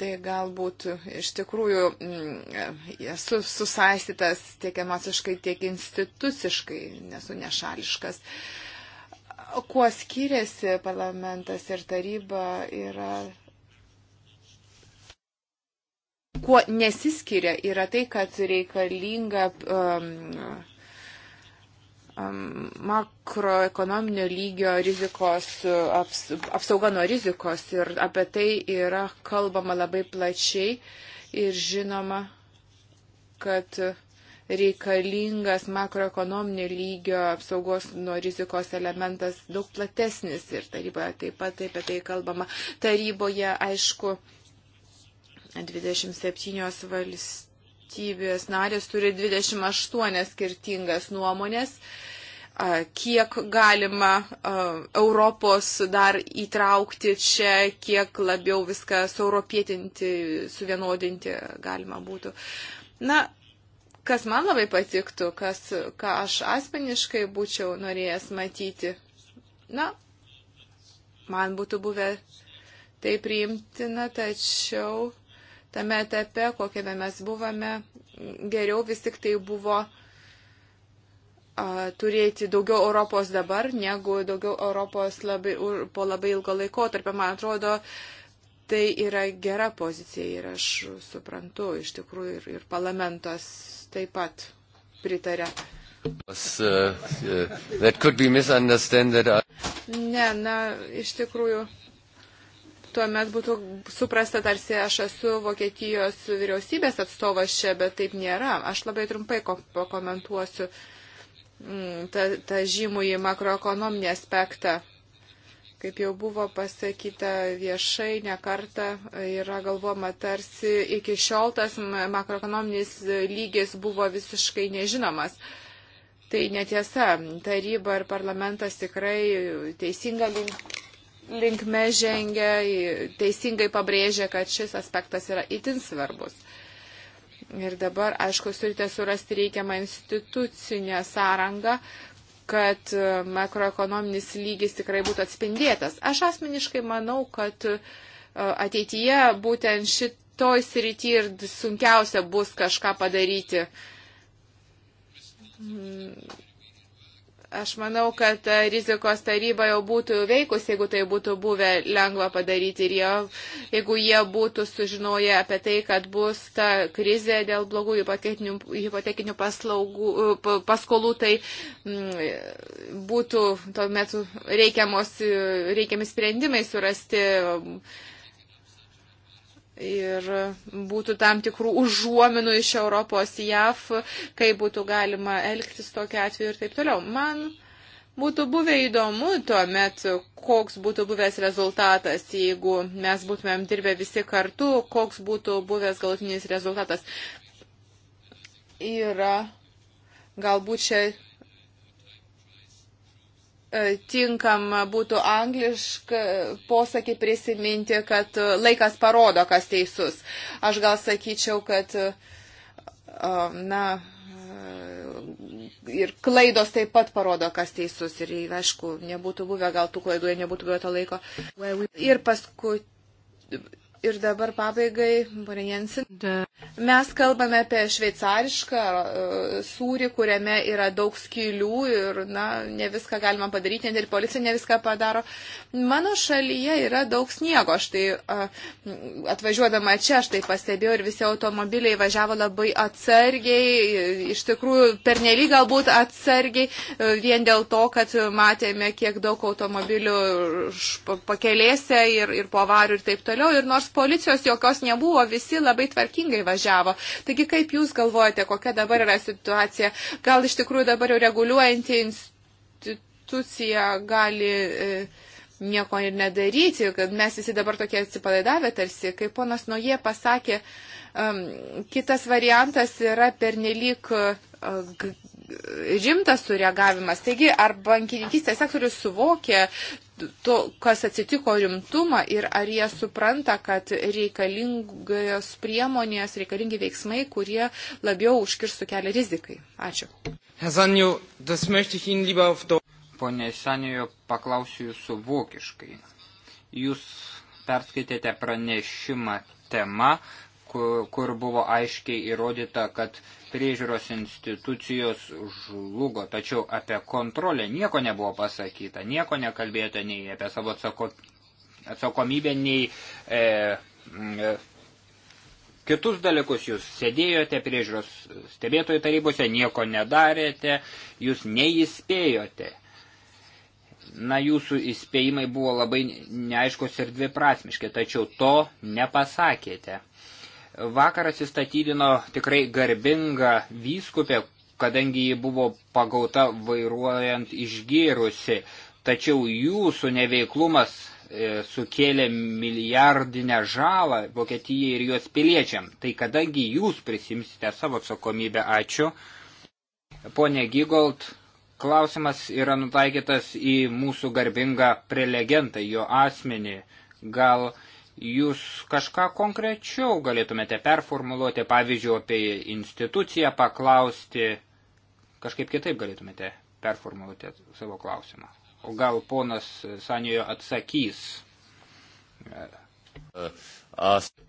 tai galbūt iš tikrųjų mm, esu susaistytas tiek emociškai, tiek instituciškai, nesu nešališkas. Kuo skiriasi parlamentas ir taryba yra. Kuo nesiskiria yra tai, kad reikalinga um, makroekonominio lygio rizikos aps, apsauga nuo rizikos ir apie tai yra kalbama labai plačiai ir žinoma, kad reikalingas makroekonominio lygio apsaugos nuo rizikos elementas daug platesnis ir taryboje taip pat apie tai kalbama. Taryboje, aišku, 27 valstybės narės turi 28 skirtingas nuomonės. Uh, kiek galima Europos dar įtraukti čia, kiek labiau viską suropietinti, suvienodinti galima būtų. Na, kas man labai patiktų, kas, ką aš asmeniškai būčiau norėjęs matyti, na, man būtų buvę tai priimtina, tačiau tame etape, kokiame mes buvome, geriau vis tik tai buvo uh, turėti daugiau Europos dabar, negu daugiau Europos labai, po labai ilgo laiko tarp. Man atrodo, tai yra gera pozicija ir aš suprantu, iš tikrųjų, ir, ir parlamentas taip pat pritarė. Was, uh, uh, uh, ne, na, iš tikrųjų, tuomet būtų suprasta, tarsi aš esu Vokietijos vyriausybės atstovas čia, bet taip nėra. Aš labai trumpai pakomentuosiu. Ko tą, mm, tą žymųjį makroekonominį aspektą. Kaip jau buvo pasakyta viešai, nekarta yra galvoma, tarsi iki šiol tas makroekonominis lygis buvo visiškai nežinomas. Tai netiesa, taryba ir parlamentas tikrai teisinga link, linkme žengia, teisingai pabrėžia, kad šis aspektas yra itin svarbus. Ir dabar, aišku, turite surasti reikiamą institucinę sąrangą, kad e, makroekonominis lygis tikrai būtų atspindėtas. Aš asmeniškai manau, kad e, ateityje būtent šitoj srity ir sunkiausia bus kažką padaryti mm, Aš manau, kad e, rizikos taryba jau būtų veikus, jeigu tai būtų buvę lengva padaryti ir jie, jeigu jie būtų sužinoję apie tai, kad bus ta krizė dėl blogų hipotekinių paslaugų, e, paskolų, tai m, mm, būtų tuomet reikiami sprendimai surasti. M, ir būtų tam tikrų užuominų iš Europos JAF, kaip būtų galima elgtis tokiu atveju ir taip toliau. Man būtų buvę įdomu tuomet, koks būtų buvęs rezultatas, jeigu mes būtumėm dirbę visi kartu, koks būtų buvęs galutinis rezultatas. Yra galbūt čia E, tinkama būtų angliška posakį prisiminti, kad e, laikas parodo, kas teisus. Aš gal sakyčiau, kad, e, na, ir klaidos taip pat parodo, kas teisus. Ir, aišku, nebūtų buvę gal tų klaidų, nebūtų buvę to laiko. Ir paskui Ir dabar pabaigai, Borenjensin. Mes kalbame apie šveicarišką e, sūrį, kuriame yra daug skylių ir na, ne viską galima padaryti, net ir policija ne viską padaro. Mano šalyje yra daug sniego. Aš tai e, atvažiuodama čia, aš tai pastebėjau ir visi automobiliai važiavo labai atsargiai, e, iš tikrųjų pernelyg galbūt atsargiai, vien dėl to, kad matėme, kiek daug automobilių pakelėse ir, ir po avarių ir taip toliau. Ir nors policijos jokios nebuvo, visi labai tvarkingai važiavo. Taigi kaip Jūs galvojate, kokia dabar yra situacija? Gal iš tikrųjų dabar jau reguliuojanti institucija gali. E, nieko ir nedaryti, kad mes visi dabar tokie atsipalaidavę tarsi, kaip ponas Noje pasakė, um, kitas variantas yra pernelyg uh, rimtas sureagavimas. Taigi, ar bankininkistės sektorius suvokė to, kas atsitiko rimtumą ir ar jie supranta, kad reikalingos priemonės, reikalingi veiksmai, kurie labiau užkirstų kelią rizikai. Ačiū. Pone Sanijo, paklausiu jūsų vokiškai. Jūs perskaitėte pranešimą tema, kur, kur buvo aiškiai įrodyta, kad priežiūros institucijos žlugo, tačiau apie kontrolę nieko nebuvo pasakyta, nieko nekalbėta nei apie savo atsako, atsakomybę, nei e, e, kitus dalykus. Jūs sėdėjote priežiūros stebėtojų tarybose, nieko nedarėte, jūs neįspėjote. Na, jūsų įspėjimai buvo labai neaiškus ir dviprasmiški, tačiau to nepasakėte. Vakar atsistatydino tikrai garbinga vyskupė, kadangi ji buvo pagauta vairuojant išgėrusi. Tačiau jūsų neveiklumas e, sukėlė milijardinę žalą Vokietijai ir jos piliečiam. Tai kadangi jūs prisimsite savo atsakomybę, ačiū. Pone Gigold, klausimas yra nutaikytas į mūsų garbingą prelegentą, jo asmenį. Gal uh, jūs kažką konkrečiau galėtumėte performuluoti, pavyzdžiui, apie instituciją paklausti, kažkaip kitaip galėtumėte performuluoti savo klausimą. O gal ponas Sanijo atsakys?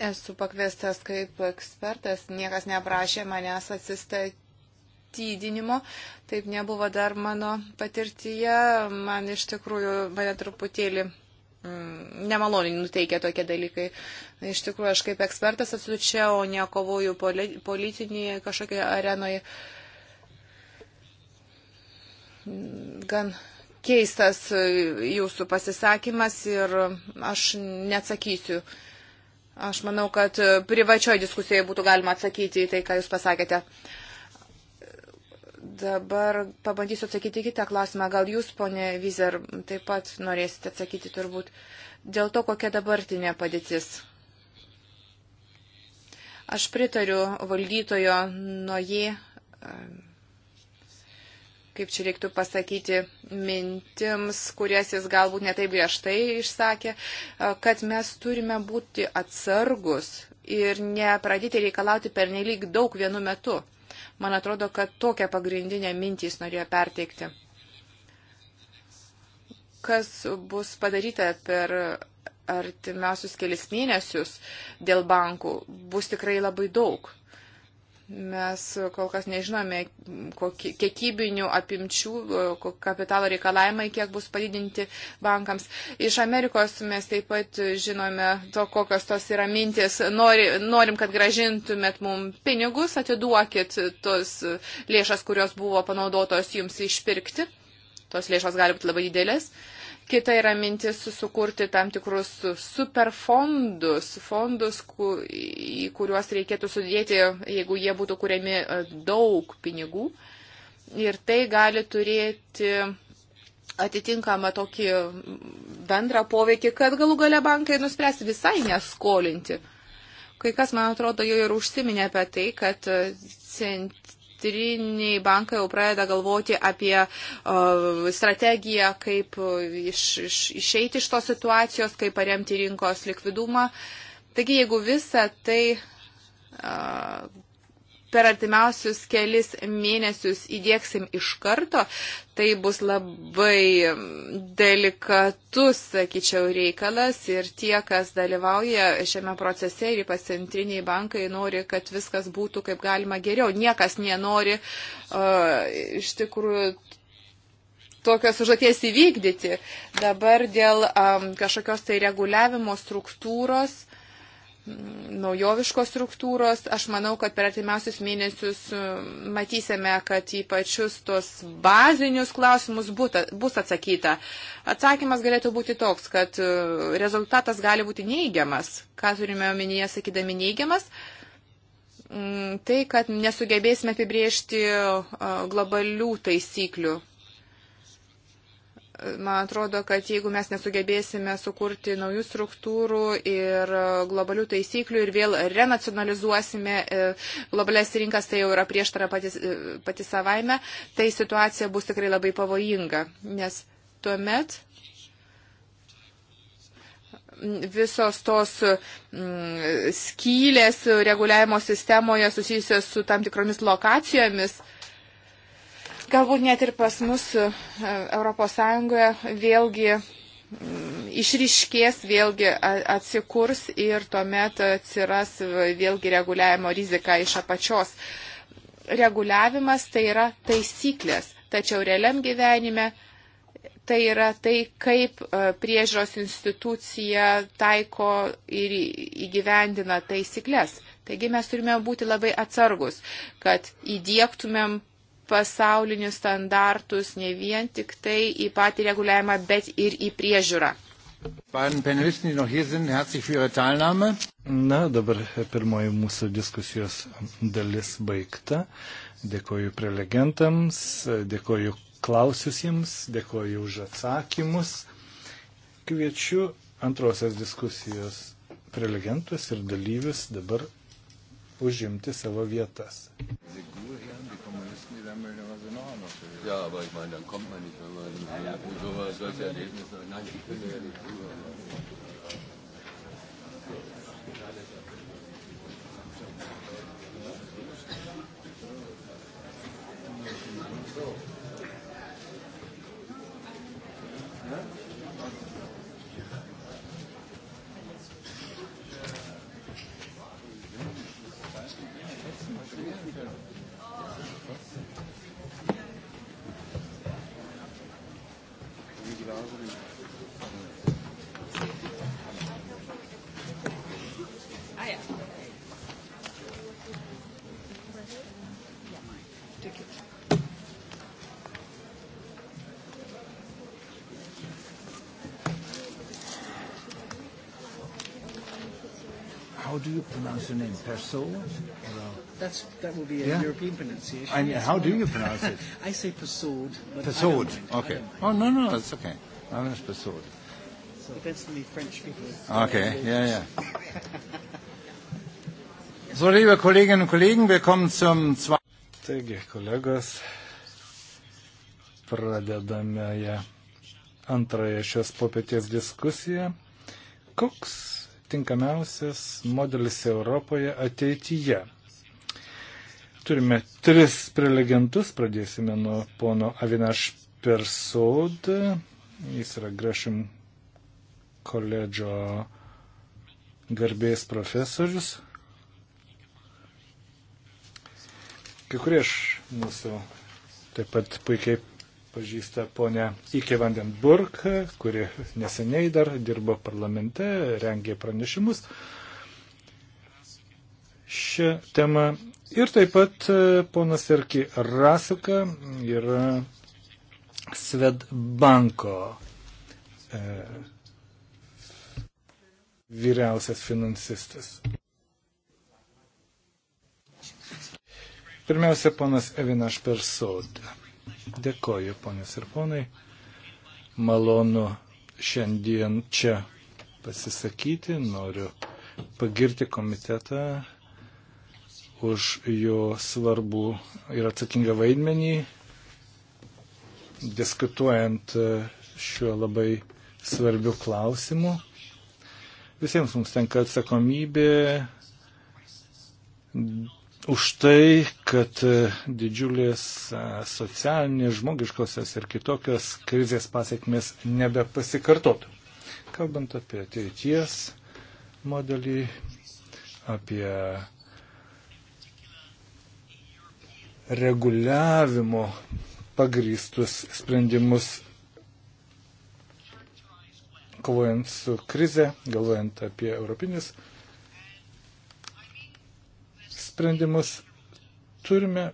Esu pakviestas kaip ekspertas, niekas neprašė manęs atsistatyti atstatydinimo. Taip nebuvo dar mano patirtyje. Man iš tikrųjų mane truputėlį Mm, nemaloniai nuteikia tokie dalykai. Iš tikrųjų, aš kaip ekspertas esu čia, o nekovoju politinėje kažkokioje arenoje. Mm, gan keistas e, jūsų pasisakymas ir aš neatsakysiu. Aš manau, kad e, privačioje diskusijoje būtų galima atsakyti į tai, ką jūs pasakėte. Uh, Dabar pabandysiu atsakyti kitą klausimą. Gal jūs, ponė Vizer, taip pat norėsite atsakyti turbūt dėl to, kokia dabartinė padėtis. Aš pritariu valdytojo nuoji, kaip čia reiktų pasakyti, mintims, kurias jis galbūt netaip griežtai išsakė, kad mes turime būti atsargus ir nepradėti reikalauti pernelyg daug vienu metu. Man atrodo, kad tokią pagrindinę mintį jis norėjo perteikti. Kas bus padaryta per artimiausius kelias mėnesius dėl bankų, bus tikrai labai daug. Mes kol kas nežinome kokie, kiekybinių apimčių e, kapitalo reikalavimai, kiek bus padidinti bankams. Iš Amerikos mes taip pat žinome to, kokios tos yra mintis. Nori, norim, kad gražintumėt mum pinigus, atiduokit tos lėšas, kurios buvo panaudotos jums išpirkti. Tos lėšos gali būti labai didelės. Uh, Kita yra mintis sukurti tam tikrus superfondus, fondus, ku, į kuriuos reikėtų sudėti, jeigu jie būtų kuriami e, daug pinigų. Ir tai gali turėti atitinkamą tokį bendrą poveikį, kad galų gale bankai nuspręs visai neskolinti. Kai kas, man atrodo, jau ir užsiminė apie tai, kad cent centriniai bankai jau pradeda galvoti apie uh, strategiją, kaip iš, iš, išeiti iš tos situacijos, kaip paremti rinkos likvidumą. Taigi, jeigu visa tai uh, per artimiausius kelis mėnesius įdėksim iš karto, tai bus labai delikatus, sakyčiau, reikalas ir tie, kas dalyvauja šiame procese ir ypač centriniai bankai nori, kad viskas būtų kaip galima geriau. Niekas nenori uh, iš tikrųjų tokios užduoties įvykdyti. Dabar dėl um, kažkokios tai reguliavimo struktūros naujoviškos struktūros. Aš manau, kad per atimiausius mėnesius e, matysime, kad į pačius tos bazinius klausimus būta, bus atsakyta. Atsakymas galėtų būti toks, kad e, rezultatas gali būti neigiamas. Ką turime omenyje sakydami neigiamas? Mm, tai, kad nesugebėsime apibriežti e, globalių taisyklių. Man atrodo, kad jeigu mes nesugebėsime sukurti naujų struktūrų ir globalių taisyklių ir vėl renacionalizuosime e, globalias rinkas, tai jau yra prieštara pati, pati savaime, tai situacija bus tikrai labai pavojinga, nes tuomet visos tos mm, skylės reguliavimo sistemoje susijusios su tam tikromis lokacijomis, uh, galbūt net ir pas mus ES vėlgi mm, išriškės, vėlgi atsikurs ir tuomet atsiras vėlgi reguliavimo rizika iš apačios. Reguliavimas tai yra taisyklės, tačiau realiam gyvenime tai yra tai, kaip e, priežos institucija taiko ir įgyvendina taisyklės. Taigi mes turime būti labai atsargus, kad įdėktumėm pasaulinius standartus, ne vien tik tai į patį reguliavimą, bet ir į priežiūrą. Na, dabar pirmoji mūsų diskusijos dalis baigta. Dėkoju prelegentams, dėkoju klausiusiems, dėkoju už atsakymus. Kviečiu antrosios diskusijos prelegentus ir dalyvius dabar užimti savo vietas. Semmeln immer sind noch anders gewesen. Ja, aber ich meine, dann kommt man nicht, wenn man ja, ja. sowas als Erlebnis hat. Nein, ich könnte ja nicht drüber. So. pronounce your name? Perso? That's, that will be a yeah? European pronunciation. I mean, how do you pronounce it? I say Persaud. Persaud, okay. Oh, no, no, it's okay. My name is Persaud. So eventually French people. Okay, yeah, yeah. so, liebe Kolleginnen und Kollegen, willkommen zum zweiten. Taigi, kolegos, pradedame antrąją šios popietės diskusiją. Koks tinkamiausias modelis Europoje ateityje. Turime tris prelegentus, pradėsime nuo pono Avinaš Persod, jis yra Grešim koledžo garbės profesorius. Kai kurie iš mūsų taip pat puikiai pažįsta ponę Ike Vandenburg, kuri neseniai dar dirbo parlamente, rengė pranešimus šią temą. Ir taip pat e, ponas Erki Rasuka yra Svedbanko e, vyriausias finansistas. Pirmiausia, ponas Evinaš Persod. Dėkoju, ponės ir ponai. Malonu šiandien čia pasisakyti. Noriu pagirti komitetą už jo svarbų ir atsakingą vaidmenį, diskutuojant šiuo labai svarbiu klausimu. Visiems mums tenka atsakomybė už tai, kad e, didžiulės e, socialinės, žmogiškosios ir kitokios krizės pasiekmes nebepasikartotų. Kalbant apie ateities modelį, apie reguliavimo pagrįstus sprendimus kovojant su krize, galvojant apie europinius sprendimus, turime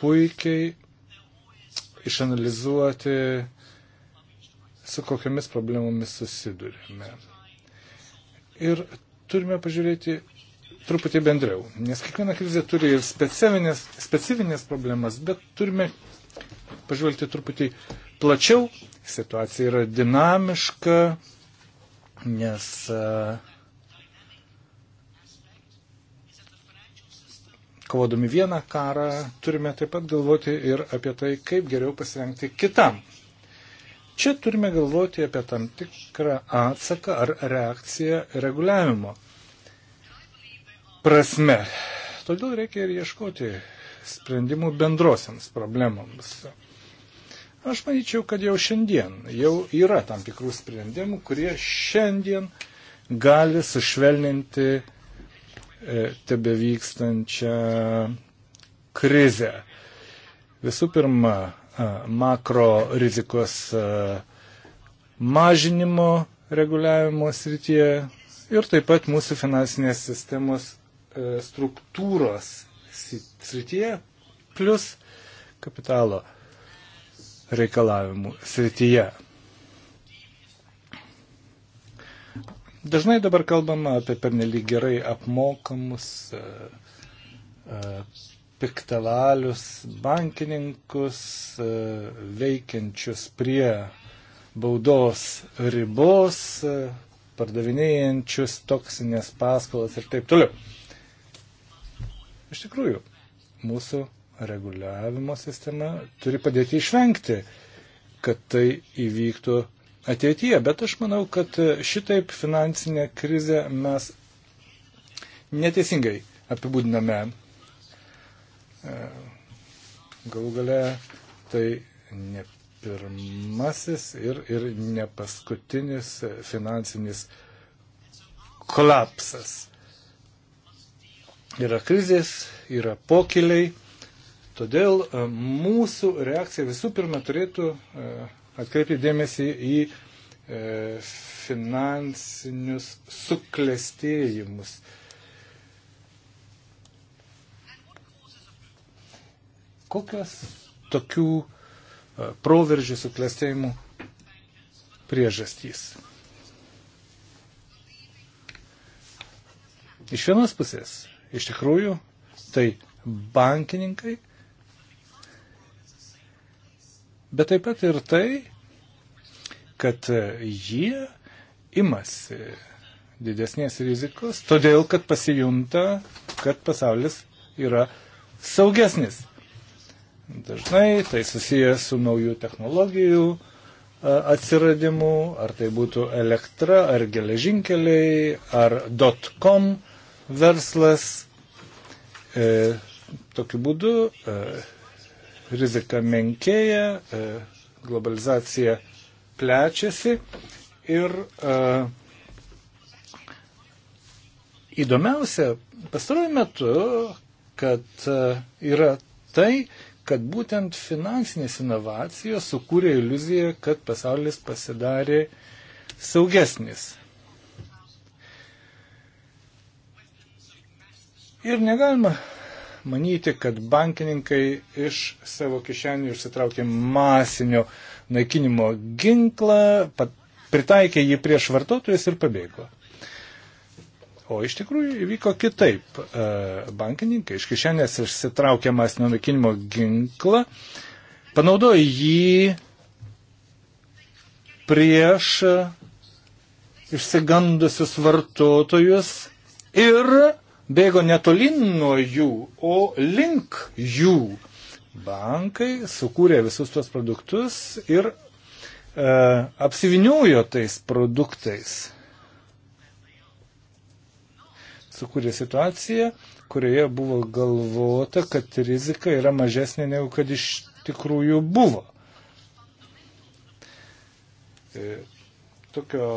puikiai išanalizuoti, su kokiamis problemomis susidurime. Ir turime pažiūrėti truputį bendriau, nes kiekviena krizė turi ir specifinės, specifinės problemas, bet turime pažvelgti truputį plačiau. Situacija yra dinamiška, nes uh, kovodami vieną karą, turime taip pat galvoti ir apie tai, kaip geriau pasirengti kitam. Čia turime galvoti apie tam tikrą atsaką ar reakciją reguliavimo prasme. Todėl reikia ir ieškoti sprendimų bendrosiams problemams. Aš manyčiau, kad jau šiandien jau yra tam tikrų sprendimų, kurie šiandien gali sušvelninti E, tebe vykstančią krizę. Visų pirma, e, makro rizikos e, mažinimo reguliavimo srityje ir taip pat mūsų finansinės sistemos struktūros srityje plus kapitalo reikalavimų srityje. Dažnai dabar kalbama apie pernelyg gerai apmokamus, e, e, piktavalius bankininkus, e, veikiančius prie baudos ribos, pardavinėjančius toksinės paskolas ir taip toliau. Iš tikrųjų, mūsų reguliavimo sistema turi padėti išvengti, kad tai įvyktų ateityje, bet aš manau, kad e, šitaip finansinę krizę mes neteisingai apibūdiname. E, galų gale tai ne pirmasis ir, ir ne paskutinis finansinis kolapsas. Yra krizės, yra pokiliai, todėl e, mūsų reakcija visų pirma turėtų atkreipti dėmesį į e, finansinius suklestėjimus. Kokios tokių e, proveržių suklestėjimų priežastys? Iš vienos pusės, iš tikrųjų, tai bankininkai bet taip pat ir tai, kad jie imasi didesnės rizikos, todėl kad pasijunta, kad pasaulis yra saugesnis. Dažnai tai susijęs su naujų technologijų atsiradimu, ar tai būtų elektra, ar geležinkeliai, ar .com verslas. E, tokiu būdu e, rizika menkėja, e, globalizacija plečiasi ir e, įdomiausia pastaruoju metu, kad e, yra tai, kad būtent finansinės inovacijos sukūrė iliuziją, kad pasaulis pasidarė saugesnis. Ir negalima manyti, kad bankininkai iš savo kišenių išsitraukė masinio naikinimo ginklą, pritaikė jį prieš vartotojus ir pabėgo. O iš tikrųjų įvyko kitaip. E, bankininkai iš kišenės išsitraukė masinio naikinimo ginklą, panaudojo jį prieš išsigandusius vartotojus ir bėgo netolin nuo jų, o link jų. Bankai sukūrė visus tuos produktus ir e, apsiviniojo tais produktais. Sukūrė situaciją, kurioje buvo galvota, kad rizika yra mažesnė negu kad iš tikrųjų buvo. E, tokio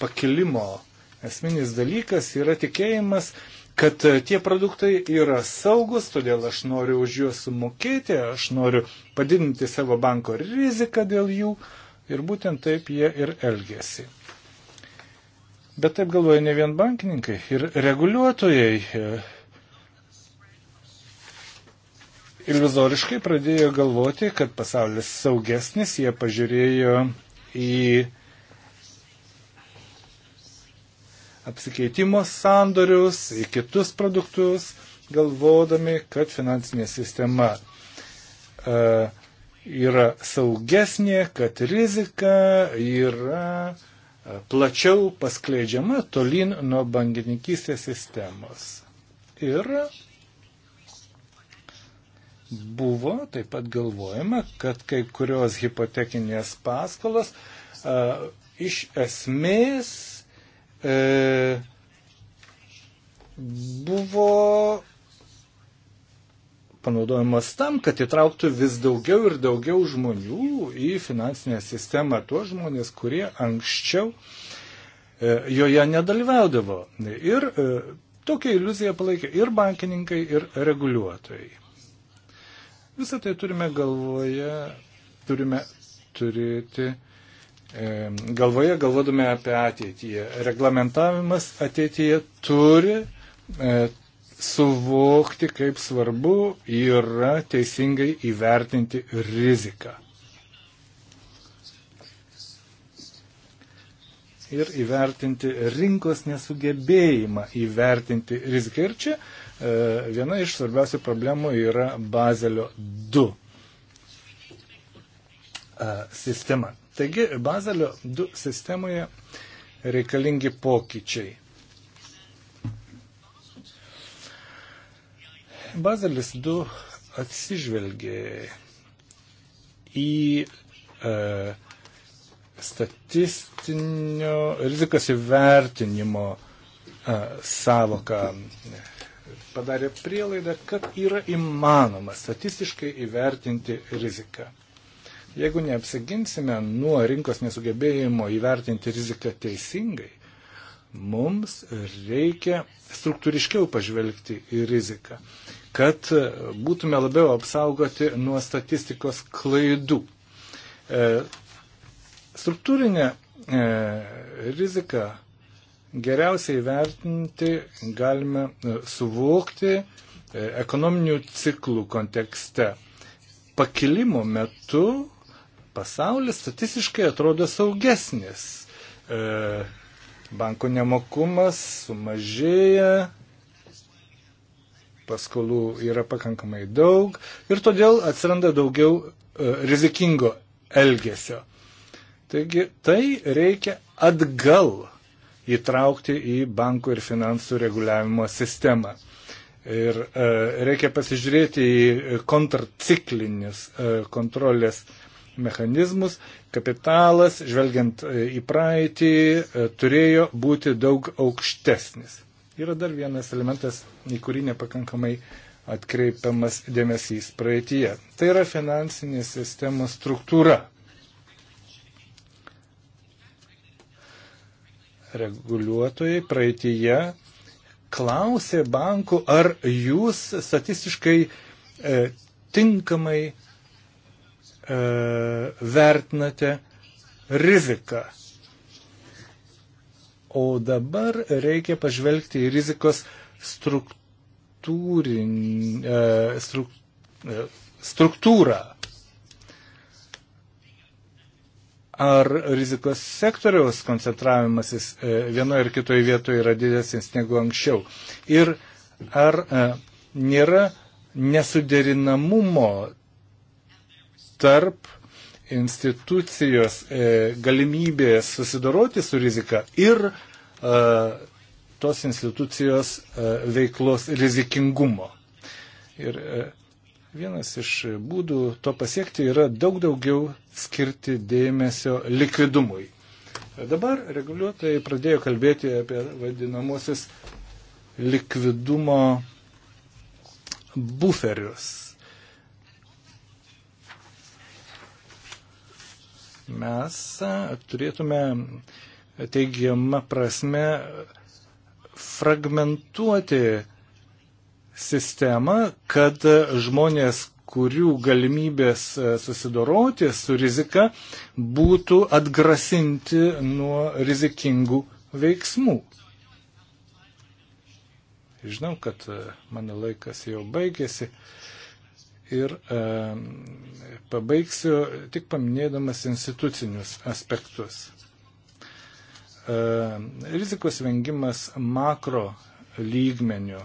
pakilimo esminis dalykas yra tikėjimas, kad e, tie produktai yra saugus, todėl aš noriu už juos sumokėti, aš noriu padidinti savo banko riziką dėl jų ir būtent taip jie ir elgesi. Bet taip galvoja ne vien bankininkai ir reguliuotojai. E, Ilvizoriškai pradėjo galvoti, kad pasaulis saugesnis, jie pažiūrėjo į apsikeitimo sandorius, į kitus produktus, galvodami, kad finansinė sistema e, yra saugesnė, kad rizika yra e, plačiau paskleidžiama tolin nuo bankininkystės sistemos. Ir buvo taip pat galvojama, kad kai kurios hipotekinės paskolos a, e, iš esmės e, buvo panaudojamas tam, kad įtrauktų vis daugiau ir daugiau žmonių į finansinę sistemą, tuos žmonės, kurie anksčiau e, joje nedalyvaudavo. Ir e, tokią iliuziją palaikė ir bankininkai, ir reguliuotojai. Visą tai turime galvoje, turime turėti e, E, galvoje, galvodami apie ateitį. Reglamentavimas ateityje turi e, suvokti, kaip svarbu yra teisingai įvertinti riziką. Ir įvertinti rinkos nesugebėjimą įvertinti riziką. Ir čia e, viena iš svarbiausių problemų yra Bazelio 2 e, sistema. Taigi Bazelio 2 sistemoje reikalingi pokyčiai. Bazelis 2 atsižvelgė į e, statistinio rizikos įvertinimo e, savoką padarė prielaidą, kad yra įmanoma statistiškai įvertinti riziką. Jeigu neapsiginsime nuo rinkos nesugebėjimo įvertinti riziką teisingai, mums reikia struktūriškiau pažvelgti į riziką, kad būtume labiau apsaugoti nuo statistikos klaidų. E, struktūrinė e, rizika geriausiai vertinti galime e, suvokti ekonominių ciklų kontekste. Pakilimo metu pasaulis statistiškai atrodo saugesnis. E, banko nemokumas sumažėja, paskolų yra pakankamai daug ir todėl atsiranda daugiau e, rizikingo elgesio. Taigi tai reikia atgal įtraukti į bankų ir finansų reguliavimo sistemą. Ir e, reikia pasižiūrėti į kontraciklinis e, kontrolės e, mechanizmus, kapitalas, žvelgiant e, į praeitį, e, turėjo būti daug aukštesnis. Yra dar vienas elementas, į kurį nepakankamai atkreipiamas dėmesys praeitie. Tai yra finansinės sistemos struktūra. Reguliuotojai praeitie klausė bankų, ar jūs statistiškai e, tinkamai E, vertinate riziką. O dabar reikia pažvelgti į rizikos struktūrin, e, struk, e, struktūrą. Ar rizikos sektoriaus koncentravimasis vienoje ar kitoje vietoje yra didesnis negu anksčiau? Ir ar nėra nesuderinamumo tarp institucijos e, galimybės susidoroti su rizika ir e, tos institucijos e, veiklos rizikingumo. Ir e, vienas iš būdų to pasiekti yra daug daugiau skirti dėmesio likvidumui. Dabar reguliuotojai pradėjo kalbėti apie vadinamosius likvidumo buferius mes turėtume teigiamą prasme fragmentuoti sistemą, kad žmonės, kurių galimybės susidoroti su rizika būtų atgrasinti nuo rizikingų veiksmų. Žinau, kad mano laikas jau baigėsi ir e, pabaigsiu tik paminėdamas institucinius aspektus. E, rizikos vengimas makro lygmenių.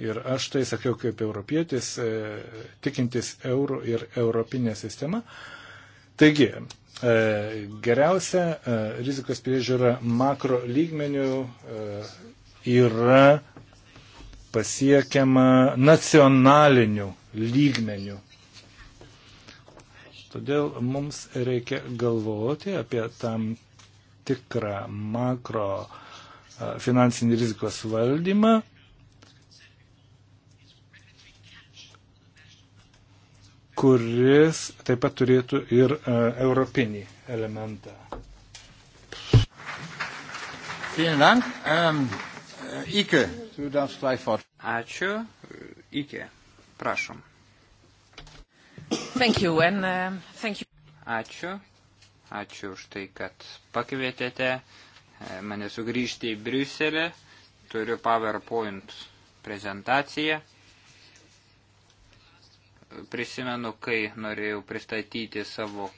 Ir aš tai sakiau kaip europietis, e, tikintis eurų ir europinė sistema. Taigi, e, geriausia e, rizikos priežiūra makro lygmenių e, yra pasiekiama nacionaliniu lygmeniu. Todėl mums reikia galvoti apie tam tikrą makro finansinį rizikos valdymą. kuris taip pat turėtų ir uh, europinį elementą. Vielen Dank. Ähm, um... Eh, Ike, tu darfst gleich fort. Ačiū. Ike, prašom. Thank you and, uh, thank you. Ačiū. Ačiū už tai, kad pakvietėte eh, mane sugrįžti į Briuselį. Turiu PowerPoint prezentaciją. Prisimenu, kai norėjau pristatyti savo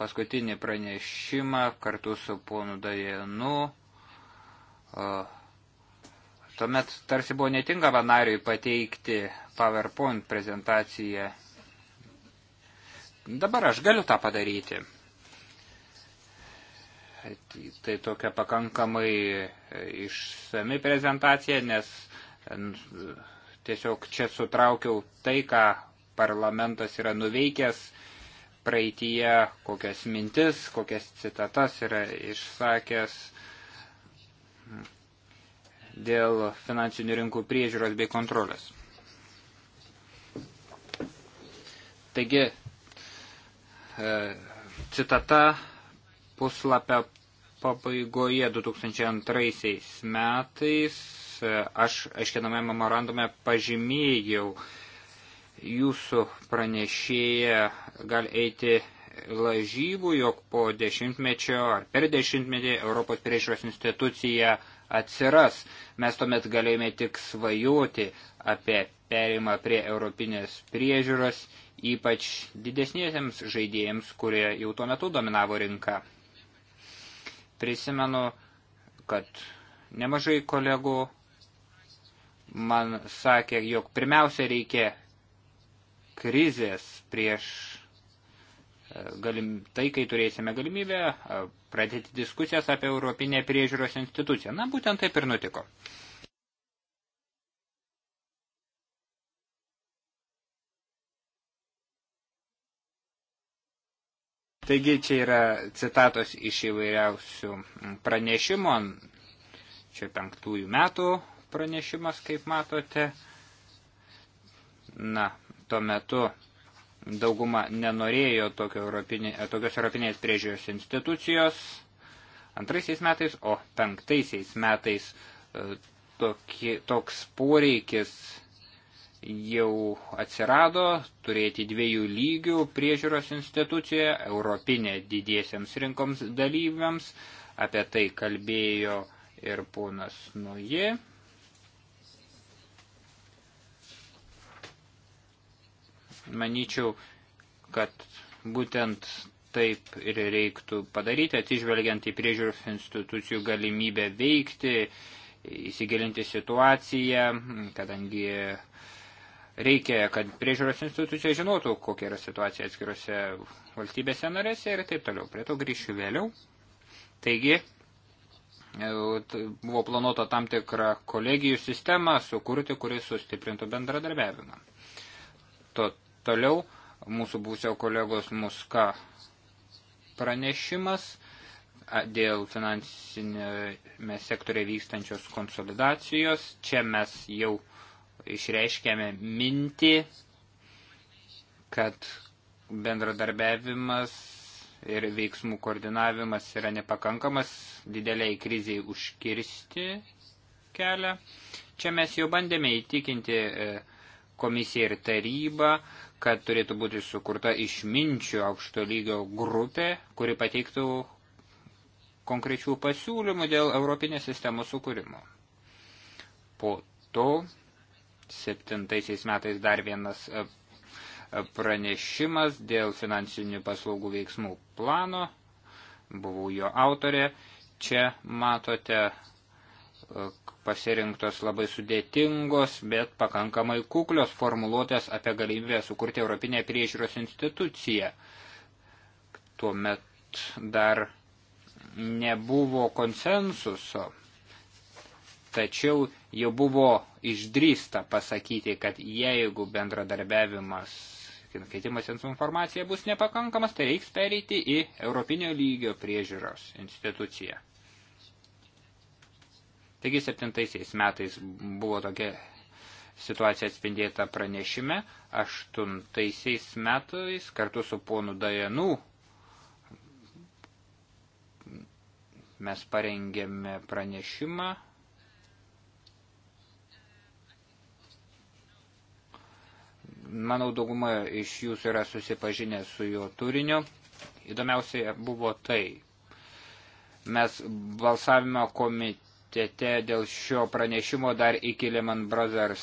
paskutinį pranešimą kartu su ponu Dajenu. Uh, Tuomet tarsi buvo netingama nariui pateikti PowerPoint prezentaciją. Dabar aš galiu tą padaryti. Tai tokia pakankamai išsami prezentacija, nes tiesiog čia sutraukiau tai, ką parlamentas yra nuveikęs praeitie, kokias mintis, kokias citatas yra išsakęs dėl finansinių rinkų priežiūros bei kontrolės. Taigi, e, citata puslapio pabaigoje 2002 metais e, aš aiškiname memorandume pažymėjau jūsų pranešėja gali eiti lažybų, jog po dešimtmečio ar per dešimtmetį Europos priežiūros institucija uh, atsiras. Mes tuomet galėjome tik svajoti apie perimą prie europinės priežiūros, ypač didesniesiems žaidėjams, kurie jau tuo metu dominavo rinką. Prisimenu, kad nemažai kolegų man sakė, jog pirmiausia reikia krizės prieš galim, tai, kai turėsime galimybę pradėti diskusijas apie Europinę priežiūros instituciją. Na, būtent taip ir nutiko. Taigi čia yra citatos iš įvairiausių pranešimų, čia penktųjų metų pranešimas, kaip matote. Na, tuo metu Dauguma nenorėjo tokio europinė, tokios europinės priežiūros institucijos. Antraisiais metais, o penktaisiais metais e, tokie, toks poreikis jau atsirado turėti dviejų lygių priežiūros instituciją, europinė didiesiams rinkoms dalyviams, apie tai kalbėjo ir ponas Nuji. Manyčiau, kad būtent taip ir reiktų padaryti, atsižvelgiant į priežiūros institucijų galimybę veikti, įsigilinti situaciją, kadangi reikia, kad priežiūros institucija žinotų, kokia yra situacija atskiruose valstybėse narėse ir taip toliau. Prie to grįšiu vėliau. Taigi, e, buvo planuota tam tikrą kolegijų sistemą sukurti, kuris sustiprintų bendradarbiavimą. Tuo Toliau mūsų būsio kolegos Muska pranešimas dėl finansinėme sektorė vykstančios konsolidacijos. Čia mes jau išreiškėme mintį, kad bendradarbiavimas ir veiksmų koordinavimas yra nepakankamas dideliai kriziai užkirsti kelią. Čia mes jau bandėme įtikinti e, komisiją ir tarybą, kad turėtų būti sukurta išminčių aukšto lygio grupė, kuri pateiktų konkrečių pasiūlymų dėl Europinės sistemos sukūrimo. Po to septintaisiais metais dar vienas e, e, pranešimas dėl finansinių paslaugų veiksmų plano. Buvau jo autorė. Čia matote, e, pasirinktos labai sudėtingos, bet pakankamai kuklios formuluotės apie galimybę sukurti Europinę priežiūros instituciją. Tuomet dar nebuvo konsensuso, tačiau jau buvo išdrįsta pasakyti, kad jeigu bendradarbiavimas keitimas informacija bus nepakankamas, tai reiks pereiti į Europinio lygio priežiūros instituciją. Taigi 7 metais buvo tokia situacija atspindėta pranešime, 8 metais kartu su ponu Dajanu mes parengėme pranešimą. Manau, dauguma iš jūsų yra susipažinę su jo turiniu. Įdomiausia buvo tai. Mes balsavimo komitete komitete dėl šio pranešimo dar iki Lehman Brothers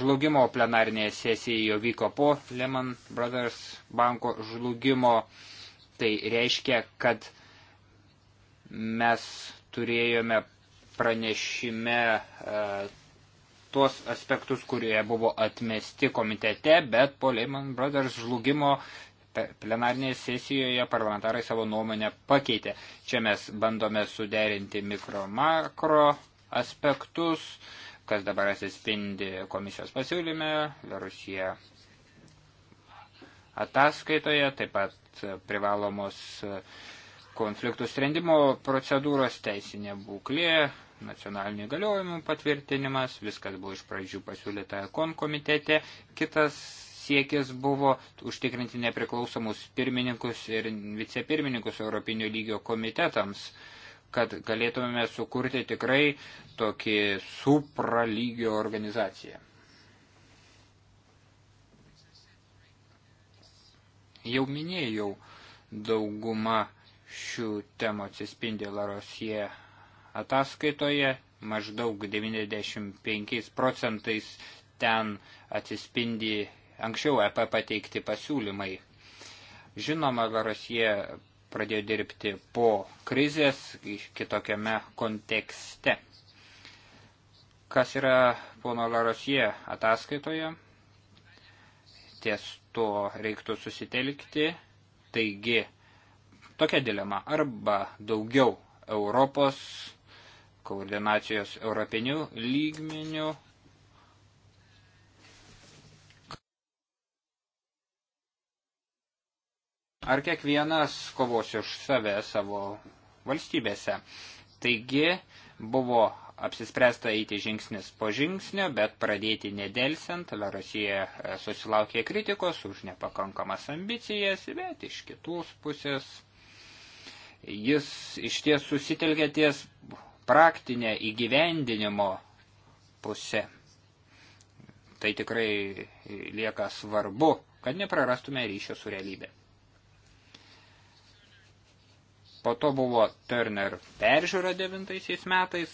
žlugimo plenarinėje sesijoje jo vyko po Lehman Brothers banko žlugimo. Tai reiškia, kad mes turėjome pranešime e, tuos aspektus, kurie buvo atmesti komitete, bet po Lehman Brothers žlugimo plenarnėje sesijoje parlamentarai savo nuomonę pakeitė. Čia mes bandome suderinti mikro-makro aspektus, kas dabar atsispindi komisijos pasiūlyme, Rusija ataskaitoje, taip pat privalomos konfliktų sprendimo procedūros, teisinė būklė, nacionalinių įgaliojimų patvirtinimas, viskas buvo iš pradžių pasiūlyta kon komitete, kitas siekis buvo užtikrinti nepriklausomus pirmininkus ir vicepirmininkus Europinio lygio komitetams, kad galėtumėme sukurti tikrai tokį supralygio organizaciją. Jau minėjau, dauguma šių temų atsispindi Larosie ataskaitoje, maždaug 95 procentais ten atsispindi anksčiau EP pateikti pasiūlymai. Žinoma, Varosie pradėjo dirbti po krizės kitokiame kontekste. Kas yra pono Larosie ataskaitoje? Ties to reiktų susitelkti. Taigi, tokia dilema arba daugiau Europos koordinacijos europinių lygmenių ar kiekvienas kovos už save savo valstybėse. Taigi buvo apsispręsta eiti žingsnis po žingsnio, bet pradėti nedelsiant. Rusija e, susilaukė kritikos už nepakankamas ambicijas, bet iš kitos pusės jis iš ties susitelkė ties praktinę įgyvendinimo pusę. Tai tikrai lieka svarbu, kad neprarastume ryšio su realybė. Po to buvo Turner peržiūra devintaisiais metais.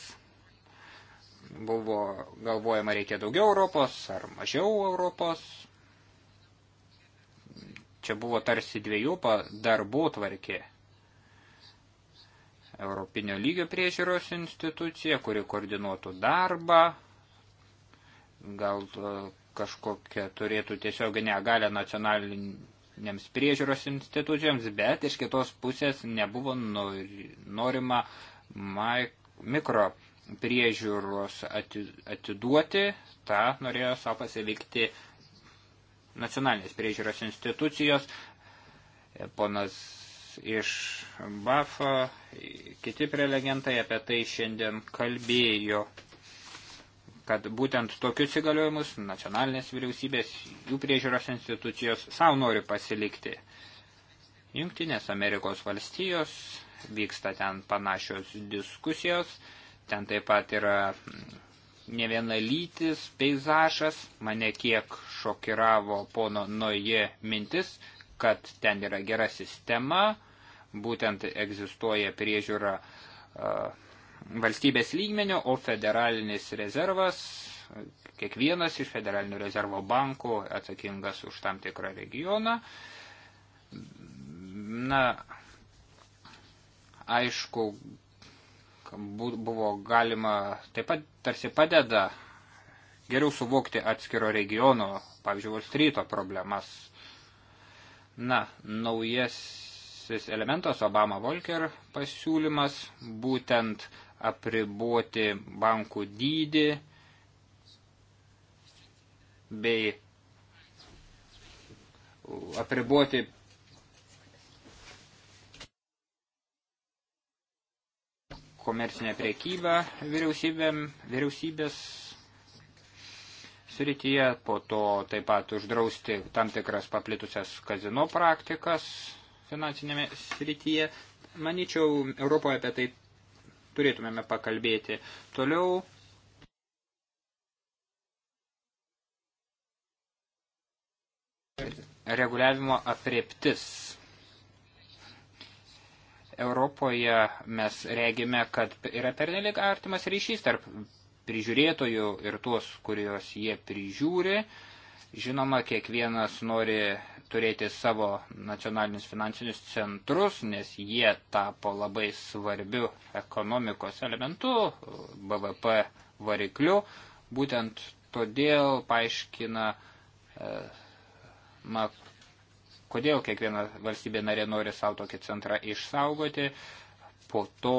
Buvo galvojama reikia daugiau Europos ar mažiau Europos. Čia buvo tarsi dviejų darbų tvarkė. Europinio lygio priežiūros institucija, kuri koordinuotų darbą, gal e, kažkokią turėtų tiesioginę galę nacionalinių nems priežiūros institucijoms, bet iš kitos pusės nebuvo norima mikro priežiūros atiduoti, tą norėjo savo pasilikti nacionalinės priežiūros institucijos, ponas iš BAFO, kiti prelegentai apie tai šiandien kalbėjo kad būtent tokius įgaliojimus nacionalinės vyriausybės, jų priežiūros institucijos savo nori pasilikti. Junktinės Amerikos valstijos vyksta ten panašios diskusijos, ten taip pat yra ne vienalytis peizažas, mane kiek šokiravo pono Noje mintis, kad ten yra gera sistema, būtent egzistuoja priežiūra uh, valstybės lygmenio, o federalinis rezervas, kiekvienas iš federalinio rezervo bankų atsakingas už tam tikrą regioną. Na, aišku, buvo galima, taip pat tarsi padeda geriau suvokti atskiro regiono, pavyzdžiui, Volstryto problemas. Na, naujasis elementas Obama Volker pasiūlymas būtent uh, apriboti bankų dydį bei apriboti komercinę priekybą vyriausybės srityje, po to taip pat uždrausti tam tikras paplitusias kazino praktikas finansinėme srityje. Manyčiau, Europoje apie tai turėtumėme pakalbėti. Toliau reguliavimo apreptis. Europoje mes regime, kad yra pernelik artimas ryšys tarp prižiūrėtojų ir tuos, kurios jie prižiūri. Uh, Žinoma, kiekvienas nori turėti savo nacionalinius finansinius centrus, nes jie tapo labai svarbiu ekonomikos elementu, BVP varikliu. Būtent todėl paaiškina, e, na, kodėl kiekviena valstybė narė nori savo tokį centrą išsaugoti. Po to,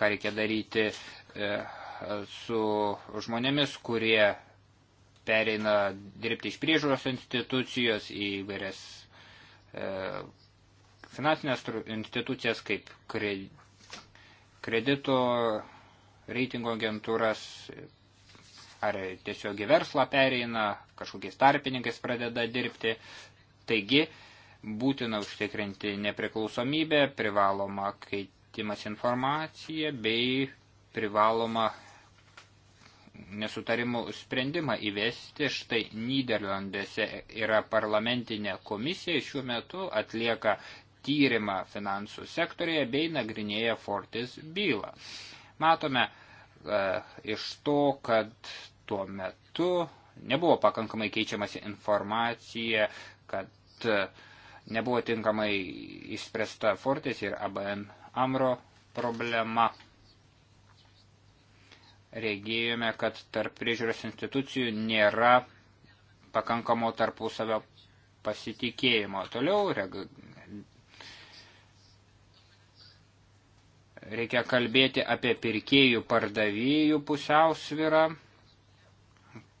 ką reikia daryti e, su žmonėmis, kurie pereina dirbti iš priežiūros institucijos į vairias e, finansinės institucijas kaip kredito reitingo agentūras ar tiesiog į verslą pereina, kažkokiais tarpininkais pradeda dirbti. Taigi, būtina užtikrinti nepriklausomybę, privaloma keitimas informacija bei privaloma nesutarimų sprendimą įvesti. Štai Niderlandėse yra parlamentinė komisija šiuo metu atlieka tyrimą finansų sektorėje bei nagrinėja Fortis bylą. Matome e, iš to, kad tuo metu nebuvo pakankamai keičiamasi informacija, kad e, nebuvo tinkamai išspręsta Fortis ir ABN Amro problema regėjome, kad tarp priežiūros institucijų nėra pakankamo tarpusavio pasitikėjimo. Toliau reg... reikia kalbėti apie pirkėjų pardavėjų pusiausvyrą,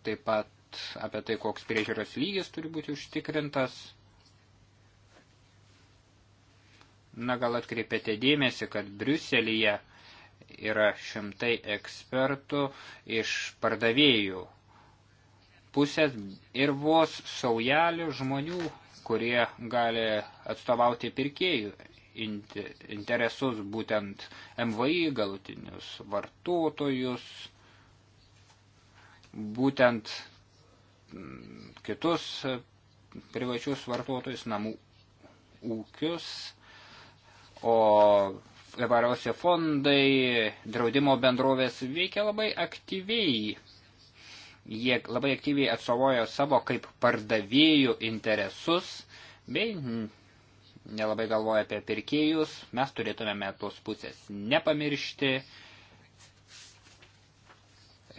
taip pat apie tai, koks priežiūros lygis turi būti užtikrintas. Na, gal atkreipėte dėmesį, kad Briuselyje yra šimtai ekspertų iš pardavėjų pusės ir vos saujelių žmonių, kurie gali atstovauti pirkėjų interesus, būtent MVI galutinius vartotojus, būtent mm, kitus privačius vartotojus, namų ūkius, o įvairiausi fondai, draudimo bendrovės veikia labai aktyviai. Jie labai aktyviai atsovojo savo kaip pardavėjų interesus, bei nelabai galvoja apie pirkėjus. Mes turėtumėme tos pusės nepamiršti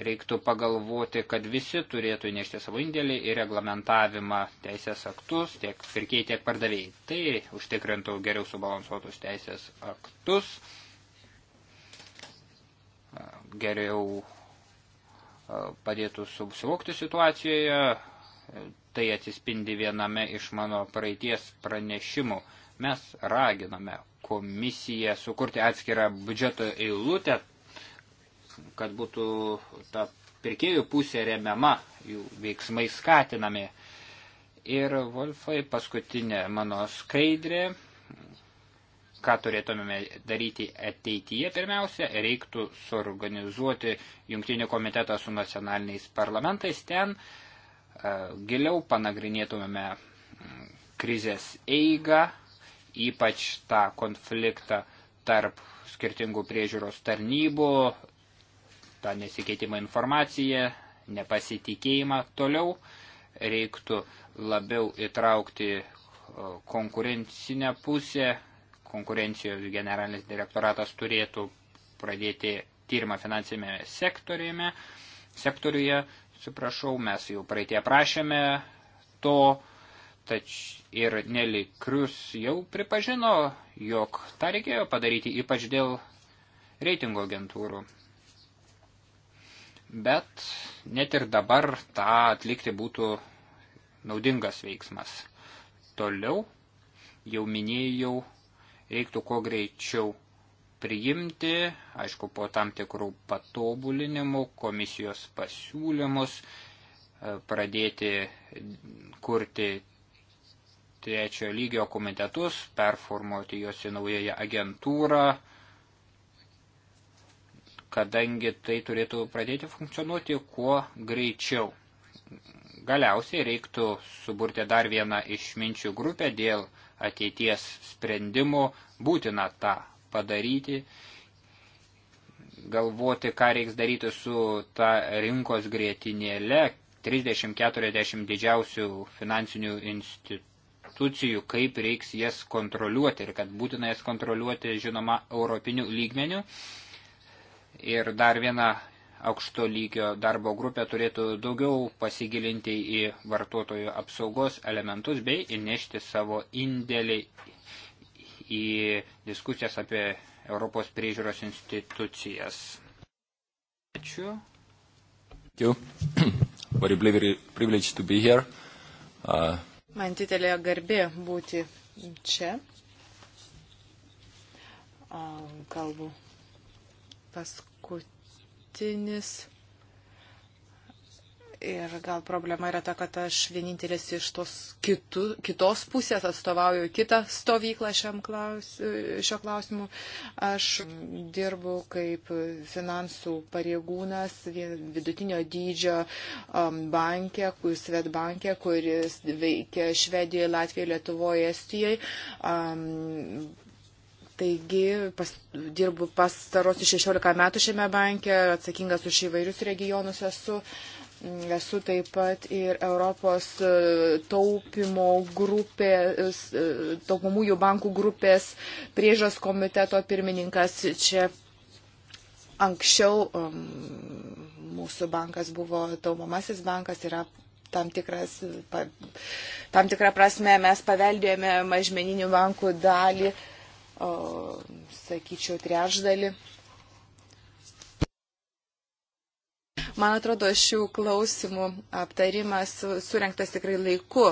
reiktų pagalvoti, kad visi turėtų įnešti savo indėlį į reglamentavimą teisės aktus, tiek pirkėjai, tiek pardavėjai. Tai užtikrintų geriau subalansuotus teisės aktus, geriau padėtų susivokti situacijoje, tai atsispindi viename iš mano praeities pranešimų. Mes raginame komisiją sukurti atskirą biudžeto eilutę kad būtų ta pirkėjų pusė remiama, jų veiksmai skatinami. Ir Wolfai, paskutinė mano skaidrė, ką turėtumėme daryti ateityje, pirmiausia, reiktų suorganizuoti jungtinį komitetą su nacionaliniais parlamentais ten, e, giliau panagrinėtumėme mm, krizės eigą, ypač tą konfliktą tarp skirtingų priežiūros tarnybų, tą nesikeitimą informaciją, nepasitikėjimą toliau. Reiktų labiau įtraukti konkurencinę pusę. Konkurencijos generalinis direktoratas turėtų pradėti tyrimą finansinėme sektoriume. Sektoriuje, suprašau, mes jau praeitie prašėme to, tač ir nelikrius jau pripažino, jog tą reikėjo padaryti ypač dėl reitingo agentūrų bet net ir dabar tą atlikti būtų naudingas veiksmas. Toliau, jau minėjau, reiktų kuo greičiau priimti, aišku, po tam tikrų patobulinimų, komisijos pasiūlymus, e, pradėti kurti trečiojo lygio komitetus, performuoti juos į naująją agentūrą, kadangi tai turėtų pradėti funkcionuoti kuo greičiau. Galiausiai reiktų suburti dar vieną išminčių grupę dėl ateities sprendimų, būtina tą padaryti, galvoti, ką reiks daryti su ta rinkos grėtinėle, 30-40 didžiausių finansinių institucijų, kaip reiks jas kontroliuoti ir kad būtina jas kontroliuoti, žinoma, europinių lygmenių ir dar viena aukšto lygio darbo grupė turėtų daugiau pasigilinti į vartotojų apsaugos elementus bei įnešti savo indėlį į diskusijas apie Europos priežiūros institucijas. Ačiū. Ačiū. Very privileged to be here. Uh... Man didelė garbė būti čia. Uh, kalbu paskutinis. Ir gal problema yra ta, kad aš vienintelis iš tos kitu, kitos pusės atstovauju kitą stovyklą klaus, šio klausimu. Aš dirbu kaip finansų pareigūnas vidutinio dydžio um, bankė, Svetbankė, kuris veikia Švedijoje, Latvijoje, Lietuvoje, Estijoje. Um, Taigi pas, dirbu pastarosius 16 metų šiame banke, atsakingas už įvairius regionus esu. Esu taip pat ir Europos e, taupimo grupės, e, taupomųjų bankų grupės priežas komiteto pirmininkas. Čia anksčiau um, mūsų bankas buvo taupomasis bankas, yra tam, tikras, pa, tam tikrą prasme mes paveldėjome mažmeninių bankų dalį. Uh, o, sakyčiau, trečdalį. Man atrodo, šių klausimų aptarimas surinktas tikrai laiku.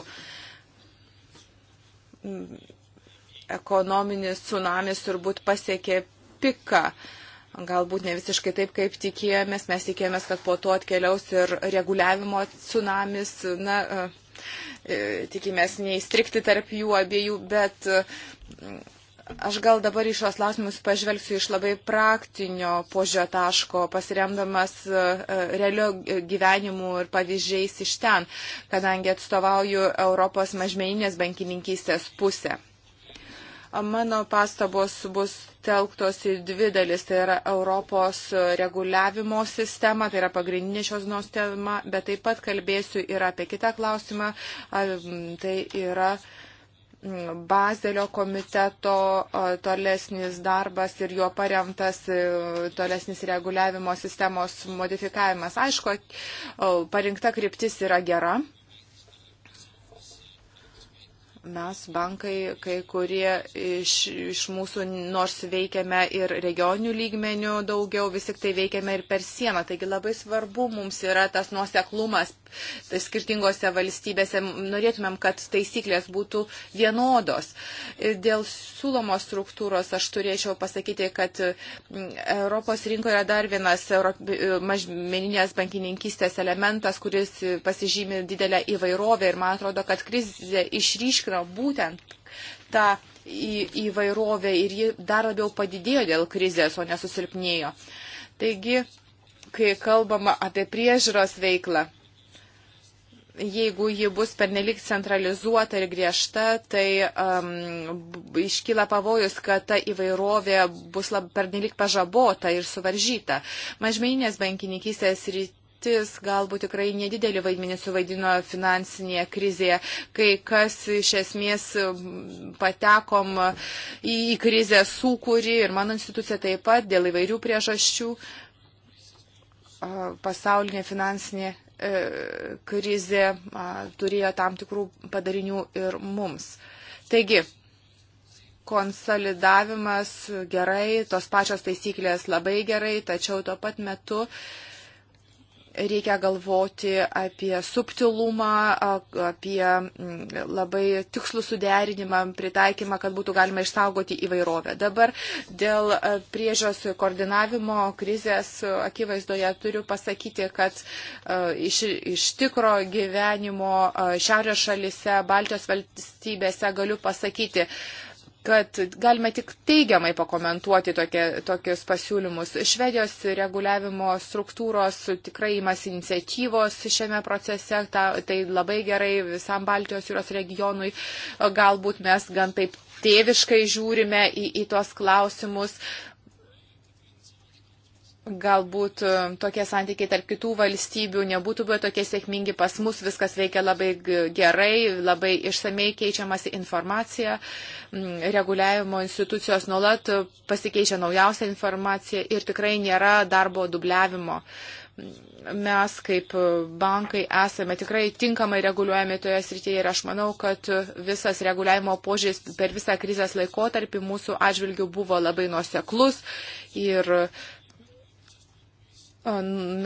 Ekonominis tsunamis turbūt pasiekė piką. Galbūt ne visiškai taip, kaip tikėjomės. Mes tikėjomės, kad po to atkeliaus ir reguliavimo tsunamis. Na, e, e, tikimės neįstrikti tarp jų abiejų, bet Aš gal dabar į šios klausimus pažvelgsiu iš labai praktinio požio taško, pasiremdamas e, e, realiu gyvenimu ir pavyzdžiais iš ten, kadangi atstovauju Europos mažmeninės bankininkystės pusę. Mano pastabos bus telktos į dvi dalis, tai yra Europos reguliavimo sistema, tai yra pagrindinė šios dienos tema, bet taip pat kalbėsiu ir apie kitą klausimą, tai yra Bazelio komiteto tolesnis darbas ir jo paremtas e, tolesnis reguliavimo sistemos modifikavimas. Aišku, parinkta kryptis yra gera. Mes, bankai, kai kurie iš, iš mūsų nors veikiame ir regionių lygmenių daugiau, vis tik tai veikiame ir per sieną. Taigi labai svarbu mums yra tas nuoseklumas tai skirtingose valstybėse. Norėtumėm, kad taisyklės būtų vienodos. Dėl siūlomos struktūros aš turėčiau pasakyti, kad mm, Europos rinkoje yra dar vienas mažmeninės bankininkystės elementas, kuris pasižymi didelę įvairovę ir man atrodo, kad krizė išryškina būtent tą įvairovę ir ji dar labiau padidėjo dėl krizės, o nesusilpnėjo. Taigi, kai kalbama apie priežiūros veiklą, jeigu ji bus pernelik centralizuota ir griežta, tai um, iškyla pavojus, kad ta įvairovė bus lab, pernelik pažabota ir suvaržyta. Mažmeninės bankininkystės rytis. Galbūt tikrai nedidelį vaidmenį suvaidino finansinėje krizėje, kai kas iš esmės patekom į krizę sukūrį ir mano institucija taip pat dėl įvairių priežasčių pasaulinė finansinė E, krizė turėjo tam tikrų padarinių ir mums. Taigi, konsolidavimas gerai, tos pačios taisyklės labai gerai, tačiau tuo pat metu uh, reikia galvoti apie subtilumą, apie labai tikslų suderinimą, pritaikymą, kad būtų galima išsaugoti įvairovę. Dabar dėl priežios koordinavimo krizės akivaizdoje turiu pasakyti, kad iš, iš tikro gyvenimo šiaurės šalise, Baltijos valstybėse galiu pasakyti, kad galime tik teigiamai pakomentuoti tokie, tokius pasiūlymus. Švedijos reguliavimo struktūros tikrai imas iniciatyvos šiame procese, ta, tai labai gerai visam Baltijos jūros regionui. Galbūt mes gan taip tėviškai žiūrime į, į tuos klausimus. Uh, galbūt e, tokie santykiai tarp kitų valstybių nebūtų buvę tokie sėkmingi, pas mus viskas veikia labai gerai, labai išsamei keičiamasi informacija, mm, reguliavimo institucijos nuolat pasikeičia naujausią informaciją ir tikrai nėra darbo dubliavimo. Mm, mes kaip bankai esame tikrai tinkamai reguliuojami toje srityje ir aš manau, kad visas reguliavimo požiūris per visą krizės laikotarpį mūsų atžvilgių buvo labai nuoseklus ir uh,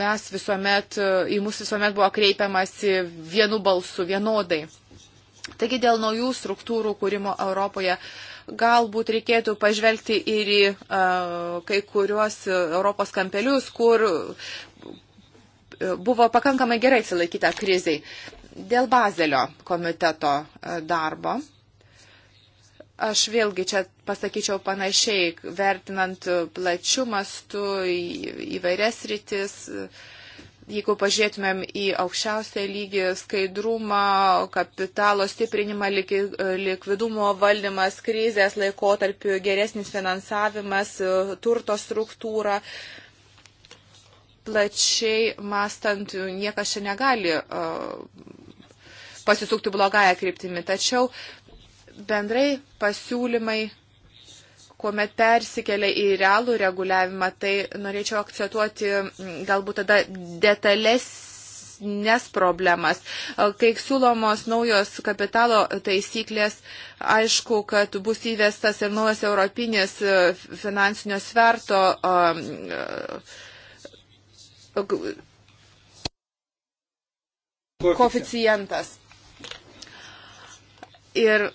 mes visuomet, į mus visuomet buvo kreipiamasi vienu balsu, vienodai. Taigi dėl naujų struktūrų kūrimo Europoje galbūt reikėtų pažvelgti ir į uh, kai kuriuos Europos kampelius, kur buvo pakankamai gerai atsilaikyta kriziai. Dėl Bazelio komiteto darbo Aš vėlgi čia pasakyčiau panašiai, vertinant plačių mastų įvairias rytis. Jeigu pažiūrėtumėm į aukščiausią lygį skaidrumą, kapitalo stiprinimą, likvidumo valdymas, krizės laikotarpiu, geresnis finansavimas, turto struktūra, plačiai mastant, niekas čia negali pasisukti blogąją kryptimį. Tačiau bendrai pasiūlymai, kuomet persikelia į realų reguliavimą, tai norėčiau akcentuoti mm, galbūt tada detalės nes problemas. Kai siūlomos naujos kapitalo taisyklės, aišku, kad bus įvestas ir naujas europinis e, finansinio sverto koficijantas. Ir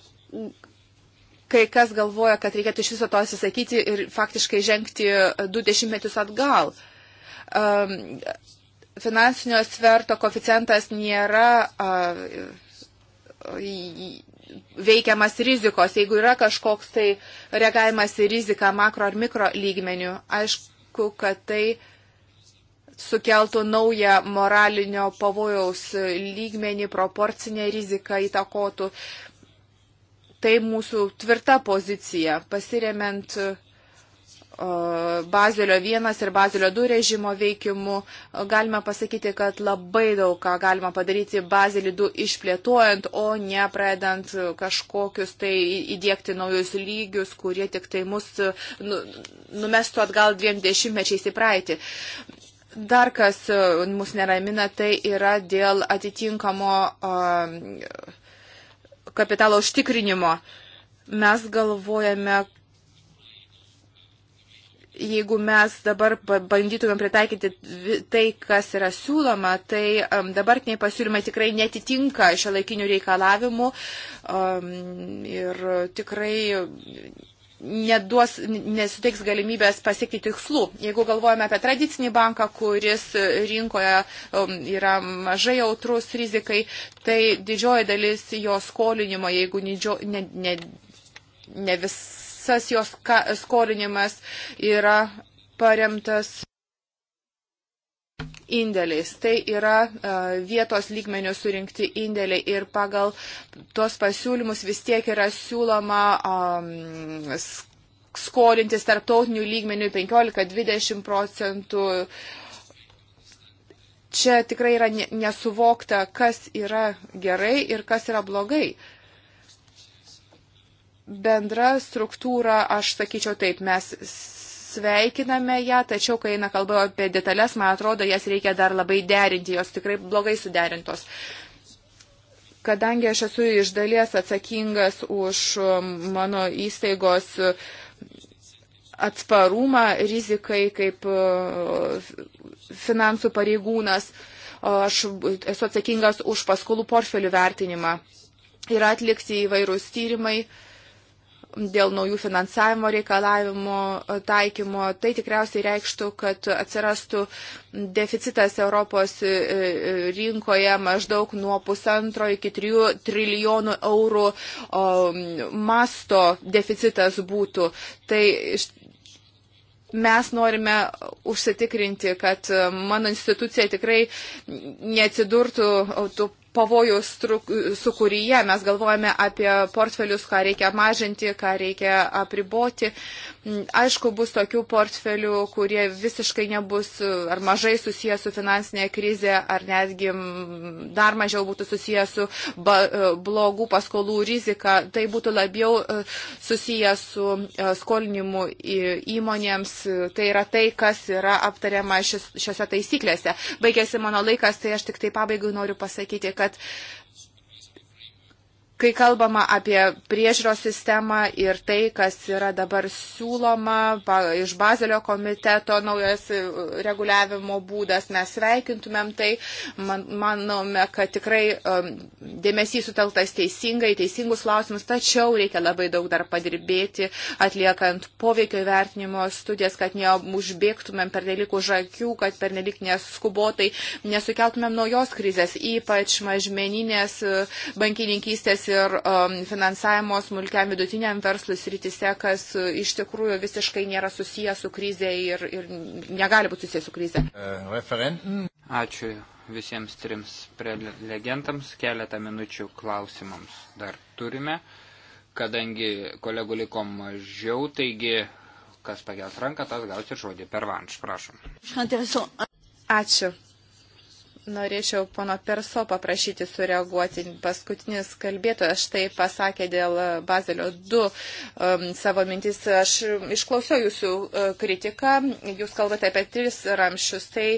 kai kas galvoja, kad reikėtų iš viso to atsisakyti ir faktiškai žengti e, du dešimtmečius atgal. Um, finansinio sverto koficijantas nėra uh, veikiamas rizikos, jeigu yra kažkoks tai reagavimas į riziką makro ar mikro lygmenių. Aišku, kad tai sukeltų naują moralinio pavojaus lygmenį, proporcinę riziką įtakotų. Uh, Tai mūsų tvirta pozicija, pasiremiant e, Bazelio 1 ir Bazelio 2 režimo veikimu, e, galime pasakyti, kad labai daug ką galima padaryti Bazelį 2 išplėtojant, o ne pradedant kažkokius tai įdėkti naujus lygius, kurie tik tai mus e, nu, numestų atgal dviem dešimtmečiais į praeitį. Dar kas mus neramina, tai yra dėl atitinkamo uh, kapitalo užtikrinimo. Mes galvojame, jeigu mes dabar bandytumėm pritaikyti tai, kas yra siūloma, tai um, dabartiniai pasiūlymai tikrai netitinka šio laikinių reikalavimų um, ir tikrai neduos, nesuteiks galimybės pasiekti tikslų. Jeigu galvojame apie tradicinį banką, kuris rinkoje um, yra mažai jautrus rizikai, tai didžioji dalis jo skolinimo, jeigu nidžio, ne, ne, ne visas jos ka, skolinimas yra paremtas indėliais. Tai yra e, vietos lygmenių surinkti indėliai ir pagal tuos pasiūlymus vis tiek yra siūloma um, skolintis tarptautinių lygmenių 15-20 procentų. Čia tikrai yra nesuvokta, kas yra gerai ir kas yra blogai bendra struktūra, aš sakyčiau taip, mes sveikiname ją, tačiau kai eina kalba apie detalės, man atrodo, jas reikia dar labai derinti, jos tikrai blogai suderintos. Kadangi aš esu iš dalies atsakingas už um, mano įstaigos uh, atsparumą rizikai kaip uh, finansų pareigūnas, aš esu atsakingas už paskolų portfelių vertinimą. Yra atlikti įvairūs tyrimai, uh, dėl naujų finansavimo reikalavimo e, taikymo, tai tikriausiai reikštų, kad atsirastų deficitas Europos e, e, rinkoje maždaug nuo pusantro iki trijų trilijonų eurų o, masto deficitas būtų. Tai mes norime užsitikrinti, kad mano institucija tikrai neatsidurtų tų pavojaus sukūryje, mes galvojame apie portfelius, ką reikia mažinti, ką reikia apriboti. Mm, aišku, bus tokių portfelių, kurie visiškai nebus uh, ar mažai susiję su finansinė krizė, ar netgi mm, dar mažiau būtų susiję su uh, blogų paskolų rizika. Tai būtų labiau uh, susiję su skolinimu įmonėms. Tai yra tai, kas yra aptariama šiose taisyklėse. Baigėsi mano laikas, tai aš tik tai pabaigai noriu pasakyti, kad uh, Kai kalbama apie priežiūros sistemą ir tai, kas yra dabar siūloma iš Bazelio komiteto naujas e, reguliavimo būdas, mes sveikintumėm tai, man, manome, kad tikrai um, dėmesys suteltas teisingai, teisingus klausimus, tačiau reikia labai daug dar padirbėti, atliekant poveikio vertinimo studijas, kad neužbėgtumėm per nelik už akių, kad per nelik neskubotai nesukeltumėm naujos krizės, ypač mažmeninės e, bankininkystės ir um, finansavimo smulkiam vidutiniam verslui sritise, kas uh, iš tikrųjų visiškai nėra susijęs su krize ir, ir negali būti susijęs su krize. E, Referentin. Ačiū visiems trims prelegentams. Keletą minučių klausimams dar turime, kadangi kolegų liko mažiau, taigi kas pagels ranką, tas gaus ir žodį per vanš, prašom. Ačiū. Norėčiau pono Perso paprašyti sureaguoti. Paskutinis kalbėtojas štai pasakė dėl Bazelio 2 um, savo mintis. Aš išklausiau jūsų uh, kritiką. Jūs kalbate apie tris ramščius. Tai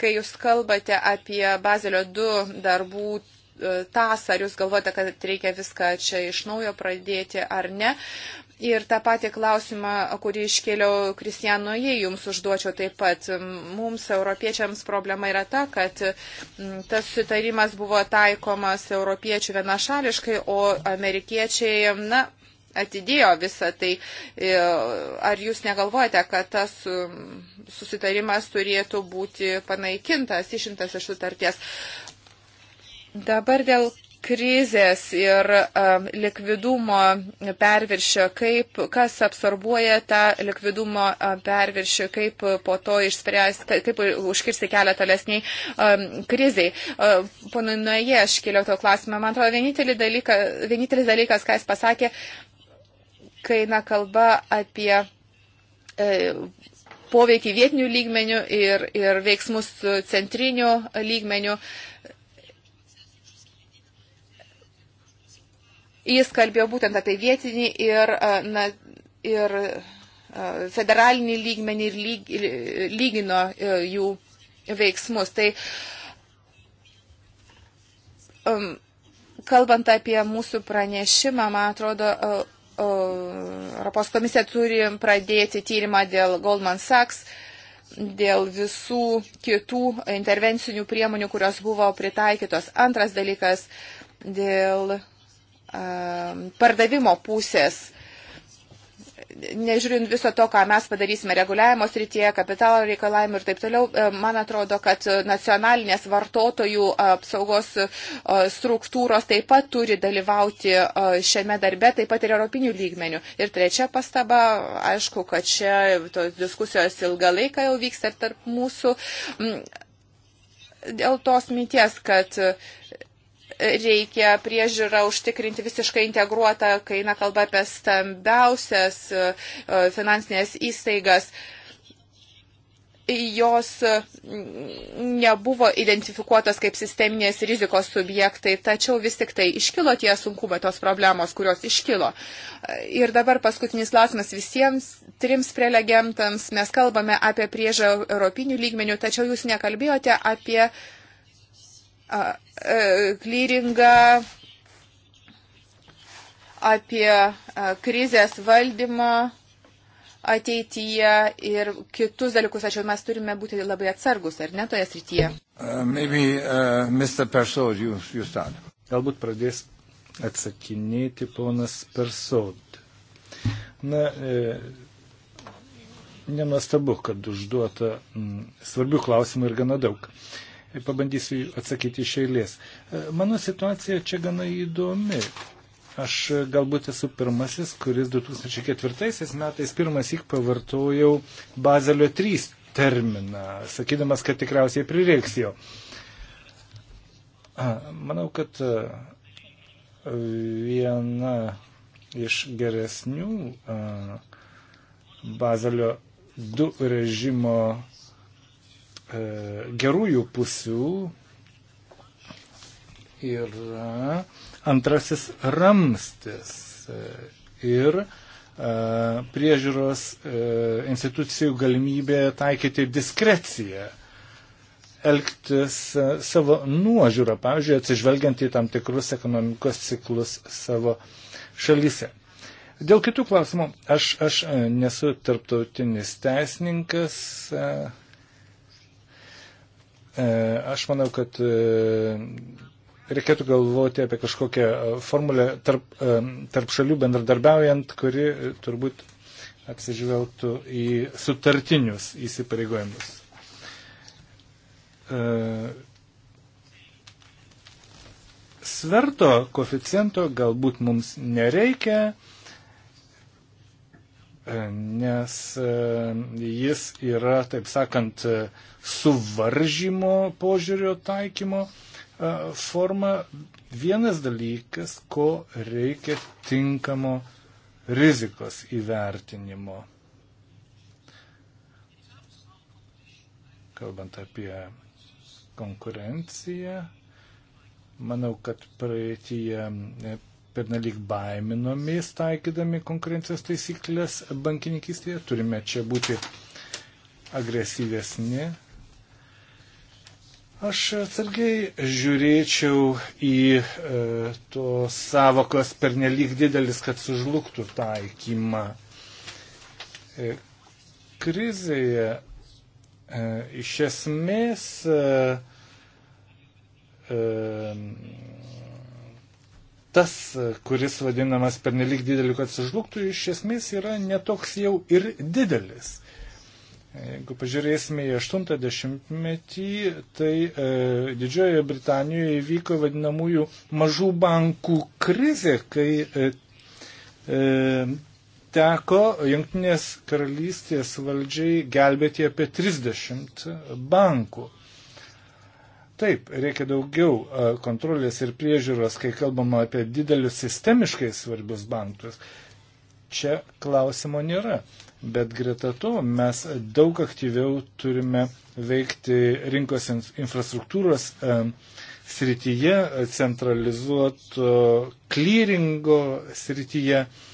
kai jūs kalbate apie Bazelio 2 darbų uh, tas, ar jūs galvojate, kad reikia viską čia iš naujo pradėti ar ne. Ir tą patį klausimą, kurį iškėliau Kristijanoje, jums užduočiau taip pat. Mums, europiečiams, problema yra ta, kad mm, tas sutarimas buvo taikomas europiečių vienašališkai, o amerikiečiai, na, atidėjo visą tai. E, ar jūs negalvojate, kad tas mm, susitarimas turėtų būti panaikintas, išimtas iš sutarties? Dabar dėl krizės ir likvidumo perviršio, kaip, kas absorbuoja tą likvidumo perviršį, kaip po to išspręsti, kaip užkirsti kelią tolesniai um, kriziai. Ponui Nuėje, aš kėliau to klausimą. Man atrodo, vienintelis dalykas, vienintelis dalykas, ką jis pasakė, kai na kalba apie. E, poveikį vietinių lygmenių ir, ir veiksmus centrinių lygmenių. E, Jis kalbėjo būtent apie vietinį ir, na, ir federalinį lygmenį ir lyg, lygino e, jų veiksmus. Tai, um, kalbant apie mūsų pranešimą, man atrodo, Europos komisija turi pradėti tyrimą dėl Goldman Sachs, dėl visų kitų intervencinių priemonių, kurios buvo pritaikytos. Antras dalykas dėl Um, pardavimo pusės nežiūrint viso to, ką mes padarysime reguliavimo srityje, kapitalo reikalavimų ir taip toliau, um, man atrodo, kad nacionalinės vartotojų apsaugos uh, struktūros taip pat turi dalyvauti uh, šiame darbe, taip pat ir europinių lygmenių. Ir trečia pastaba, aišku, kad čia tos diskusijos ilgą laiką jau vyksta tarp mūsų. Mm, dėl tos minties, kad reikia priežiūrą užtikrinti visiškai integruotą, kai eina kalba apie stambiausias e, finansinės įstaigas jos mm, nebuvo identifikuotos kaip sisteminės rizikos subjektai, tačiau vis tik tai iškilo tie sunkumai, tos problemos, kurios iškilo. Ir dabar paskutinis klausimas visiems trims prelegentams. Mes kalbame apie priežą europinių lygmenių, tačiau jūs nekalbėjote apie E, klyringą, apie e, krizės valdymą ateityje ir kitus dalykus. Tačiau mes turime būti labai atsargus, ar ne toje srityje? Uh, maybe, uh, Persaud, you, you start. Galbūt pradės atsakinėti ponas Persod. Na, e, nenuostabu, kad užduota m, svarbių klausimų ir gana daug. E, Pabandysiu atsakyti iš eilės. E, mano situacija čia gana įdomi. Aš e, galbūt esu pirmasis, kuris 2004 metais pirmas įk pavartojau Bazelio 3 terminą, sakydamas, kad tikriausiai prireiks jo. Manau, kad e, viena iš geresnių Bazelio 2 režimo E, gerųjų pusių yra antrasis ramstis e, ir e, priežiūros institucijų galimybė taikyti diskreciją, elgtis savo nuožiūrą, pavyzdžiui, atsižvelgiant į tam tikrus ekonomikos ciklus savo šalyse. Dėl kitų klausimų, aš, aš nesu tarptautinis teisininkas, E, aš manau, kad e, reikėtų galvoti apie kažkokią e, formulę tarp, tarp šalių bendradarbiaujant, kuri turbūt atsižvelgtų į sutartinius įsipareigojimus. Sverto koficiento galbūt mums nereikia, nes e, jis yra, taip sakant, e, suvaržymo požiūrio taikymo e, forma. Vienas dalykas, ko reikia tinkamo rizikos įvertinimo. Kalbant apie konkurenciją, manau, kad praeitie pernelyg baiminomės taikydami konkurencijos taisyklės bankininkystėje. Turime čia būti agresyvesni. Aš atsargiai žiūrėčiau į e, tos savokos pernelyg didelis, kad sužlugtų taikymą. E, krizėje e, iš esmės e, e, tas, kuris vadinamas pernelik dideliu, kad sužlugtų, iš esmės yra netoks jau ir didelis. Jeigu pažiūrėsime į 80-metį, tai e, Didžiojoje Britanijoje įvyko vadinamųjų mažų bankų krizė, kai e, e, teko Junktinės karalystės valdžiai gelbėti apie 30 bankų. Taip, reikia daugiau e, kontrolės ir priežiūros, kai kalbama apie didelius sistemiškai svarbius bankus. Čia klausimo nėra. Bet greta to mes daug aktyviau turime veikti rinkos infrastruktūros e, srityje, centralizuoto klyringo srityje. E,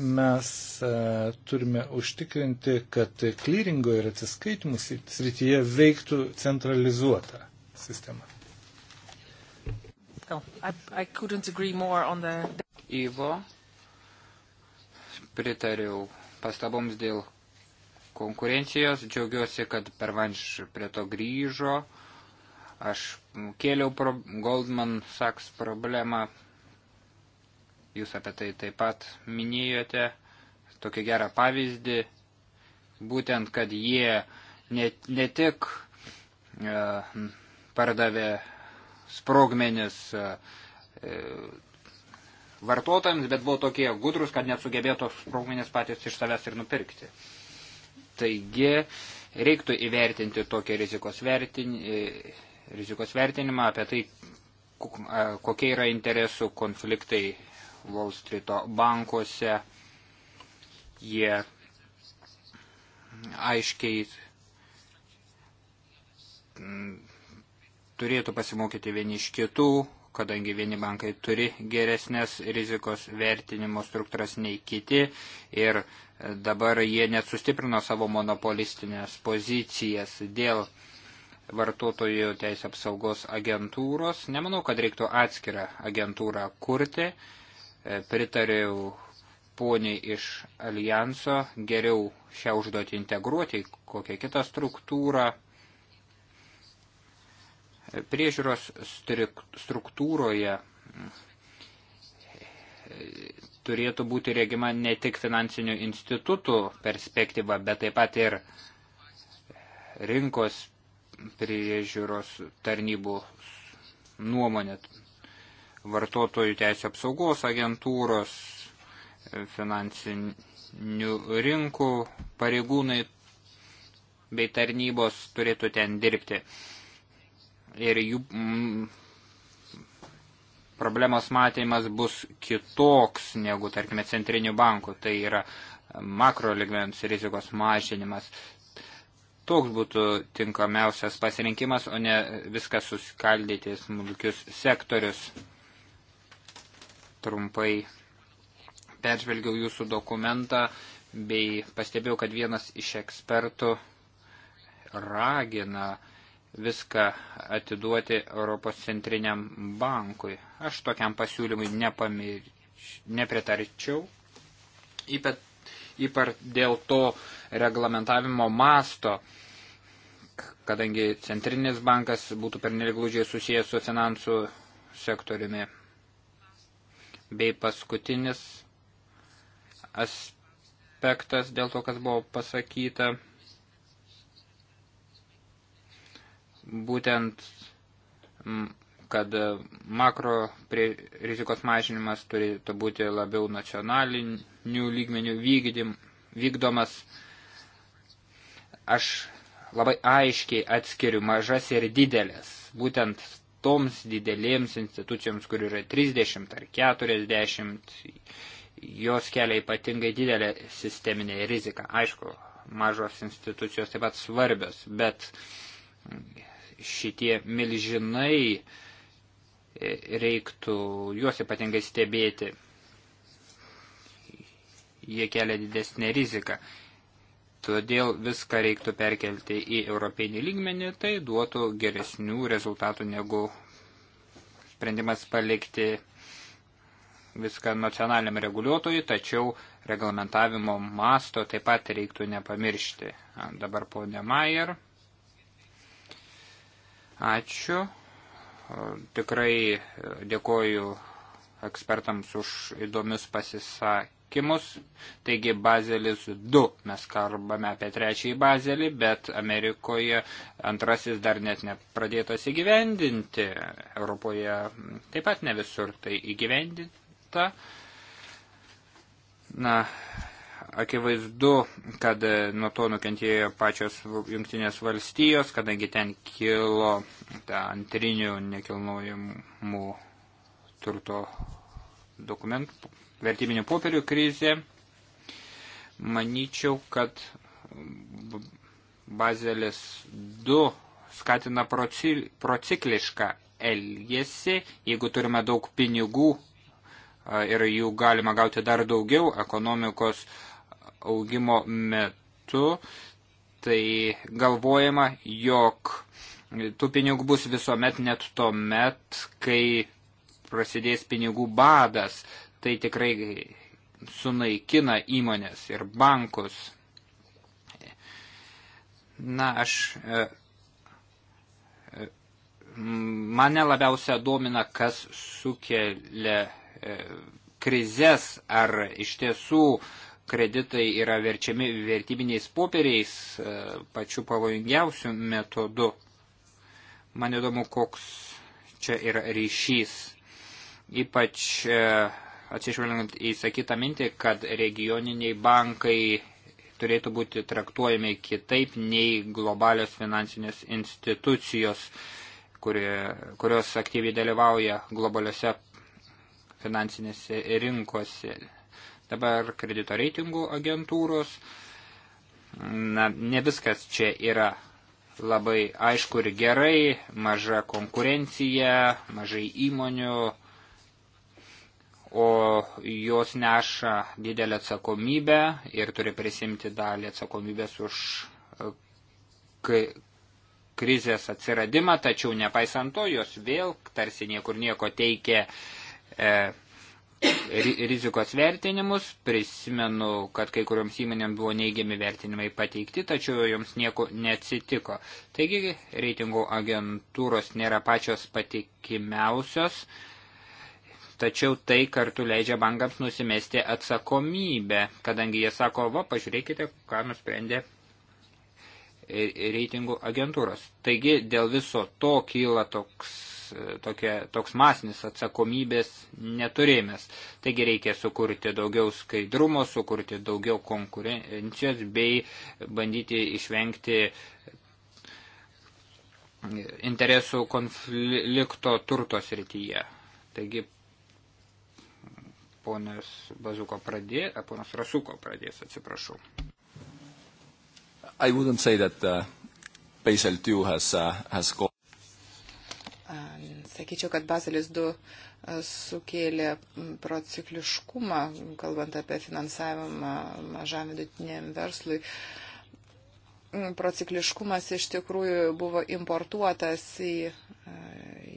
mes e, turime užtikrinti, kad klyringo ir atsiskaitimų srityje veiktų centralizuota sistema. No, oh, I, I the... Ivo, pritariau pastaboms dėl konkurencijos, džiaugiuosi, kad pervanš prie to grįžo. Aš kėliau pro, Goldman Sachs problemą jūs apie tai taip pat minėjote, tokį gerą pavyzdį, būtent, kad jie ne, ne tik e, pardavė sprogmenis e, vartotojams, bet buvo tokie gudrus, kad net sugebėjo tos sprogmenis patys iš savęs ir nupirkti. Taigi, reiktų įvertinti tokią rizikos, vertin, e, rizikos vertinimą apie tai, kokie yra interesų konfliktai Wall Street'o bankuose. Jie aiškiai mm, turėtų pasimokyti vieni iš kitų, kadangi vieni bankai turi geresnės rizikos vertinimo struktūras nei kiti ir dabar jie net sustiprino savo monopolistinės pozicijas dėl vartotojų teisės apsaugos agentūros. Nemanau, kad reiktų atskirą agentūrą kurti, E, pritariau poniai iš alijanso geriau šią užduotį integruoti į kokią kitą struktūrą. E, priežiūros struktūroje e, turėtų būti regima ne tik finansinių institutų perspektyva, bet taip pat ir rinkos priežiūros tarnybų nuomonė vartotojų teisų apsaugos agentūros, finansinių rinkų pareigūnai bei tarnybos turėtų ten dirbti. Ir jų mm, problemos matymas bus kitoks negu, tarkime, centrinių bankų. Tai yra makro ligmens rizikos mažinimas. Toks būtų tinkamiausias pasirinkimas, o ne viskas suskaldyti smulkius sektorius trumpai peržvelgiau jūsų dokumentą bei pastebėjau, kad vienas iš ekspertų ragina viską atiduoti Europos centriniam bankui. Aš tokiam pasiūlymui nepamir... nepritarčiau. Ypat, ypat dėl to reglamentavimo masto, kadangi centrinis bankas būtų pernelyglūdžiai susijęs su finansų sektoriumi. Bei paskutinis aspektas dėl to, kas buvo pasakyta, būtent, kad makro rizikos mažinimas turėtų būti labiau nacionalinių lygmenių vykdym, vykdomas. Aš labai aiškiai atskiriu mažas ir didelės. Būtent toms didelėms institucijoms, kur yra 30 ar 40, jos kelia ypatingai didelę sisteminę riziką. Aišku, mažos institucijos taip pat svarbios, bet šitie milžinai e, reiktų juos ypatingai stebėti. Jie kelia didesnę riziką. Todėl viską reiktų perkelti į europinį lygmenį, tai duotų geresnių rezultatų negu sprendimas palikti viską nacionaliniam reguliuotojui, tačiau reglamentavimo masto taip pat reiktų nepamiršti. Dabar ponė Mayer. Ačiū. Tikrai dėkoju ekspertams už įdomius pasisakymus rinkimus. Taigi Bazelis 2, mes kalbame apie trečiąjį Bazelį, bet Amerikoje antrasis dar net nepradėtas įgyvendinti, Europoje taip pat ne visur tai įgyvendinta. Na, akivaizdu, kad nuo to nukentėjo pačios jungtinės valstijos, kadangi ten kilo ta antrinių nekilnojimų turto dokumentų vertybinių popierių krizė. Manyčiau, kad Bazelis 2 skatina prociklišką elgesį, jeigu turime daug pinigų ir jų galima gauti dar daugiau ekonomikos augimo metu, tai galvojama, jog tų pinigų bus visuomet net tuo met, kai prasidės pinigų badas tai tikrai sunaikina įmonės ir bankus. Na, aš. E, e, mane labiausia domina, kas sukelia e, krizės, ar iš tiesų kreditai yra verčiami vertybiniais popieriais pačiu pavojingiausiu metodu. Man įdomu, koks čia yra ryšys. Ypač atsižvelgiant į sakytą mintį, kad regioniniai bankai turėtų būti traktuojami kitaip nei globalios finansinės institucijos, kurie, kurios aktyviai dalyvauja globaliuose finansinėse rinkose. Dabar kredito reitingų agentūros. Na, ne viskas čia yra labai aišku ir gerai, maža konkurencija, mažai įmonių, o jos neša didelę atsakomybę ir turi prisimti dalį atsakomybės už e, krizės atsiradimą, tačiau nepaisant to, jos vėl tarsi niekur nieko teikia e, rizikos vertinimus. Prisimenu, kad kai kuriuoms įmonėms buvo neigiami vertinimai pateikti, tačiau joms nieko neatsitiko. Taigi reitingų agentūros nėra pačios patikimiausios. E, Tačiau tai kartu leidžia bankams nusimesti atsakomybę, kadangi jie sako, va, pažiūrėkite, ką nusprendė reitingų agentūros. Taigi dėl viso to kyla toks, tokia, toks masinis atsakomybės neturėjimas. Taigi reikia sukurti daugiau skaidrumo, sukurti daugiau konkurencijos bei bandyti išvengti interesų konflikto turtos rytyje. Taigi ponas Bazuko pradė, a, ponas Rasuko pradės, atsiprašau. I wouldn't say that uh, Basel 2 has, uh, has gone. Sakyčiau, kad Baselis 2 sukėlė procikliškumą, kalbant apie finansavimą mažam vidutiniam verslui. Procikliškumas iš tikrųjų buvo importuotas į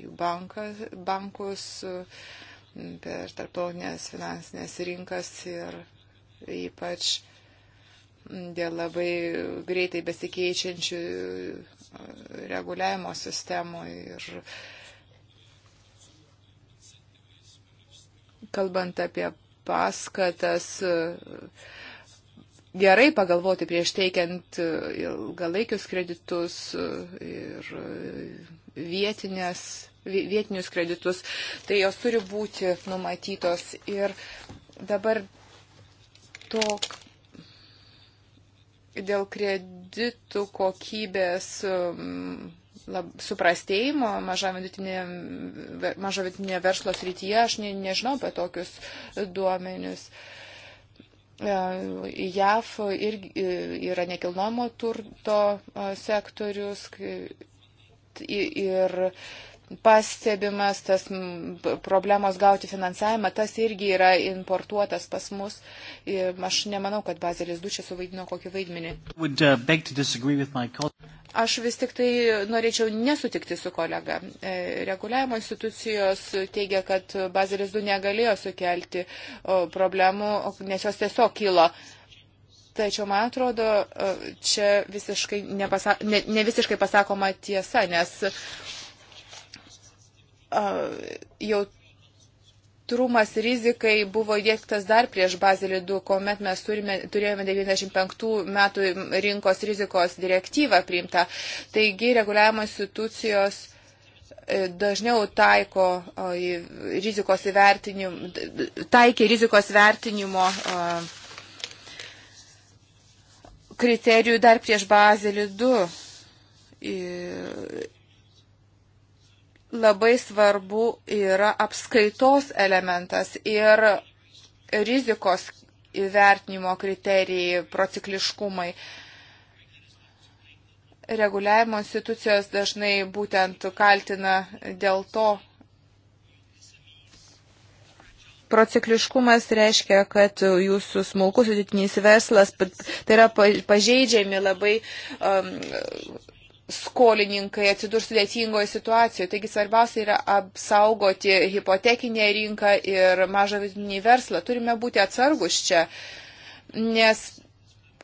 jų bankas, bankus. Uh, per tarptautinės finansinės rinkas ir ypač dėl labai greitai besikeičiančių e, reguliavimo sistemų ir kalbant apie paskatas, uh, gerai pagalvoti prieš teikiant e, ilgalaikius kreditus e, ir e, vietinės, vietinius kreditus. Tai jos turi būti numatytos. Ir dabar tok dėl kreditų kokybės lab, suprastėjimo maža vidutinė verslo srityje, aš ne, nežinau apie tokius duomenius. Uh, E, JAF ir e, yra nekilnojamo turto e, sektorius ir pastebimas, tas problemos gauti finansavimą, tas irgi yra importuotas pas mus. Aš nemanau, kad Bazelis du čia suvaidino kokį vaidmenį. Would, uh, Aš vis tik tai norėčiau nesutikti su kolega. E, reguliavimo institucijos teigia, kad Bazelis 2 negalėjo sukelti problemų, nes jos tiesiog kilo. Tačiau, man atrodo, e, čia visiškai nepasa, ne, ne visiškai pasakoma tiesa, nes jautrumas rizikai buvo įdėktas dar prieš Bazelį 2, kuomet mes turime, turėjome 95 metų rinkos rizikos direktyvą priimtą. Taigi reguliavimo institucijos e, dažniau taiko rizikos įvertinimo, taikė rizikos vertinimo kriterijų dar prieš Bazelį 2 labai svarbu yra apskaitos elementas ir rizikos įvertinimo kriterijai, procikliškumai reguliavimo institucijos dažnai būtent kaltina dėl to. Procikliškumas reiškia, kad jūsų smulkus vidutinis verslas tai yra pažeidžiami labai um, skolininkai atsidurs sudėtingoje situacijoje. Taigi svarbiausia yra apsaugoti hipotekinę rinką ir mažą vidinį verslą. Turime būti atsargus čia, nes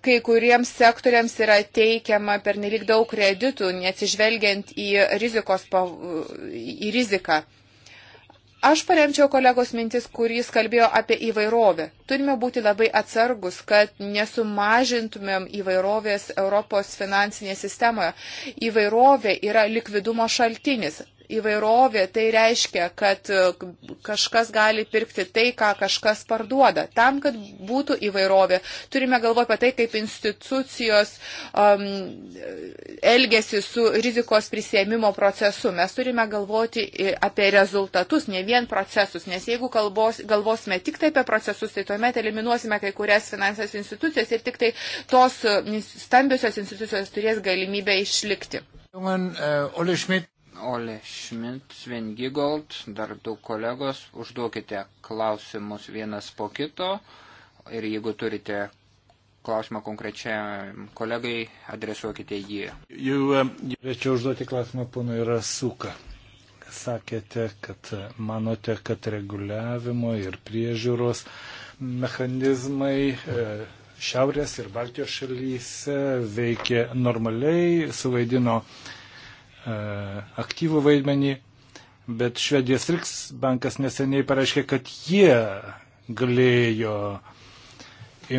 kai kuriems sektoriams yra teikiama per nelik daug kreditų, neatsižvelgiant į, rizikos, į riziką. Aš paremčiau kolegos mintis, kuris kalbėjo apie įvairovę. Turime būti labai atsargus, kad nesumažintumėm įvairovės Europos finansinėje sistemoje. Įvairovė yra likvidumo šaltinis įvairovė tai reiškia, kad e, kažkas gali pirkti tai, ką kažkas parduoda. Tam, kad būtų įvairovė, turime galvoti apie tai, kaip institucijos um, elgesi su rizikos prisėmimo procesu. Mes turime galvoti apie rezultatus, ne vien procesus, nes jeigu kalbos, galvosime tik tai apie procesus, tai tuomet eliminuosime kai kurias finansės institucijas ir tik tai tos stambiosios institucijos turės galimybę išlikti. Jungen, uh, e, Ole Schmidt. Ole Schmidt, Sven Gigold, dar du kolegos, užduokite klausimus vienas po kito ir jeigu turite klausimą konkrečiam kolegai, adresuokite jį. Norėčiau um, užduoti klausimą ponui Rasuka. Sakėte, kad manote, kad reguliavimo ir priežiūros mechanizmai e, Šiaurės ir Baltijos šalyse veikė normaliai, suvaidino uh, E, aktyvų vaidmenį, bet Švedijos Riks bankas neseniai pareiškė, kad jie galėjo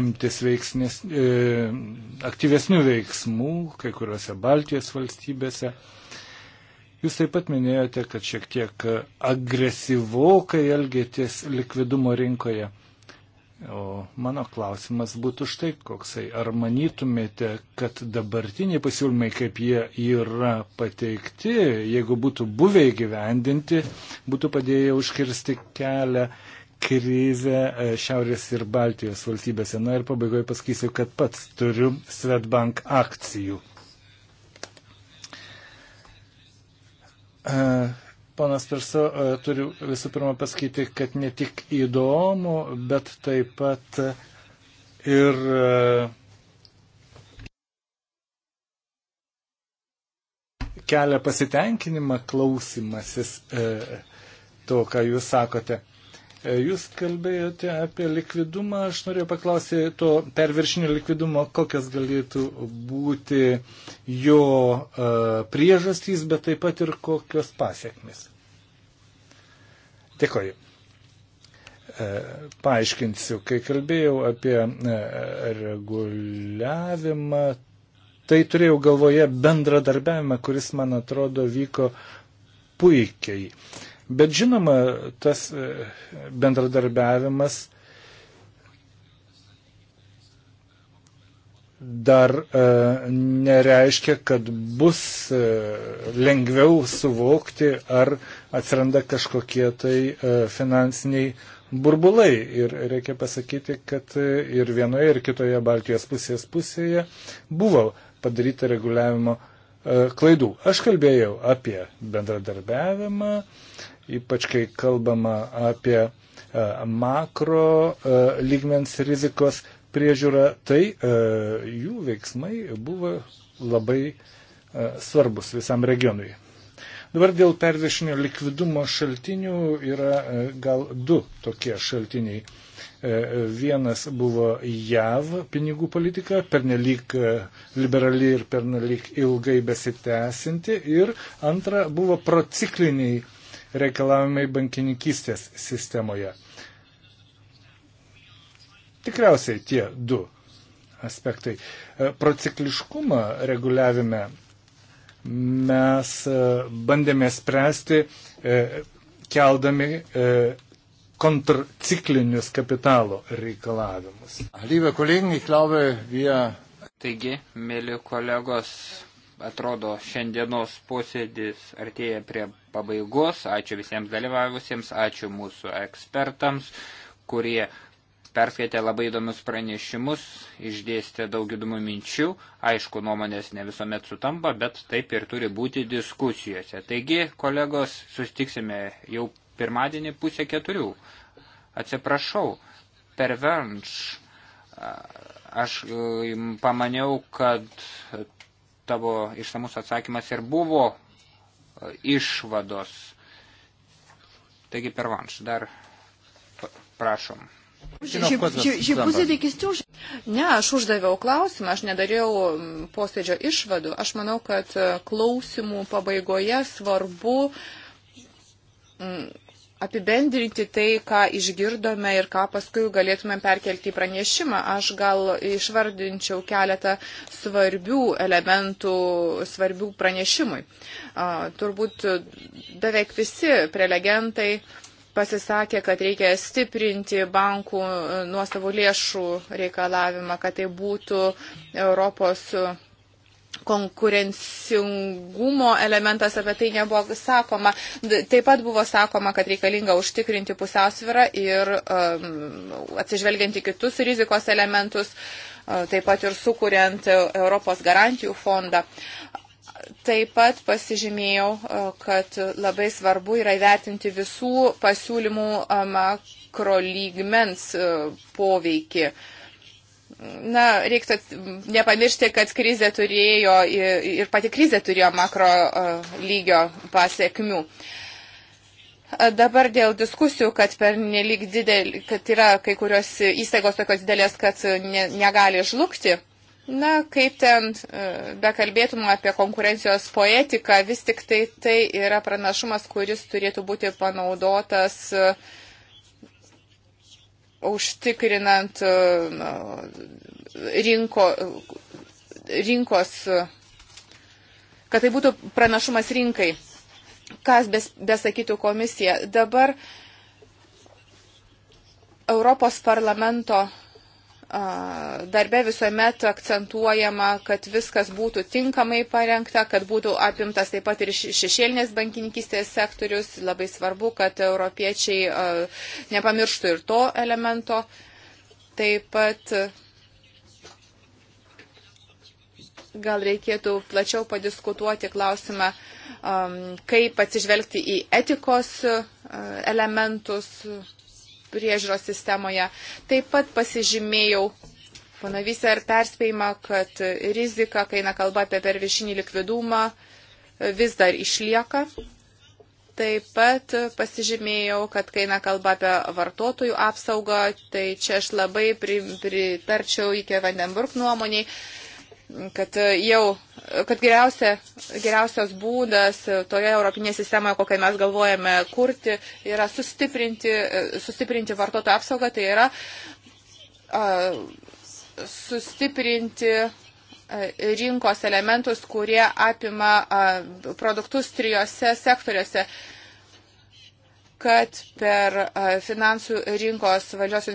imtis veiksnės, e, aktyvesnių veiksmų kai kuriuose Baltijos valstybėse. Jūs taip pat minėjote, kad šiek tiek agresyvokai elgėtės likvidumo rinkoje. O mano klausimas būtų štai koksai. Ar manytumėte, kad dabartiniai pasiūlymai, kaip jie yra pateikti, jeigu būtų buvę įgyvendinti, būtų padėję užkirsti kelią krizę e, Šiaurės ir Baltijos valstybėse. Na ir pabaigoje pasakysiu, kad pats turiu Svetbank akcijų. Uh, Ponas Perso, e, turiu visų pirma pasakyti, kad ne tik įdomu, bet taip pat ir e, kelia pasitenkinimą klausimasis e, to, ką jūs sakote. E, jūs kalbėjote apie likvidumą, aš norėjau paklausyti to perviršinio likvidumo, kokias galėtų būti jo e, priežastys, bet taip pat ir kokios pasiekmes. Dėkoju e, paaiškinsiu, kai kalbėjau apie reguliavimą, tai turėjau galvoje bendradarbiavimą, kuris, man atrodo, vyko puikiai. Bet žinoma, tas e, bendradarbiavimas dar e, nereiškia, kad bus e, lengviau suvokti, ar atsiranda kažkokie tai finansiniai burbulai. Ir reikia pasakyti, kad ir vienoje, ir kitoje Baltijos pusės pusėje buvo padaryta reguliavimo klaidų. Aš kalbėjau apie bendradarbiavimą, ypač kai kalbama apie e, makro e, lygmens rizikos priežiūrą, tai e, jų veiksmai buvo labai svarbus visam regionui. Dabar dėl pervežinio likvidumo šaltinių yra gal du tokie šaltiniai. Vienas buvo JAV pinigų politika, pernelyg liberali ir pernelyg ilgai besitęsinti. Ir antra buvo procikliniai reikalavimai bankininkystės sistemoje. Tikriausiai tie du aspektai. E, procikliškumą reguliavime mes e, bandėme spręsti e, keldami kontrciklinius kapitalo reikalavimus. Taigi, mėly kolegos, atrodo, šiandienos posėdis artėja prie pabaigos. Ačiū visiems dalyvavusiems, ačiū mūsų ekspertams, kurie perskaitė labai įdomius pranešimus, išdėstė daug įdomų minčių. Aišku, nuomonės ne visuomet sutampa, bet taip ir turi būti diskusijose. Taigi, kolegos, sustiksime jau pirmadienį pusę keturių. Atsiprašau, pervenč. Aš pamaniau, kad tavo išsamus atsakymas ir buvo išvados. Taigi per vanš, dar prašom. Ne, aš uždaviau klausimą, aš nedariau mm, posėdžio išvadų. Aš manau, kad e, klausimų pabaigoje svarbu mm, apibendrinti tai, ką išgirdome ir ką paskui galėtumėm perkelti į pranešimą. Aš gal išvardinčiau keletą svarbių elementų, svarbių pranešimui. Turbūt beveik visi prelegentai pasisakė, kad reikia stiprinti bankų nuosavų lėšų reikalavimą, kad tai būtų Europos konkurencingumo elementas, apie tai nebuvo sakoma. Taip pat buvo sakoma, kad reikalinga užtikrinti pusiausvyrą ir um, atsižvelgianti kitus rizikos elementus, uh, taip pat ir sukuriant uh, Europos garantijų fondą. Taip pat pasižymėjau, uh, kad labai svarbu yra įvertinti visų pasiūlymų makrolygmens poveikį. Um, Na, reiktų nepamiršti, kad krizė turėjo ir pati krizė turėjo makro e, lygio pasiekmių. E, dabar dėl diskusijų, kad per nelik didelį, kad yra kai kurios įstaigos tokios didelės, kad ne, negali žlugti. Na, kaip ten e, bekalbėtum apie konkurencijos poetiką, vis tik tai tai yra pranašumas, kuris turėtų būti panaudotas uh, užtikrinant e, rinko, rinkos, e, kad tai būtų pranašumas rinkai, kas bes, besakytų komisija. Dabar Europos parlamento Darbe visuomet akcentuojama, kad viskas būtų tinkamai parengta, kad būtų apimtas taip pat ir šešėlinės bankininkistės sektorius. Labai svarbu, kad europiečiai nepamirštų ir to elemento. Taip pat gal reikėtų plačiau padiskutuoti klausimą, kaip atsižvelgti į etikos elementus priežiūros sistemoje. Taip pat pasižymėjau panavysę ar perspėjimą, kad rizika, kai eina kalba apie pervišinį likvidumą, vis dar išlieka. Taip pat pasižymėjau, kad kai eina kalba apie vartotojų apsaugą, tai čia aš labai pritarčiau iki Vandenburg nuomoniai, kad e, jau, kad geriausia, geriausias būdas e, toje Europinėje sistemoje, kokią mes galvojame kurti, yra sustiprinti, e, sustiprinti vartotojų apsaugą, tai yra a, sustiprinti rinkos elementus, kurie apima a, produktus trijose sektoriuose kad per finansų rinkos valdžios